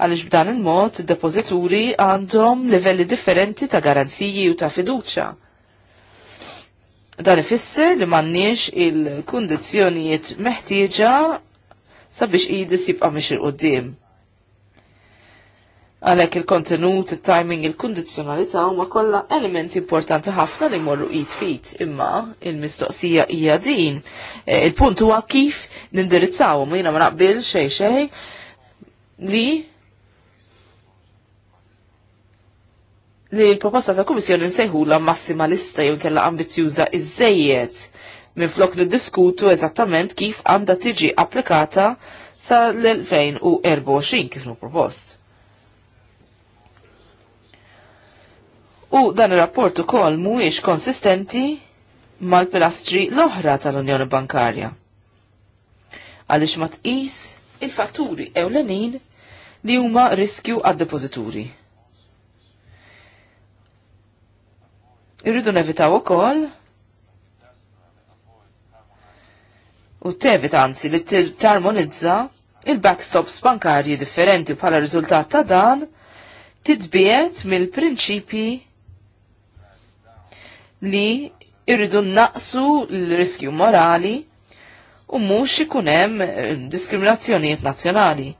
għaliex b'dan il-mod id-depożituri għandhom livelli differenti ta' garanziji u ta' fiduċa. Dan ifisser li m'għandniex il-kundizzjonijiet meħtieġa sabiex idis jibqa' miex il qudiem Għalhekk il-kontenut, it-timing, il-kundizzjonalità huma kollha elementi importanti ħafna li morru id fit, imma il-mistoqsija hija din. Eh, il-punt huwa kif nindirizzaw, jiena ma naqbil xejn xej li li l-proposta ta' komissjoni la massimalista jew kella ambizjuża iżejjed minn flok li diskutu eżattament kif għandha tiġi applikata sa l-2024 kif nu propost. U dan ir-rapport ukoll mhuwiex konsistenti mal-pilastri l-oħra tal-Unjoni Bankarja. Għaliex ma tqis il-fatturi ewlenin li huma riskju għad-depożituri Irridu nevitaw ukoll u tevit anzi li tarmonizza il-backstops bankarji differenti bħala riżultat ta' dan titbiet mill-prinċipi li irridu naqsu l-riskju morali u mhux ikun hemm eh, diskriminazzjonijiet nazzjonali.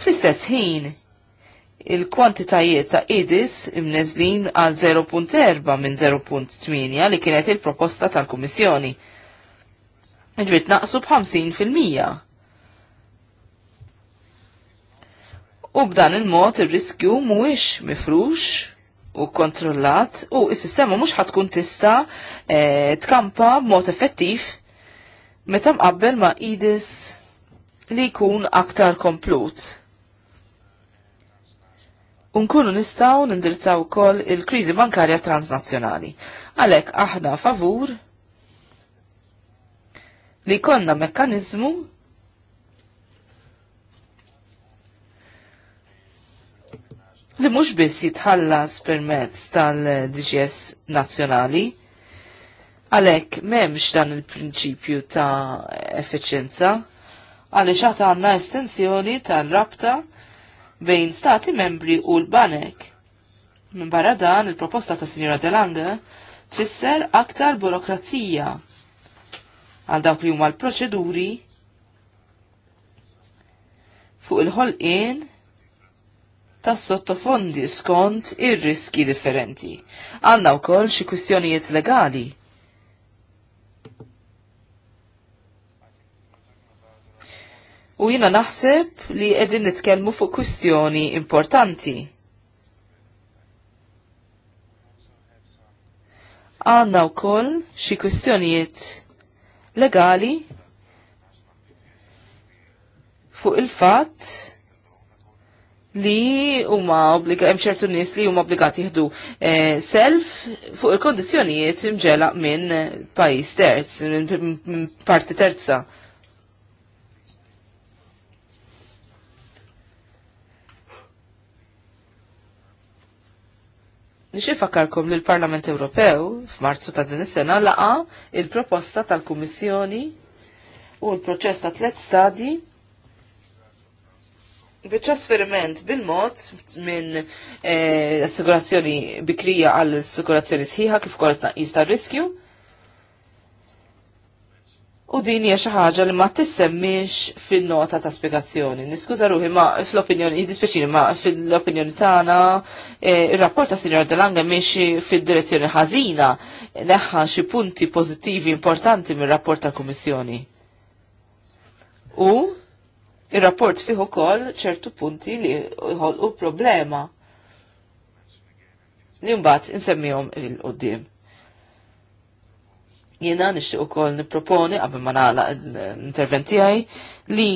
Fl-istess ħin, il-kwantitajiet ta' idis imnezlin għal 0.4 minn 0.8 li kienet il-proposta tal-Kummissjoni. Ġvit naqsu b'50%. U b'dan il-mod ir-riskju mhuwiex mifrux u kontrollat u s-sistema mhux ħatkun tista e, tkampa b'mod effettiv meta mqabbel ma' idis li jkun aktar komplut unkunu nistaw nindirizzaw ukoll il-kriżi bankarja transnazzjonali. Għalhekk aħna favur li konna mekkanizmu li mhux biss jitħallas permezz tal-DGS nazzjonali, għalhekk m'hemmx dan il-prinċipju ta' effiċenza, għaliex xaħta għandna estensjoni tal-rabta bejn stati membri u l-banek. Minn barra dan, il-proposta ta' Sinjora Delange tfisser aktar burokrazija għal dawk li huma l-proċeduri fuq il-ħolqien tas sottofondi skont ir-riski differenti. Għandna wkoll xi kwistjonijiet legali U jina naħseb li edin nitkelmu fuq kwistjoni importanti. Għanna u koll xie kwistjonijiet legali fuq il-fat li huma obbliga hemm ċertu nies li huma obbligati jieħdu eh, self fuq il-kondizzjonijiet imġela minn pajjiż terz, minn parti terza. Nix ifakarkom li l-Parlament Ewropew f'Marzu ta' din is-sena laqa il-proposta tal-Kummissjoni u l-proċess ta' tliet stadji Bit-trasferiment bil-mod minn eh, assigurazzjoni bikrija għall assigurazzjoni sħiħa kif kol tnaqqis ta' riskju U din hija xi ħaġa li ma tissemmix fin-nota ta' spjegazzjoni. Niskuża ruħi ma fl-opinjoni, jiddispjaċini ma fil opinjoni tagħna e, ir-rapport ta' Sinjor Delanga mhix fid-direzzjoni ħażina neħħa xi punti pożittivi importanti mir-rapport ta' Kummissjoni. U ir-rapport fih ukoll ċertu punti li jħolqu problema. Li mbagħad insemmihom il-qudiem. Jena nixtieq ukoll nipproponi qabel ma nagħlaq l-interventi li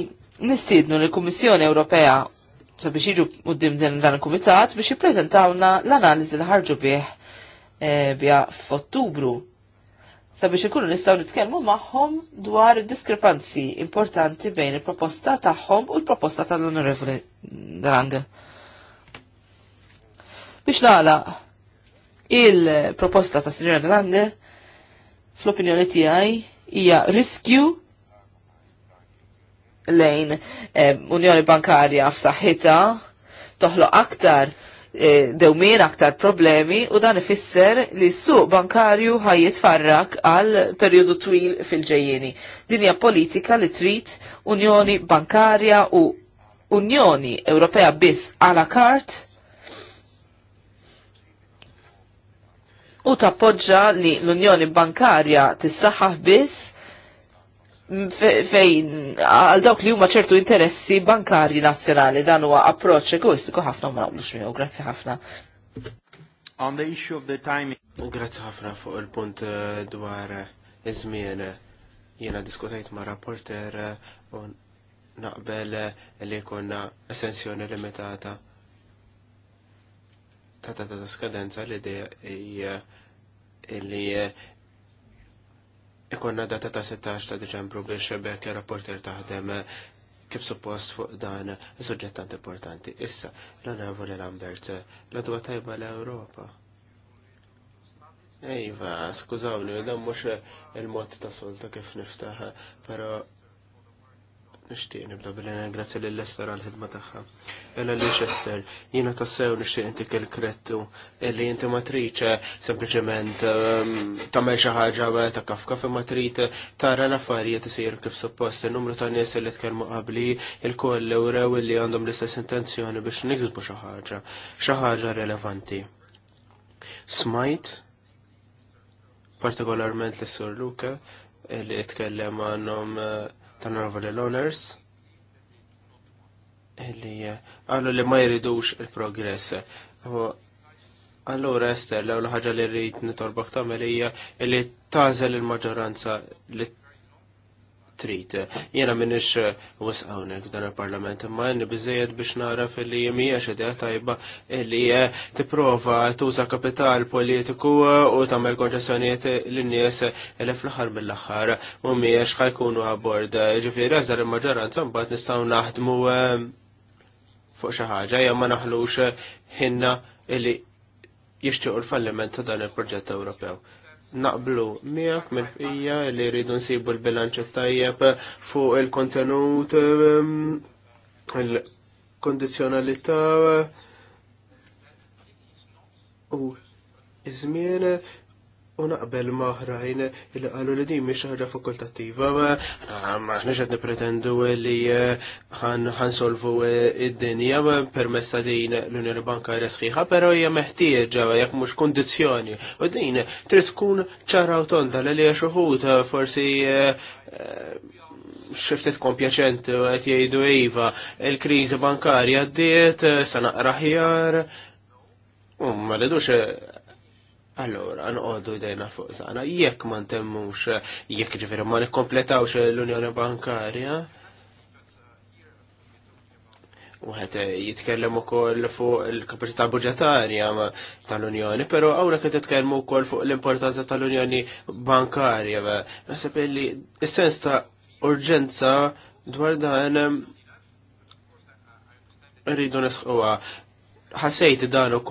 nistiednu l-Kummissjoni Ewropea sabiex jiġu qudiem din dan il-kumitat biex jippreżentawna l-analiżi li ħarġu bih e, bija f'Ottubru sabiex ikunu nistgħu nitkellmu magħhom dwar diskrepanzi importanti bejn il-proposta tagħhom u l-proposta tal-Onorevoli Drang. Biex nagħlaq il-proposta ta' Sinjora Drang fl-opinjoni tiegħi hija riskju lejn eh, Unjoni Bankarja f'saħħitha toħloq aktar eh, dewmien aktar problemi u dan ifisser li s-suq bankarju farrak għal periodu twil fil-ġejjeni. Din hija politika li trid Unjoni Bankarja u Unjoni Ewropea biss għala kart u tappoġġa li l-Unjoni Bankarja tissaħħaħ biss fejn għal dawk li huma ċertu interessi bankarji nazzjonali dan huwa approċċ egoistiku ħafna u ma nagħmlux miegħu. Grazzi ħafna. On the issue of the timing. Grazzi ħafna fuq il-punt eh, dwar iż-żmien jiena diskutajt ma' rapporter eh, u naqbel eh, li konna essenzjoni limitata ta' ta' ta' skadenza l-idea illi eh, ikonna data ta' 16 ta' Deċembru biex bekk rapporter taħdem eh, kif suppost fuq dan suġġett tant importanti. Issa, l-onorevoli Lambert, l-adwa tajba l-Ewropa. Ejva, skużawni, dan mhux il-mod ta' solta kif niftaħ, pero Nishtiq nibda billi ningrazzi lil Ester għal-ħidma tagħha. Ella li Chester, jiena tassew nixtieq intik il-krettu illi inti matriċe sempliċement ehm, tagħmel xi ħaġa ta' kafka fi matrit tara l-affarijiet isir kif suppost in-numru ta' nies li tkellmu qabli il-koll ewrew illi għandhom l-istess intenzjoni biex niksbu xi ħaġa, xi ħaġa relevanti. Smajt partikolarment l-Sur Luka li jitkellem għandhom eh, tal-Honorable Loners illi għallu li ma jridux il-progress. Allura Ester, l għallu ħaġa li rrid nitolbok tagħmel hija li tażel il-maġġoranza li trid. Jiena minix eh, wisqawnek dan il-Parlament imma jenni bizzejed biex nara fil-li mhijiex idea tajba li eh, tipprova tuża kapital politiku eh, u tagħmel konċessjonijiet lin-nies li fl-aħħar mill-aħħar mhumiex ħajkunu abbord. Ġifiri, eżar il-maġġoranza mbagħad nistgħu naħdmu fuq xi ħaġa jew ma naħlux ħinna illi jixtiequ l-falliment ta' dan il-proġett Ewropew naqblu miegħek mill li rridu nsibu l-bilanċ tajjeb fuq il-kontenut ehm, il-kondizzjonalità u iż-żmien u naqbel maħrajn il qalu li din miex ħaġa fakultattiva, ah, ma aħniex qed nippretendu li eh, ħansolvu eh, id-dinja permessa din l-Unjoni Bankarja sħiħa, però hija meħtieġa jekk mhux kundizzjoni. U din trid tkun ċara u tonda li hija xuħud eh, forsi xiftet kompjaċent għet jgħidu Iva, il-krizi bankarja d-diet, sana raħjar, u ma l-edux Allora, għanqodu jdejna fuq sana, jekk ma ntemmux, jekk ġifiri ma nikkompletawx l-Unjoni Bankarja. U għet jitkellem u fuq il kapaċità budgetarja tal-Unjoni, pero għawna kħet jitkellem u fuq l-importanza tal-Unjoni Bankarja. Nasib li il-sens ta' urġenza dwar dan rridu nisħuwa. Ħassejt dan u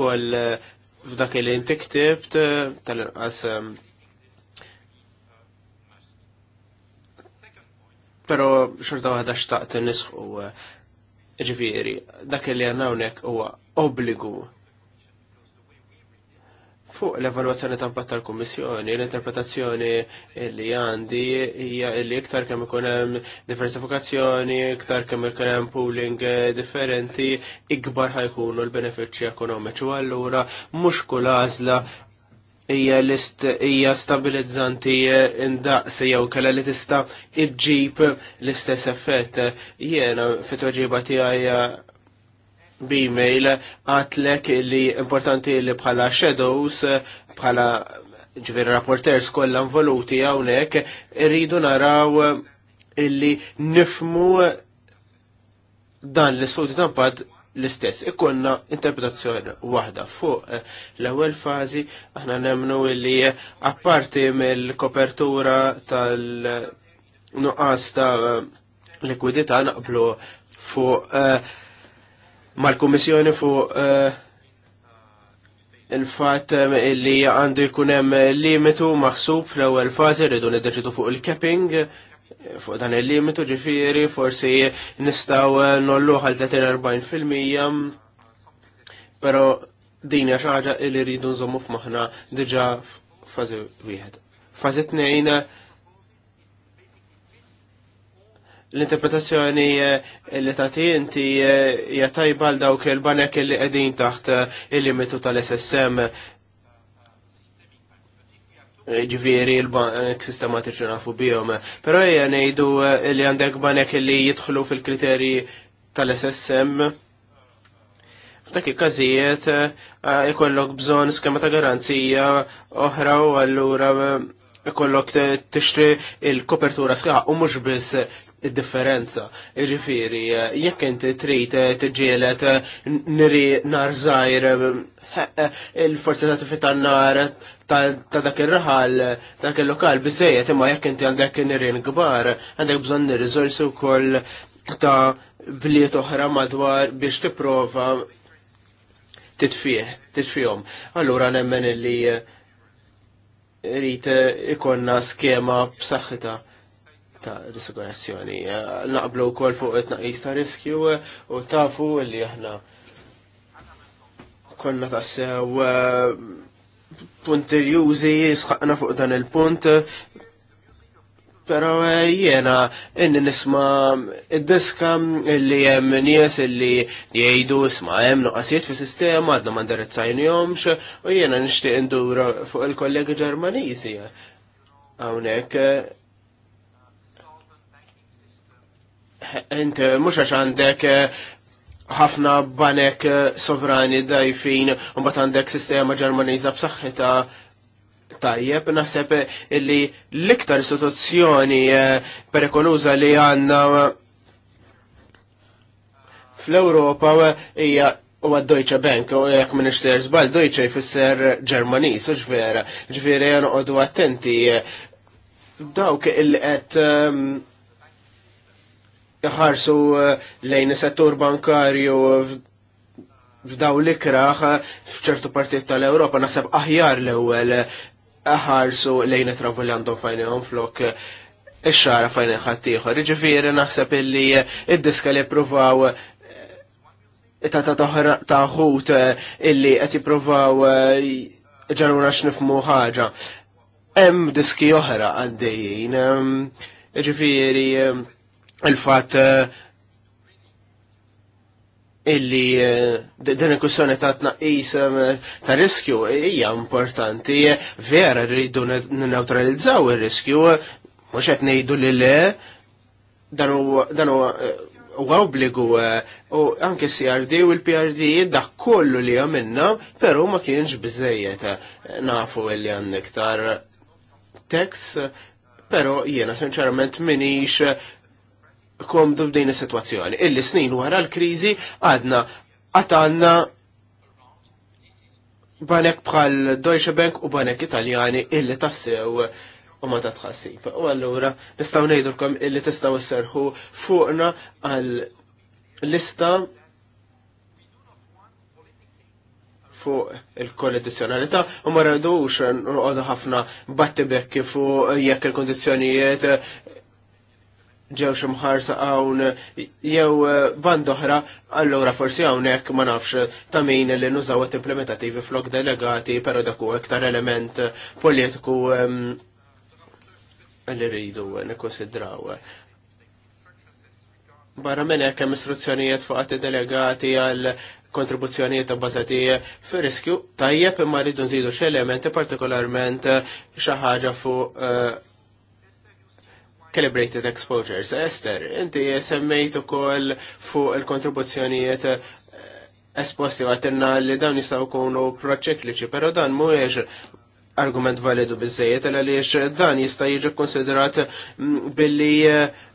f'dak li inti ktibt eh, tal-inqas ehm, Pero xorta waħda xtaqt nisħu eh, ġifiri, dak li għanna huwa obbligu Fuq l-evaluazzjoni ta' impatt tal-Kummissjoni, l-interpretazzjoni li għandi hija li iktar kemm ikun hemm diversifikazzjoni, iktar kemm ikun hemm pooling eh, differenti, ikbar ħajkunu l-benefiċċji ekonomiċi. U allura mhux kull għażla hija list hija stabilizzanti eh, indaqs jew kellha li tista' iġġib l-istess effett. Jiena fit-tweġiba tiegħi eh, b-email għatlek li importanti li bħala shadows, bħala ġveri rapporters kollha involuti hawnhekk irridu naraw illi nifmu dan l-istudju tampad l-istess. Ikonna interpretazzjoni waħda fuq l-ewwel fażi aħna nemnu illi apparti mill-kopertura tal-nuqqas ta' likwidità naqblu fuq uh, mal-Kummissjoni fuq eh, il-fat eh, li għandu jkun hemm limitu maħsub fl-ewwel fażi rridu niddeċidu fuq il-capping fuq dan il-limitu ġifieri forsi nistgħu eh, nollu għal 30-40 fil-mija però din hija xi ħaġa li rridu nżommu f'moħħna diġà fażi wieħed. Fazi 2 l-interpretazzjoni eh, li tagħti inti eh, hija tajba għal dawk il-banek li qegħdin taħt eh, il-limitu tal-SSM ġviri l-banek sistematiċi nafu bijom. Pero hija ngħidu li għandek banek li jidħlu fil-kriterji tal-SSM. F'dak il-każijiet ikollok bżonn skema ta' garanzija oħra u allura ikollok tixtri il-kopertura sħaħ u mhux biss id-differenza. Ġifiri, jekk inti trid eh, tiġielet eh, niri nar żgħir eh, il-forza ta' tifit nar ta' dak ir-raħal, ta' dak il-lokal biżejjed imma jekk inti għandek nirien kbar, għandek bżonn nirriżorsi wkoll ta' bliet oħra madwar biex tipprova titfih, titfihom. Allura nemmen li rrit ikonna skema b'saħħitha ta' risigurazzjoni. Eh, naqblu wkoll fuq it-naqis ta' riskju eh, u tafu li aħna konna ta' sew eh, punti jużi sħaqna fuq dan il-punt Pero jena, inni nisma id-diska li jem nies illi jgħidu sma jem nuqqasiet fi sistema għadna mandarizzajn jomx u jena nishtiq ndura fuq il-kollegi ġermanizi. Għawnek, Ent, mux għax għandek eh, ħafna banek eh, sovrani dajfin, un bat għandek sistema ġermaniza b'saħħita tajjeb, naħseb eh, illi l-iktar istituzzjoni perikoluza li għanna fl-Europa hija u għad-Deutsche Bank, u jek minn iċter zbal, Deutsche jfisser Ġermanis, u ġvera, ġvera jen u attenti dawk il-qed ehm, jħarsu eh, lejn settur bankarju eh, f'daw l-ikraħ eh, f'ċertu partijiet tal-Ewropa naħseb aħjar l-ewwel ħarsu lejn it li għandhom fajnihom flok ix-xara fajn ħaddieħor. Jiġifieri naħseb illi id-diska li pruvaw ta' ta' ħut illi qed jippruvaw ġaruna x'nifmu ħaġa. Hemm diski oħra għaddejjin. Ġifieri il-fat eh, illi eh, din il-kussjoni ta' tnaqqis eh, ta' riskju hija importanti vera rridu neutralizzaw ir-riskju mhux qed ngħidu li le dan huwa obbligu u anke CRD u l-PRD dak kollu li għamilna, però ma kienx biżejjed nafu li għandek tar tekst, però jiena sinċerament minix komdu b'dejn is-sitwazzjoni. Illi snin wara l-kriżi għadna għatanna banek bħal Deutsche Bank u banek Italjani illi tassew u ma ta' tħassib. U allura nistgħu ngħidulkom illi tistgħu serħu fuqna għal lista fuq il-kondizjonalità u ma rridux noqogħdu ħafna battibek fuq jekk il-kondizzjonijiet ġew ximħarsa hawn jew eh, band oħra, allura forsi hawnhekk ma nafx ta' min li nużaw implementativi flok delegati, però dak huwa iktar element politiku li rridu nikkonsidraw. Barra minn hekk hemm istruzzjonijiet fuq delegati għal kontribuzzjonijiet bbażati fir riskju tajjeb imma rridu nżidu xi elementi partikolarment eh, xi ħaġa fuq eh, calibrated exposures. Esther. inti semmejt ukoll fuq il-kontribuzzjonijiet eh, esposti għatenna li dawn jistaw kunu proċekliċi, pero dan mhuwiex argument validu bizzejiet, għal għaliex dan jista' jiġi konsiderat mm, billi eh,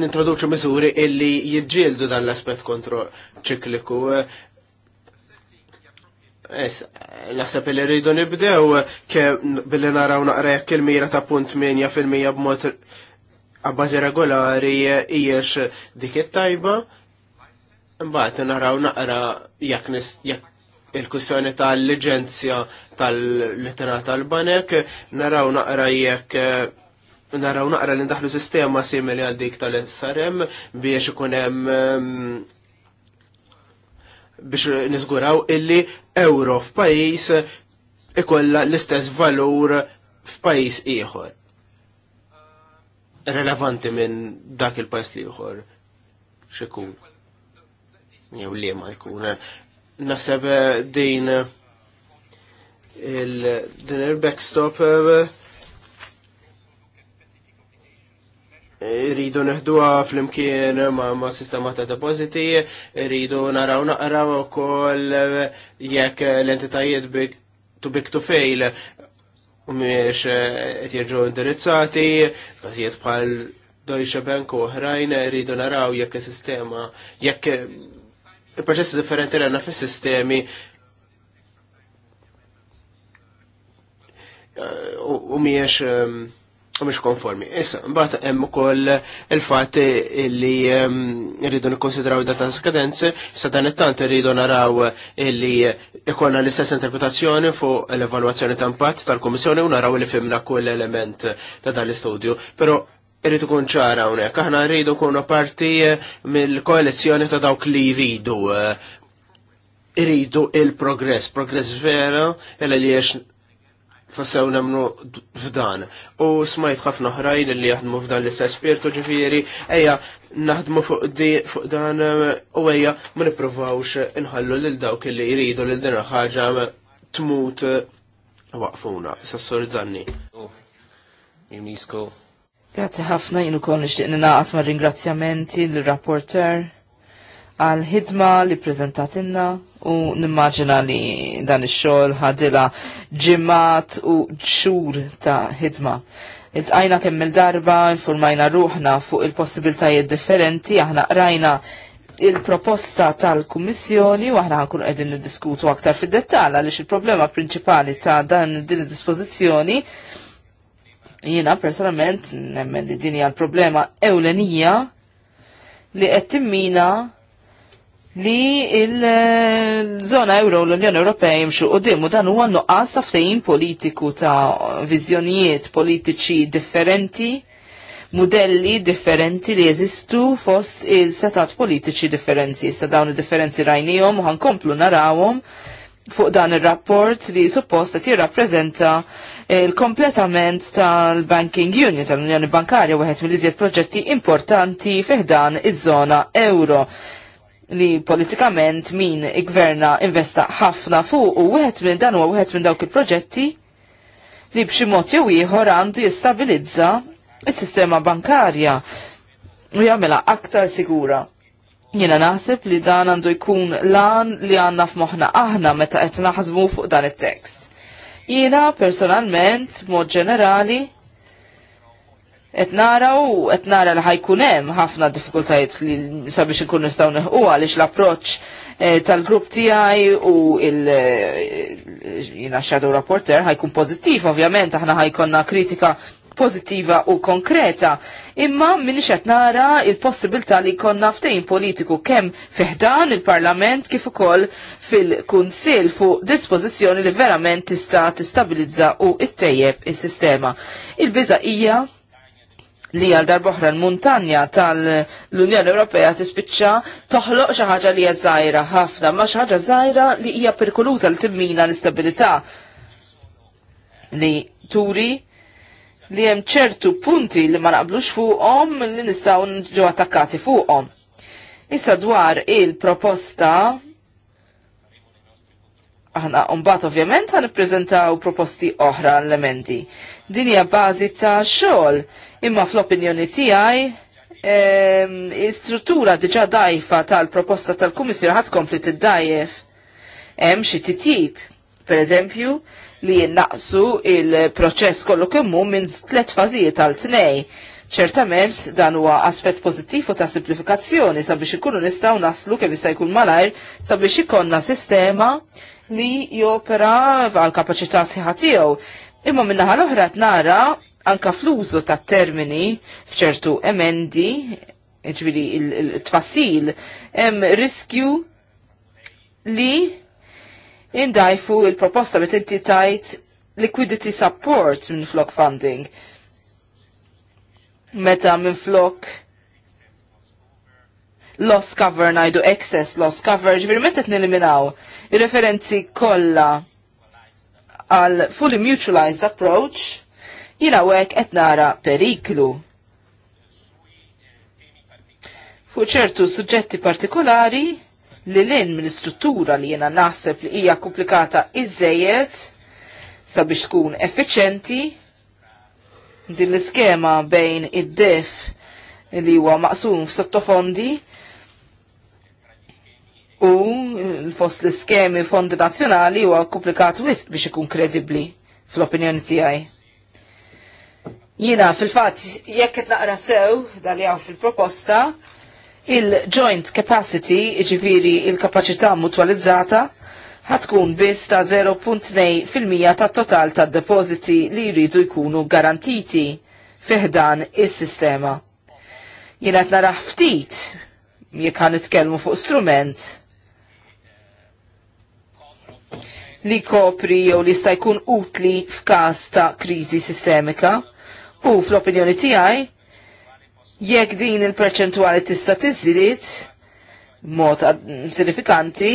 nintroduċu miżuri illi jiġġieldu dan l-aspett kontro ċikliku. Naħseb li rridu nibdew ke billi naraw naqra jekk il-mira ta' punt minja 8% b'mod għabbażi regolari hijiex dik it-tajba. Mbagħad naraw naqra jekk il-kussjoni tal-liġenzja tal letena tal-banek, naraw naqra jekk naraw naqra li ndaħlu sistema simili għal dik tal-SRM biex ikun hemm biex nizguraw illi euro f'pajis ikolla l-istess valur f'pajis ieħor. Relevanti minn dak il-pajis ieħor. Xikun. Jew li ma jkun. Naħseb eh, din eh, il din il backstop eh, rridu neħduha fl-imkien ma, sistema ta' depositi, rridu naraw naqraw ukoll jekk l-entitajiet to big to fail miex eh, qed jiġu indirizzati, każijiet bħal Deutsche Bank u oħrajn rridu naraw jekk is-sistema jekk il-proċessi differenti għandna fis-sistemi eh, u mhijiex ehm, mhux konformi. Issa, mbagħad hemm ukoll il-fatt li ehm, rridu nikkonsidraw data skadenze, sa dan it-tant irridu naraw li ikonna l-istess interpretazzjoni fuq l-evalwazzjoni ta' impatt tal-Kummissjoni u naraw li fimna kull element ta' dan l-istudju. Però rridu kun ċara hawnhekk, aħna rridu nkunu parti mill-koalizzjoni ta' dawk li jridu iridu il-progress, progress vera, illa li jiex Sassew nemnu f'dan. U smajt ħafna ħrajn li jaħdmu f'dan l-istess spirtu ġifiri, eja naħdmu fuq dan u eja ma niprovawx inħallu lil dawk li jridu lil din ħaġa tmut waqfuna. Sassur Zanni. Junisko. Grazie ħafna, jenu kon nishtiq naqat ma' ringrazzjamenti l-rapporter għal ħidma li prezentatinna u nimmaġina li dan ix-xogħol ħadila ġimmat u xhur ta' ħidma. Iltqajna kemm il-darba informajna ruħna fuq il-possibiltajiet differenti aħna qrajna il-proposta tal-Kummissjoni u aħna ħankun qegħdin niddiskutu aktar fid-dettall għaliex il-problema prinċipali ta' dan din id-dispożizzjoni jiena personalment nemmen li din hija l-problema ewlenija li qed timmina li il-zona euro l-Unjoni Ewropea jimxu u dimu dan huwa għannu ta' politiku ta' viżjonijiet politiċi differenti, modelli differenti li jeżistu fost il-setat politiċi differenti. Sa' dawn il-differenzi rajnijom u ħankomplu narawhom fuq dan il-rapport li suppost qed jirrappreżenta il-kompletament tal-Banking Union tal-Unjoni Bankarja wieħed mill-iżjed proġetti importanti fiħdan iż-żona euro li politikament min gverna investa ħafna fuq u wieħed minn dan huwa wieħed minn dawk il-proġetti li b'xi mod jew ieħor għandu jistabilizza s-sistema bankarja u jagħmilha aktar sigura. Jiena naħseb li dan għandu jkun lan li għandna f'moħħna aħna meta qed naħdmu fuq dan it-tekst. Jiena personalment, mod ġenerali, et nara u et nara li ħajkun hemm ħafna diffikultajiet li sabiex ikun nistgħu neħu għaliex l-approċċ eh, tal-grupp tiegħi u il eh, jiena shadow rapporter ħajkun pożittiv ovvjament aħna ħajkonna kritika pozittiva u konkreta, imma minix qed nara il-possibilità li konna ftejn politiku kemm fiħdan il-Parlament kif ukoll fil-Kunsill fuq dispożizzjoni li verament tista' tistabilizza u ittejjeb is-sistema. Il-biża hija li għal darboħra l-muntanja tal-Unjoni Ewropea tispiċċa toħloq xi ħaġa li hija żgħira ħafna, ma xi ħaġa żgħira li hija perikoluża li timmina l-istabilità li turi li hemm ċertu punti li ma naqblux fuqhom li nistgħu ġew attakkati fuqhom. Issa dwar il-proposta aħna mbagħad ovvjament għan ippreżentaw proposti oħra l-elementi. Din hija bażi ta' xogħol, imma fl-opinjoni tiegħi ehm, struttura diġa dajfa tal-proposta tal-Kummissjoni ħadd kompli t-dajf. Hemm xi titjib, pereżempju, li jinnaqsu il-proċess kollu kemmu minn tliet fażijiet tal tnej ċertament dan huwa aspett pożittiv ta' simplifikazzjoni sabiex ikunu nistgħu naslu kemm jista' jkun malajr sabiex ikonna sistema li jopera għal kapacità sħiħa tiegħu. Imma minnaħa l-oħra nara anka fl-użu ta' termini fċertu emendi, ġviri il-tfassil, hemm riskju li indajfu il-proposta bet inti tajt liquidity support minn flok funding. Meta minn flok loss cover najdu excess loss cover, ġviri meta t-neliminaw referenzi kolla għal fully mutualized approach, jina għek etnara periklu. Fuq ċertu suġġetti partikolari, li l-in mill-istruttura li jena naħseb li hija komplikata iżejjed sabiex tkun effiċenti din l-iskema bejn id-def li huwa maqsum f'sottofondi u eh, fost l-iskemi fondi nazzjonali huwa komplikat wisq biex ikun kredibbli fl-opinjoni tiegħi. Jina fil-fatt jekk qed naqra sew dal hawn fil-proposta, il-joint capacity, ġifiri il-kapacità mutualizzata, ħatkun biss ta' 0.2% ta' total ta' depositi li jridu jkunu garantiti fiħdan is-sistema. Jina qed nara ftit jekk għan fuq strument li kopri jew li sta jkun utli f'każ ta' kriżi sistemika. U fl-opinjoni tiegħi jekk din il-perċentwali tista' tiżdied mod sinifikanti,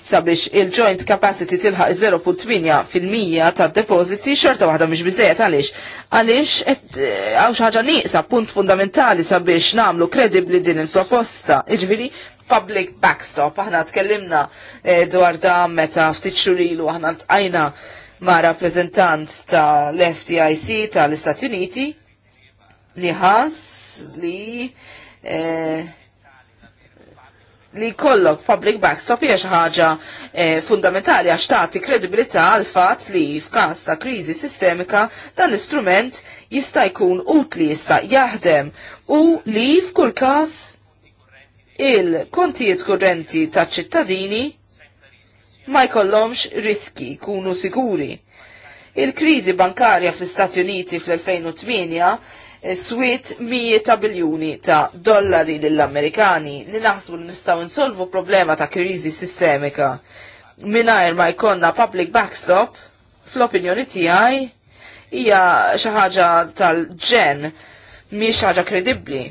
sabiex il-joint capacity tilħaq 0.8% tad depositi xorta waħda mish biżejjed għaliex. Għaliex eh, għaw ħaġa nieqsa punt fundamentali sabiex nagħmlu kredibbli din il-proposta. Iġviri, public backstop. Aħna tkellimna eh, dwar da meta ftit xurilu aħna tqajna ma' rappreżentant tal-FDIC tal-Istati Uniti li ħas li eh, li kollok public backstop hija xi ħaġa eh, fundamentali għax tagħti kredibilità għal fatt li f'każ ta' kriżi sistemika dan l-istrument jista' jkun utli jista' jaħdem u li f'kull każ il-kontijiet kurrenti ta' ċittadini ma jkollhomx riski kunu sikuri. Il-kriżi bankarja fl-Istati Uniti fl-2008 Eh, swit 100 ta' biljuni ta' dollari lill-Amerikani li naħsbu li nistgħu insolvu problema ta' kriżi sistemika mingħajr ma jkollna public backstop fl-opinjoni tiegħi hija xi ħaġa tal-ġen mhix ħaġa kredibbli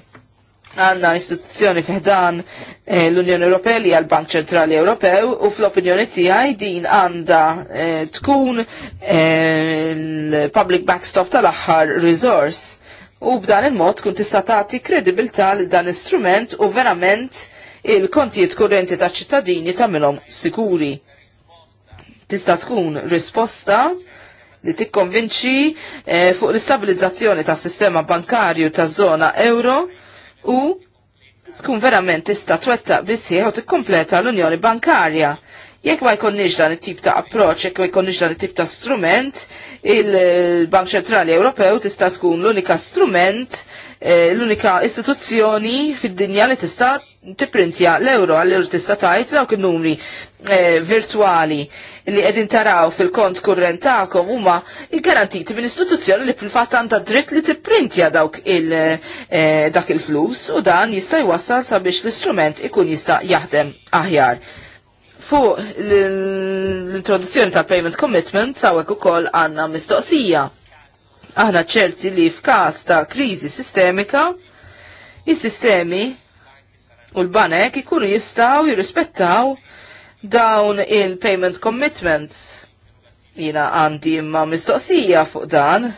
għanna istituzzjoni fiħdan eh, l-Unjoni Ewropea li għal-Bank Ċentrali Ewropew u fl-opinjoni tiegħi din għandha eh, tkun eh, l-public backstop tal-aħħar resource u b'dan il-mod tkun tista' tagħti kredibilità li dan l-istrument u verament il-kontijiet kurrenti ta' ċittadini tagħmilhom sikuri. Tista' tkun risposta li tikkonvinċi eh, fuq l-istabilizzazzjoni tas sistema bankarju taż żona euro u tkun verament tista' twettaq bisieħ u tikkompleta l-Unjoni Bankarja Jekk ma jkonniex dan it-tip ta' approċ, jekk ma jkonniex dan it-tip ta' strument, il-Bank Ċentrali Ewropew tista' tkun l-unika strument, eh, l-unika istituzzjoni fid-dinja li tista' tipprintja l-euro għall-euro tista' tajt dawk il-numri eh, virtuali li qegħdin taraw fil-kont kurrent tagħkom huma garantiti minn istituzzjoni li fil-fatt għandha dritt li tipprintja dawk il-dak eh, il-flus u dan jista' jwassal sabiex l-istrument ikun jista' jaħdem aħjar. Fuq l-introduzzjoni ta' payment commitment sawek ukoll għandna mistoqsija. Aħna ċerti li f'każ ta' kriżi sistemika, i sistemi u l-banek ikunu jistaw jirrispettaw dawn il-payment commitments. Jina għandi imma mistoqsija fuq dan.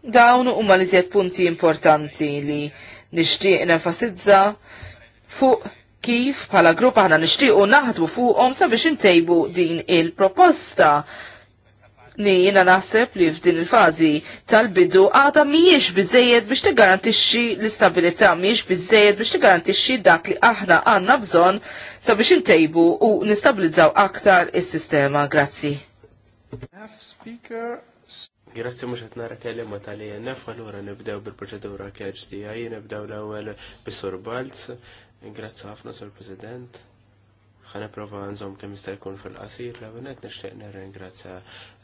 Dawn huma li punti importanti li nixtieq nenfasizza fuq kif bħala grupp aħna nixtiequ naħdmu fuqhom sabiex intejbu din il-proposta. Ni jina naħseb li f'din il-fazi tal-bidu għada miex bizzejed biex tigarantixxi l-istabilità, miex bizzejed biex tigarantixxi dak li aħna għanna bżon sabiex intejbu u nistabilizzaw aktar is-sistema. Grazzi. Grazzi mux għetnara ma tal-INF, għallura nibdew bil-proċedura KHDI, nibdew l-ewel bis-Sur Grazzi ħafna, Sur President. Ħana prova għanżom kemm jista' jkun fil-qasir, la benet nixtieq nirringrazzja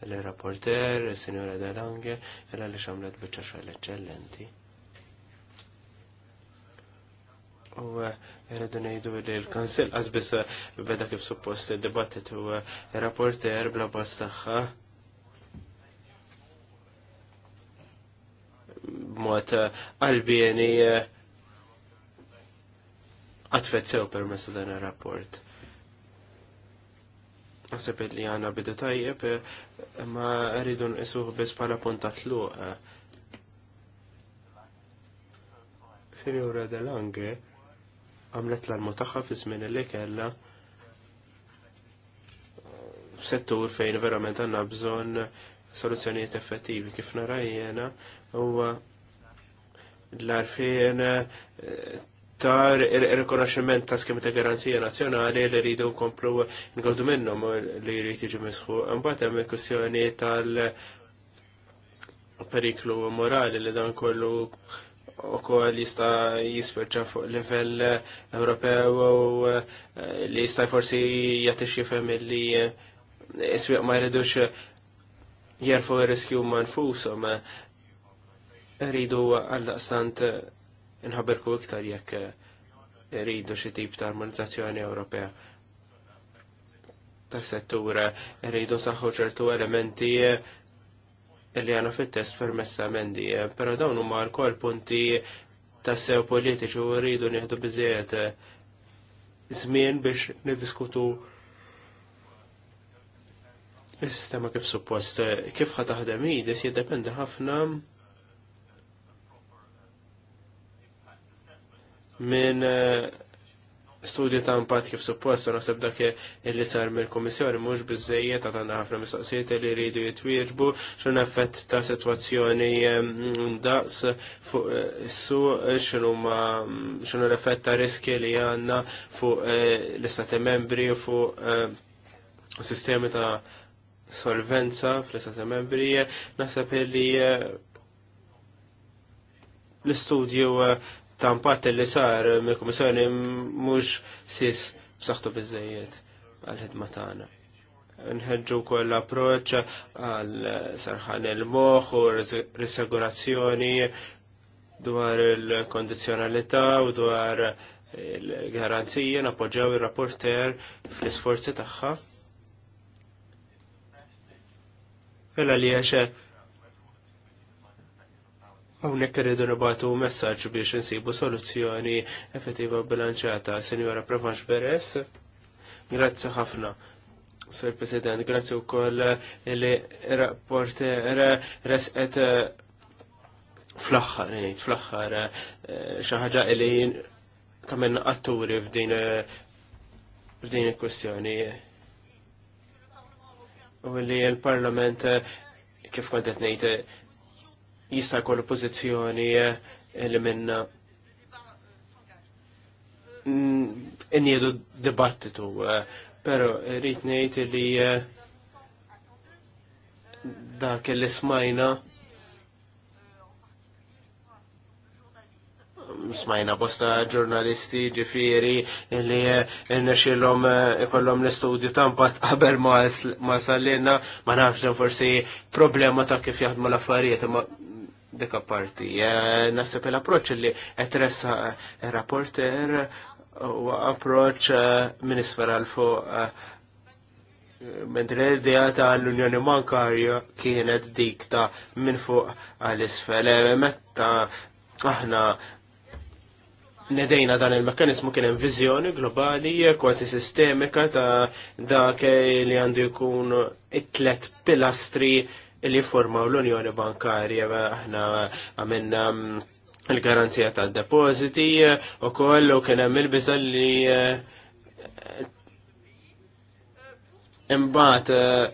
l-rapporter, is-Sinjora Delange, illa li xamlet xa l eċċellenti. U eh, rridu nejdu li l-Kansil qasbis beda kif suppost id u eh, rapporter bla bazz Mwata eh, għalbieni għatfet sew permess dan ir-rapport. Għasib li għana bidu tajjeb, ma rridu nqisuh biss bħala punta tluq. Sinjura Delange għamlet l-almutaħħa fi żmien li kellha f'settur fejn verament għandna bżonn soluzzjonijiet effettivi kif narajjena u l-arfien iktar il rekonaxximent ta' skema ta' garanzija nazzjonali li rridu komplu nkawdu minnhom li jrid jiġu misħu. Imbagħad hemm kwistjoni tal-periklu morali li dan kollu u kol jista jisperċa fuq level Ewropew u eh, li jista forsi jagħti jifem li eh, iswieq ma jridux jerfu riskju manfushom Rridu għal-daqstant nħabberku iktar jekk rridu eh, xi tip ta' armonizzazzjoni Ewropea ta' settur rridu eh, saħħu ċertu elementi eh, li għana fit-test permessa mendi, pero dawn huma l-kol punti ta' sew politiċi u rridu nieħdu biżiet żmien biex niddiskutu is-sistema kif suppost, kif ħa taħdem jidis jiddependi ħafna minn eh, studju ta' impatt kif suppost, u naħseb dak li sar mill-Kummissjoni mhux biżejjed ta' għandna ħafna mistoqsijiet li jridu jitwieġbu x'un effett ta' sitwazzjoni eh, daqs fuq eh, su x'inhu ma x'inhu l-effett ta' riski li għandna fuq l-istati membri fuq sistemi ta' solvenza fl-istati membri naħseb li l-istudju tampat li sar mill komissjoni mhux sis b'saħħtu biżejjed għal-ħidma tagħna. Nħeġġu l approċċ għal sarħan il-moħħ u risegurazzjoni dwar il-kondizjonalità u dwar il-garanzija napoġġaw ir-rapporter fl-isforzi tagħha. Ella li għaxe Hawnhekk irridu nibatu messaġġ biex insibu soluzzjoni effettiva bilanċata. Senjora Provanx Beres, grazzi ħafna. Sir President, grazzi wkoll li rapporter resqet eh, fl-aħħar, eh, fl-aħħar eh, ħaġa li tamen atturi f'din f'din il-kwestjoni. U li l-Parlament kif kontet ngħid jista' jkollu pożizzjoni li minna injedu dibattitu, pero rrit ngħid li dak li smajna smajna bosta ġurnalisti ġifiri li nxillom kollom l-istudju tampat qabel ma sallinna ma nafx forsi problema ta' kif jaħdmu l-affarijiet ma dik parti. Eh, nasib l-approċ li etressa eh, rapporter u approċ eh, Minisfer isfera l-fuq mentre l-idea ta' l-Unjoni Bankarja kienet dik ta' minn fuq għal-isfel. Metta aħna nedejna dan il-mekkanizmu kien hemm viżjoni globali kważi sistemika ta' dak li għandu jkun it-tlet pilastri li formaw l-Unjoni Bankarja aħna għamilna mm, il-garanzija ta' depositi eh, u koll u kien hemm il-biża li eh, imbagħad eh,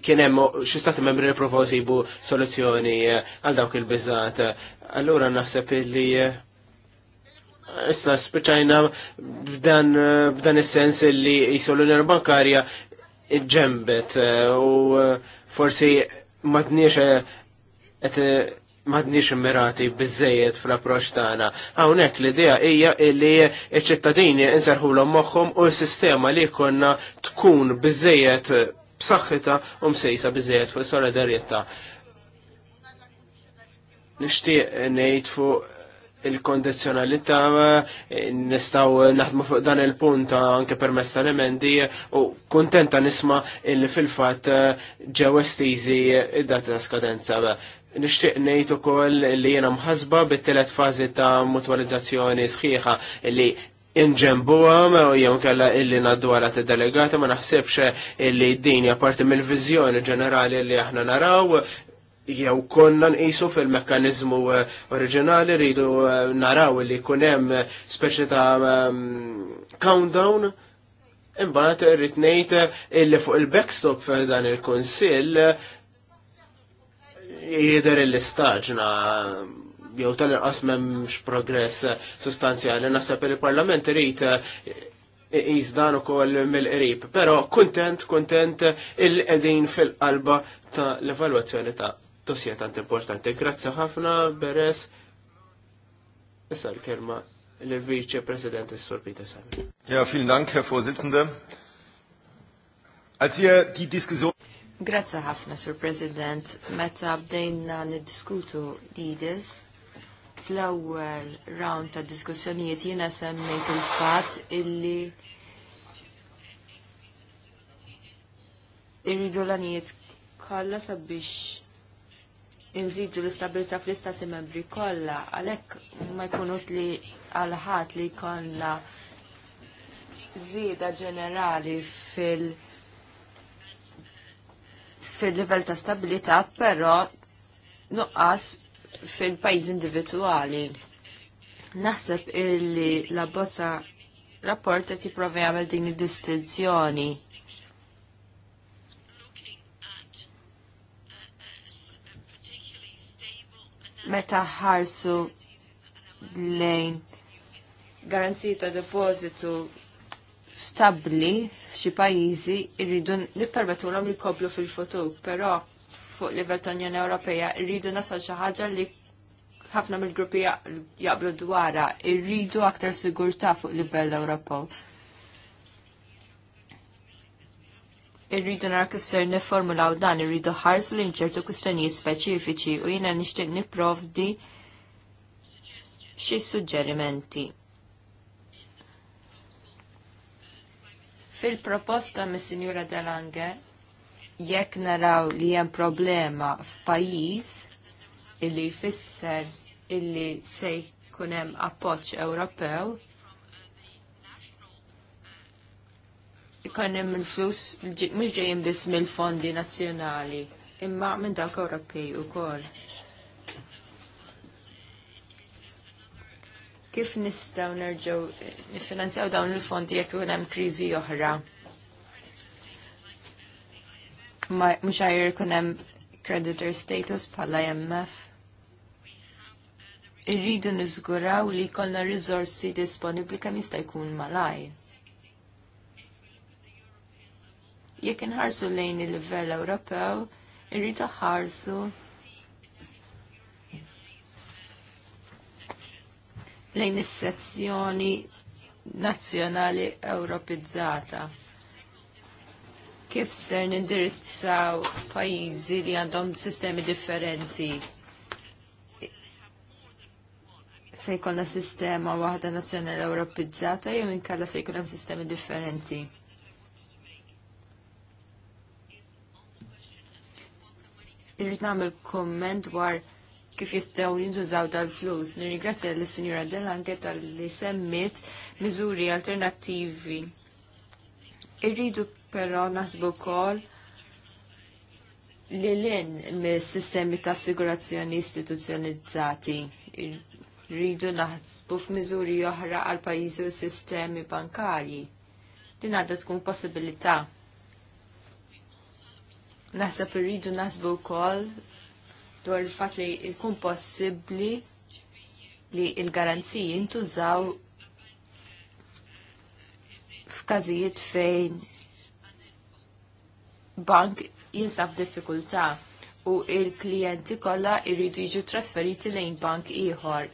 kien hemm xi stati membri provaw sibu soluzzjoni għal dawk il-biżat. Allura naħseb illi. Issa speċajna b'dan, b'dan is-sens li jisol l-Unjoni Bankarja ġembet eh, u eh, forsi madniex eh, et madniex immirati bizzejiet fl-approċ tagħna. Hawnhekk l-idea hija li ċ-ċittadini inserħu l moħħhom u s-sistema li konna tkun biżejjed b'saħħitha u msejsa biżejjed fuq solidarjetà. Nixtieq ngħid fuq il-kondizjonalità eh, nistaw naħdmu fuq dan il-punt anke permess tal-emendi u kontenta nisma illi fil-fatt eh, ġew estiżi id-data skadenza. Nishtiq nejt u koll li jena mħasba bit-telet fazi ta' mutualizzazzjoni sħiħa li inġembuhom u jew kalla illi naddu għala t-delegata ma naħsebx illi din hija parti mill-viżjoni ġenerali li aħna naraw jew konna nqisu fil-mekkanizmu eh, oriġinali rridu eh, naraw li jkun hemm eh, speċi ta' ehm, countdown imbagħad irrid ngħid illi fuq il-backstop dan il-kunsill jidher l-istaġna jew tal-inqas m'hemmx progress sostanzjali naħseb il-Parlament irid iqis dan ukoll mill-qrib. Però kuntent, kuntent il-qegħdin fil-qalba ta' l-evalwazzjoni ta' dosja tant importanti. Grazzi ħafna, Beres. Issa l-kelma l-Vice President Sur Peter Sami. Ja, vielen Dank, Herr Vorsitzende. Als wir die Diskussion Grazzi ħafna, Sur President. Meta bdejna niddiskutu l fl-ewwel round ta' diskussjonijiet jiena semmejt il-fatt illi irridu l-għanijiet kollha sabiex inżidu l-istabilità fl-istati membri kollha għalhekk ma jkunut li għal ħadd li jkollna żieda ġenerali fil- fil-livell ta' stabilità, però nuqqas fil-pajjiż individwali. Naħseb illi la bozza rapport qed jipprova jagħmel din id-distinzjoni meta ħarsu lejn garanzija ta' depożitu stabli f'xi pajjiżi rridu irridu nippermettulhom jkoplu fil-futur, però fuq livell ta' Unjoni Ewropea rridu nasal xi ħaġa li ħafna mill-gruppi jaqblu dwarha, irridu aktar sigurtà fuq livell Ewropew. irridu nara kif ser niformulaw dan irridu ħarsu l ċertu kwistjonijiet speċifiċi u jiena nixtieq nipprovdi xi suġġerimenti. Fil-proposta mis sinjura Delange, jekk naraw li hemm problema f'pajjiż illi jfisser illi se jkun hemm appoġġ Ewropew, ikon hemm il-flus mhux ġejjin biss mill-fondi nazzjonali, imma minn dak Ewropej ukoll. Kif nistgħu nerġgħu eh, niffinanzjaw dawn il-fondi jekk ikun hemm kriżi oħra? Mhux għajr ikun hemm creditor status bħala IMF. Irridu niżguraw li jkollna riżorsi disponibbli kemm jista' jkun malajr Jekk inħarsu lejn il-livell Ewropew, irrid ħarsu lejn is-sezzjoni nazzjonali Ewropizzata. Kif ser nindirizzaw pajjiżi li għandhom sistemi differenti se jkollna sistema waħda nazzjonali Ewropizzata jew inkella se jkollna sistemi differenti. irrit nagħmel komment dwar kif jistgħu jintużaw dal-flus. Nirringrazzja lis signora Delanke tal-li semmit miżuri alternattivi. Irridu però naħsbu wkoll li l-in mis-sistemi ta' assigurazzjoni istituzzjonizzati. Rridu naħsbu f'miżuri oħra għal pajjiżi u sistemi bankarji. Din għadha tkun possibilità. Naħseb irridu nasbu wkoll dwar il-fatt li jkun possibbli li il-garanziji jintużaw f'każijiet fejn bank jinsab diffikultà u il-klijenti kollha jridu jiġu trasferiti lejn bank ieħor.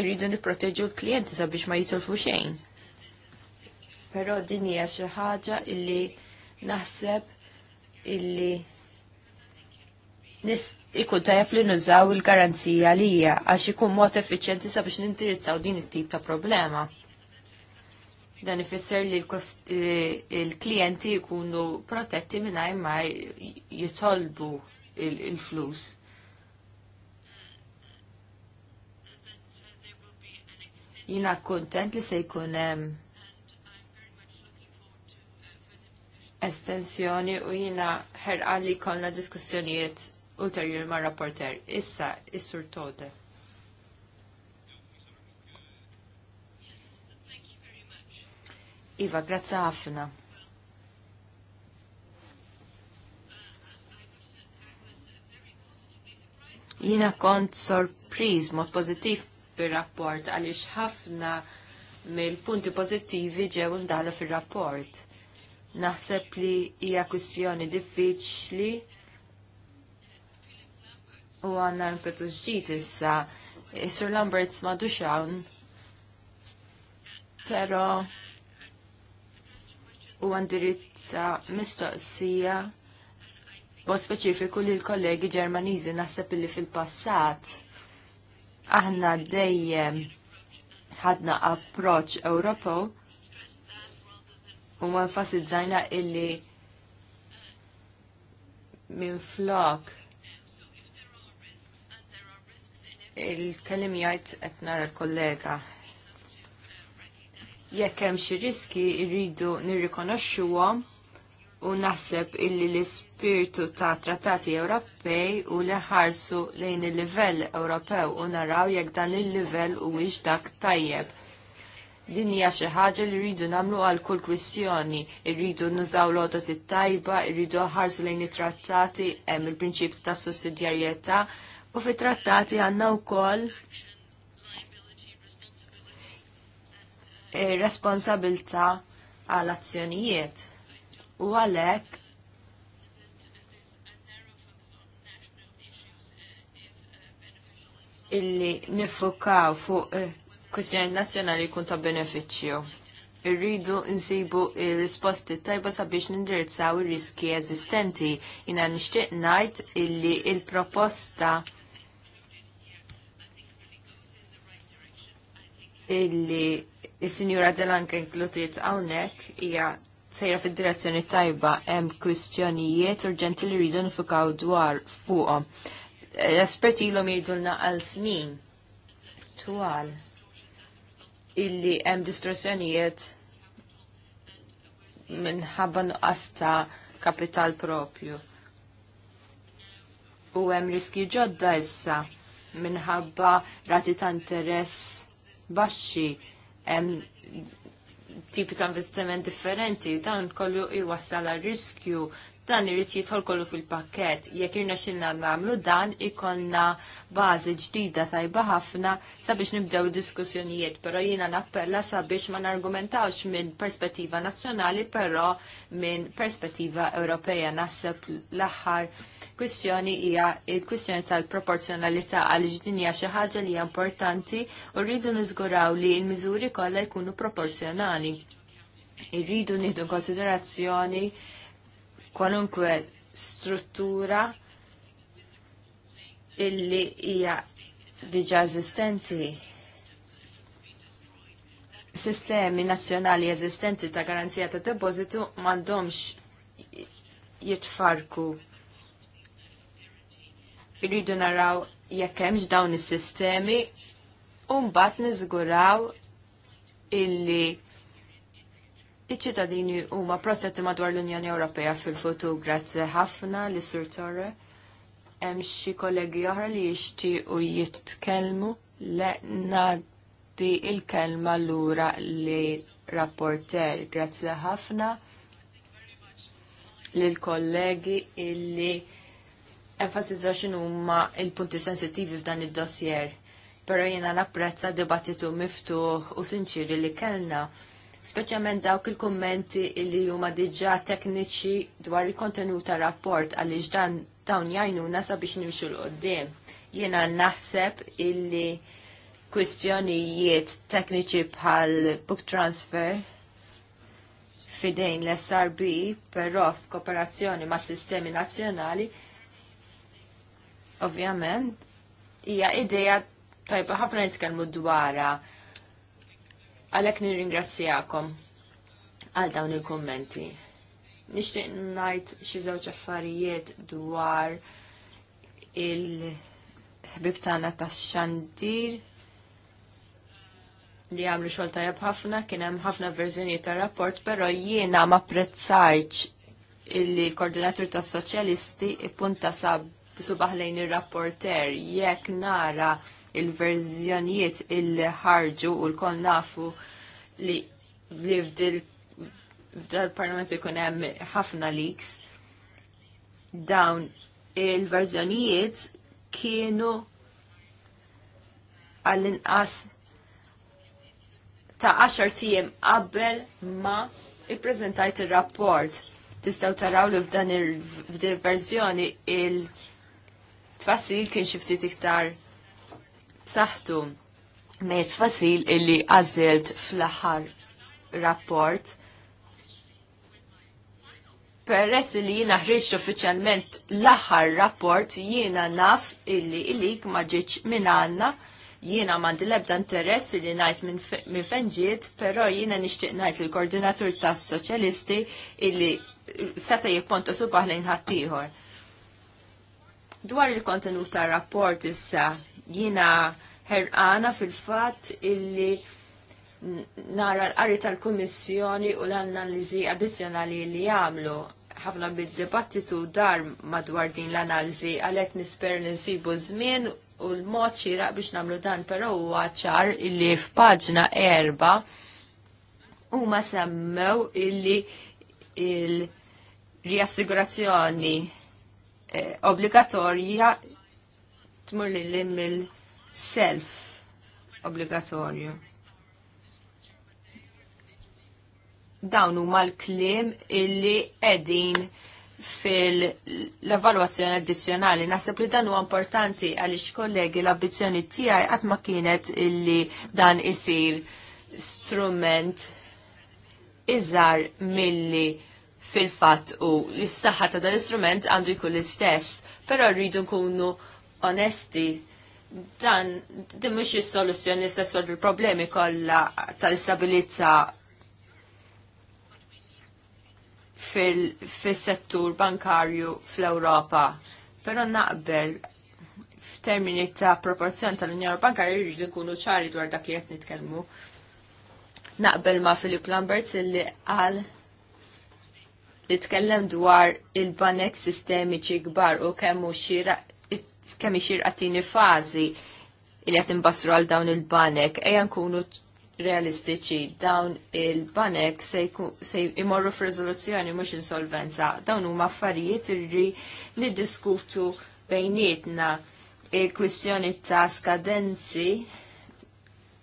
Irridu nipproteġu l-klijenti sabiex ma jitolfu xejn però din hija xi ħaġa illi naħseb illi nis ikun tajab li nużaw il-garanzija li hija għax ikun mod effiċjenti sabiex nindirizzaw din it-tip ta' problema. Dan ifisser li eh, l-klijenti jkunu protetti mingħajr ma jitolbu il-flus. jina kontent li se jkun estensjoni u jina ħerqalli kolna diskussjonijiet ulterjur ma' rapporter. Issa, is-sur Tode. Iva, grazzi ħafna. Jina kont sorpriz mod pozittiv bir-rapport għaliex ħafna mill-punti pozittivi ġew ndalu fir-rapport Naħseb li hija kwistjoni diffiċli u għanna impetu ġdid issa. Eh, Sir Lamberts ma duxawn, pero u għandirizza mistoqsija Bod speċifiku li l-kollegi ġermaniżi naħseb li fil-passat aħna dejjem ħadna approċ Ewropew u ma dżajna illi minn flok il kellim jgħid qed nara l-kollega. Jekk hemm xi riski rridu nirrikonoxxuhom u naħseb illi l-ispirtu ta' trattati Ewropej u li ħarsu lejn il-livell Ewropew u naraw jekk dan il-livell huwiex dak tajjeb Din hija xi ħaġa li rridu nagħmlu għal kull kwistjoni, irridu nużaw l-għodot it-tajba, irridu ħarsu lejn it-trattati hemm il-prinċip ta' sussidjarjetà u fit-trattati għandna wkoll eh, responsabilità għal azzjonijiet u għalhekk illi nifukaw fuq eh, kwistjoni nazzjonali jkun ta' benefiċċju. Irridu nsibu il risposti tajba sabiex nindirizzaw ir-riski eżistenti. Jina nixtieq ngħid illi il-proposta illi il-Sinjura Delanka inklutiet hawnhekk hija sejra fid-direzzjoni tajba hemm kwistjonijiet urġenti li rridu nifukaw dwar fuqhom. L-esperti ilhom jgħidulna għal snin twal illi hemm distorsjonijiet minħabba nuqqas ta' kapital propju. U hemm riskju ġodda issa minħabba rati ta' interess baxxi hemm tipi ta' investiment differenti dan kollu iwassal għal riskju dan irrid jidħol kollu fil-pakket. Jekk irna xilna nagħmlu dan ikollna bażi ġdida tajba ħafna sabiex nibdew diskussjonijiet, però jiena nappella sabiex ma nargumentawx minn perspettiva nazzjonali, però minn perspettiva Ewropea naħseb l-aħħar kwistjoni hija il-kwistjoni tal-proporzjonalità għal ġdinja xi ħaġa li hija importanti u rridu niżguraw li l-miżuri kollha jkunu proporzjonali. Irridu nieħdu konsiderazzjoni kwalunkwe struttura illi hija diġa eżistenti. Sistemi nazzjonali eżistenti ta' garanzija ta' depozitu m'għandhomx jitfarku. Irridu naraw jekk hemmx dawn is-sistemi u mbagħad niżguraw illi iċ-ċittadini huma protetti madwar l-Unjoni Ewropea fil-futur grazzi ħafna li Sur Torre. Hemm xi kollegi oħra li jixtiequ jitkellmu le nadi il-kelma lura li rapporter. Grazzi ħafna lil kollegi illi enfasizzaw huma il-punti sensittivi f'dan id-dossier. Però jiena napprezza dibattitu miftuħ u sinċiri li kellna speċjalment dawk il-kummenti li huma diġà tekniċi dwar il-kontenut ta' rapport għaliex dan dawn jajnuna sabiex nimxu l-qoddim. Jiena naħseb illi kwistjonijiet tekniċi bħal book transfer fidejn l-SRB, però f'kooperazzjoni ma' sistemi nazzjonali, ovvjament, hija ideja tajba ħafna nitkellmu dwarha Għalek nirringrazzjakom għal dawn il-kommenti. Nishtiq najt xi żewġ affarijiet dwar il-ħbib tagħna tax-xandir li għamlu xogħol tajjeb ħafna, kien hemm ħafna verżjonijiet ta' rapport, però jiena ma prezzajċ illi koordinatur tas-soċjalisti ippunta sab subaħ ir-rapporter jekk nara il-verżjonijiet il-ħarġu u l-kon nafu li li f'dal-parlament ikun hemm ħafna leaks dawn il-verżjonijiet kienu għall-inqas ta' 10 tijem qabel ma ippreżentajt ir-rapport. Tistgħu taraw li f'dan il-verżjoni il-tfassil kien xi ftit iktar b'saħħtu me fasil illi għażilt fl-aħħar rapport peress li jina ħriġt uffiċjalment l-aħħar rapport jiena naf illi ilik ma ġiċ minn għandna jiena mandi lebda interess li najt minn fenġiet, pero jiena nishtiq najt l-koordinatur tas soċjalisti illi seta jipponta subaħ lejn ħattijħor. Dwar il-kontenut tar rapport issa Jina herqana fil-fat illi nara l-qari tal-Kummissjoni u l-analizi addizjonali li jamlu ħafna bil-debattitu dar madwar din l-analizi għalhekk nisper nisibu nsibu żmien u l-mod xieraq biex nagħmlu dan però huwa ċar illi f'paġna erba huma semmew illi il-riassigurazzjoni eh, obbligatorja tmur li l mill-self obbligatorju. Dawn huma l-kliem illi qegħdin fil-evaluazzjoni addizzjonali. Nasib li dan huwa importanti għaliex kollegi l-ambizzjoni tiegħi qatt ma kienet illi dan isir strument iżar milli fil-fatt u l-saħħa ta' dan l-istrument għandu jkun l-istess, però rridu nkunu onesti dan din mhux is-soluzzjoni se solvi problemi kollha tal-istabilizza fis settur bankarju fl-Ewropa. Però naqbel f'termini ta' proporzjon tal-Unjoni Bankarja jridu nkunu ċari dwar dak li qed nitkellmu. Naqbel ma' Filip Lamberts illi qal li tkellem dwar il-banek sistemiċi kbar u kemm hu xieraq kemm ixir għattini fażi il qed imbasru għal dawn il-banek ejja nkunu realistiċi dawn il-banek se imorru f'riżoluzzjoni mhux insolvenza dawn huma affarijiet irri niddiskutu bejnietna il-kwistjoni ta' skadenzi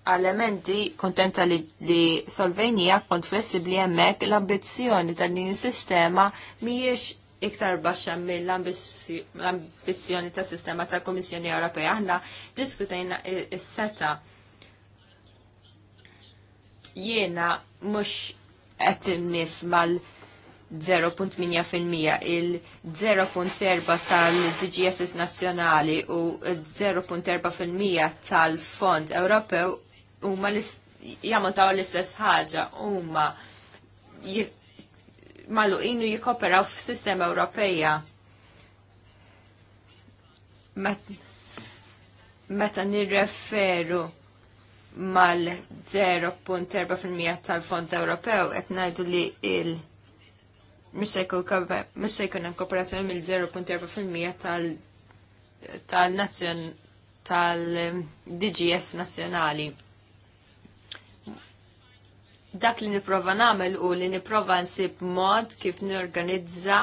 għal-elementi kontenta li, li Solvenija kont flessibli hemmhekk l-ambizzjoni tal din is-sistema miex iktar baxxa mill-ambizzjoni ta' sistema ta' Komissjoni Ewropea. Aħna diskutejna s seta jiena mhux qed innis mal- 0.8% il-0.4 tal-DGSS nazzjonali u 0.4% tal-Fond Ewropew huma l-istess ħaġa huma maluqinu jikoperaw f-sistema Ewropeja. Meta nirreferu mal-0.4% tal-Fond Ewropew qed ngħidu li il mhux se jkun hemm kooperazzjoni mill-0.4% tal tal-nazzjon tal-DGS nazzjonali. Dak li niprofa nagħmel u li niprofa nsib mod kif nirganizza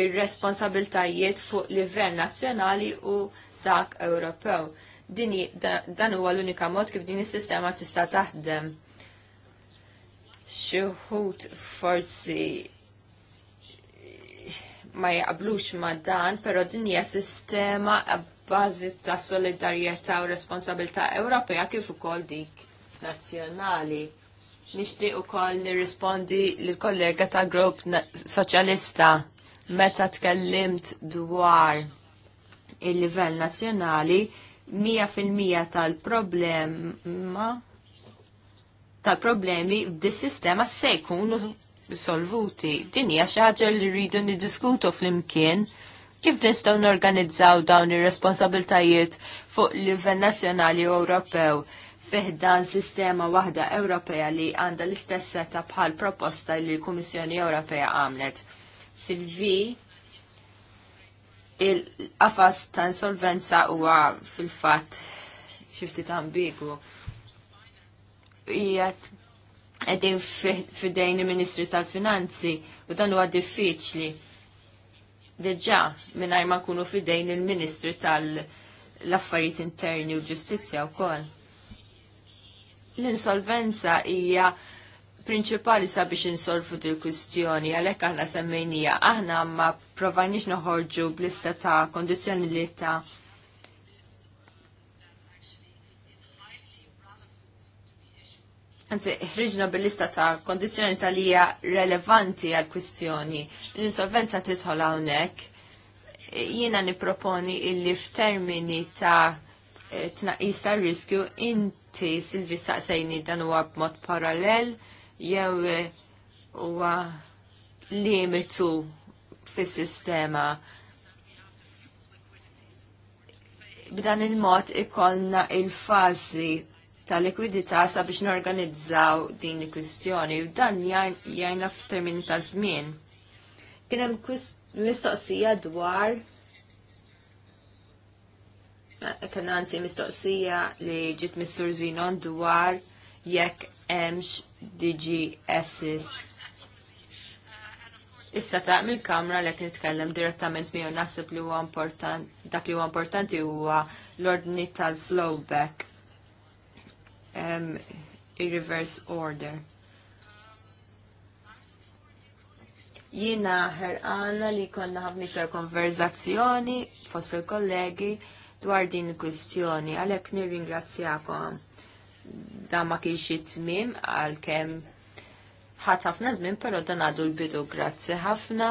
ir-responsabiltajiet fuq livell nazzjonali u dak Ewropew. Dini, dan huwa l-unika mod kif din is-sistema tista' taħdem. Xuħut forsi ma jaqblux ma dan, pero din hija sistema bażi ta' solidarjetà u responsabilità Ewropea kif ukoll dik nazzjonali. Nishtiq u koll nirrispondi l-kollega ta' grupp soċjalista meta tkellimt dwar il-livell nazjonali 100% tal-problema tal-problemi dis-sistema se jkunu solvuti. Din hija xi ħaġa li rridu niddiskutu flimkien kif nistgħu norganizzaw dawn ir-responsabiltajiet fuq livell nazzjonali u Ewropew fiħdan sistema waħda Ewropea li għanda l-istess seta bħal proposta li l-Kummissjoni Ewropea għamlet. Silvi, il-qafas ta' insolvenza huwa fil-fatt xifti ta' ambigu. Ijat edin fidejn il-Ministri tal-Finanzi u dan huwa diffiċli. Deġa minnaj ma kunu fidejn il-Ministri tal-Affarijiet Interni u l-Ġustizzja wkoll l-insolvenza hija prinċipali sabiex insolfu dil kwistjoni għalhekk aħna semmejnija aħna ma provanix noħorġu blista ta' kondizzjoni li ta' Anzi, ħriġna bil-lista ta' kondizjoni tal hija relevanti għal kwistjoni. L-insolvenza titħol hawnhekk. Jiena nipproponi illi f'termini ta' eh, tnaqqis ta' riskju in ti Silvi saqsajni dan huwa b'mod parallel jew eh, huwa limitu fis-sistema b'dan il-mod ikollna il fażi tal likwidità sabiex norganizzaw din il-kwistjoni u dan jajna f'termini ta' żmien. Kien hemm mistoqsija dwar kellna anzi mistoqsija li ġiet Missur Zinon dwar jekk hemmx DGSs. Issa taq mill-kamra lek nitkellem direttament miegħu naħseb li huwa importanti dak li huwa importanti huwa l-ordni tal-flowback. Um, reverse order. Jina ħerqana li konna ħafna iktar konverzazzjoni fost il-kollegi dwar din il għalek għalhekk ringrazzjakom da ma kienx it għal għalkemm ħat ħafna żmien però dan għadu l-bidu grazzi ħafna.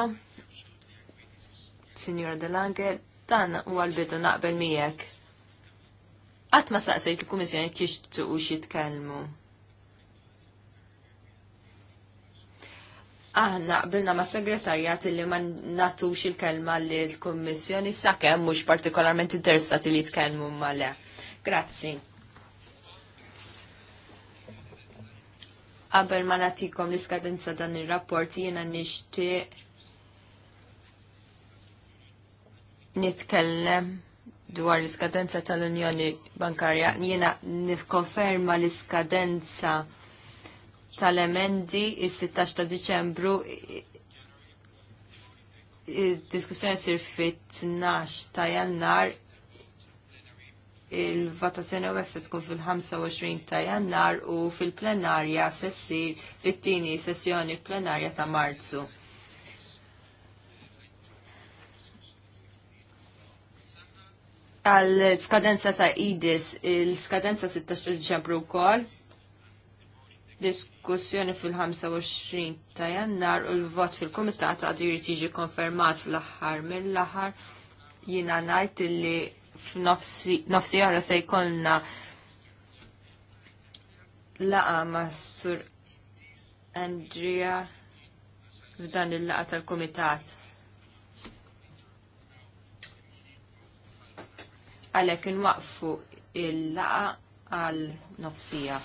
Signora Delange, dan huwa l-bidu naqbel miegħek. Qatt ma saqsejt il-Kummissjoni kiex tuqux jitkellmu. Aħna qbilna ma' segretarjat li ma natux il-kelma li l-Kommissjoni sakemm mhux partikolarment interessati li tkellmu ma' le. Grazzi. Qabel ma natikom l-iskadenza dan ir-rapport jiena nixtieq nitkellem dwar l-iskadenza tal-Unjoni Bankarja. Jiena nikkonferma l-iskadenza tal-emendi il-16 ta' Diċembru il-diskussjoni sir fit-12 ta' jannar il-votazzjoni u se tkun fil-25 ta' jannar u fil-plenarja sessir fit-tini sessjoni plenarja ta' marzu. Għal skadenza ta' IDIS, il-skadenza 16 ġembru kol, diskussjoni fil-25 ta' jannar u l-vot fil-komitat għadu jrid jiġi konfermat fl-aħħar mill-aħħar jina ngħid li f'nofsi ara se jkollna laqa ma' sur Andrea f'dan il-laqa tal-komitat. Għalhekk waqfu il-laqa għal nofsija.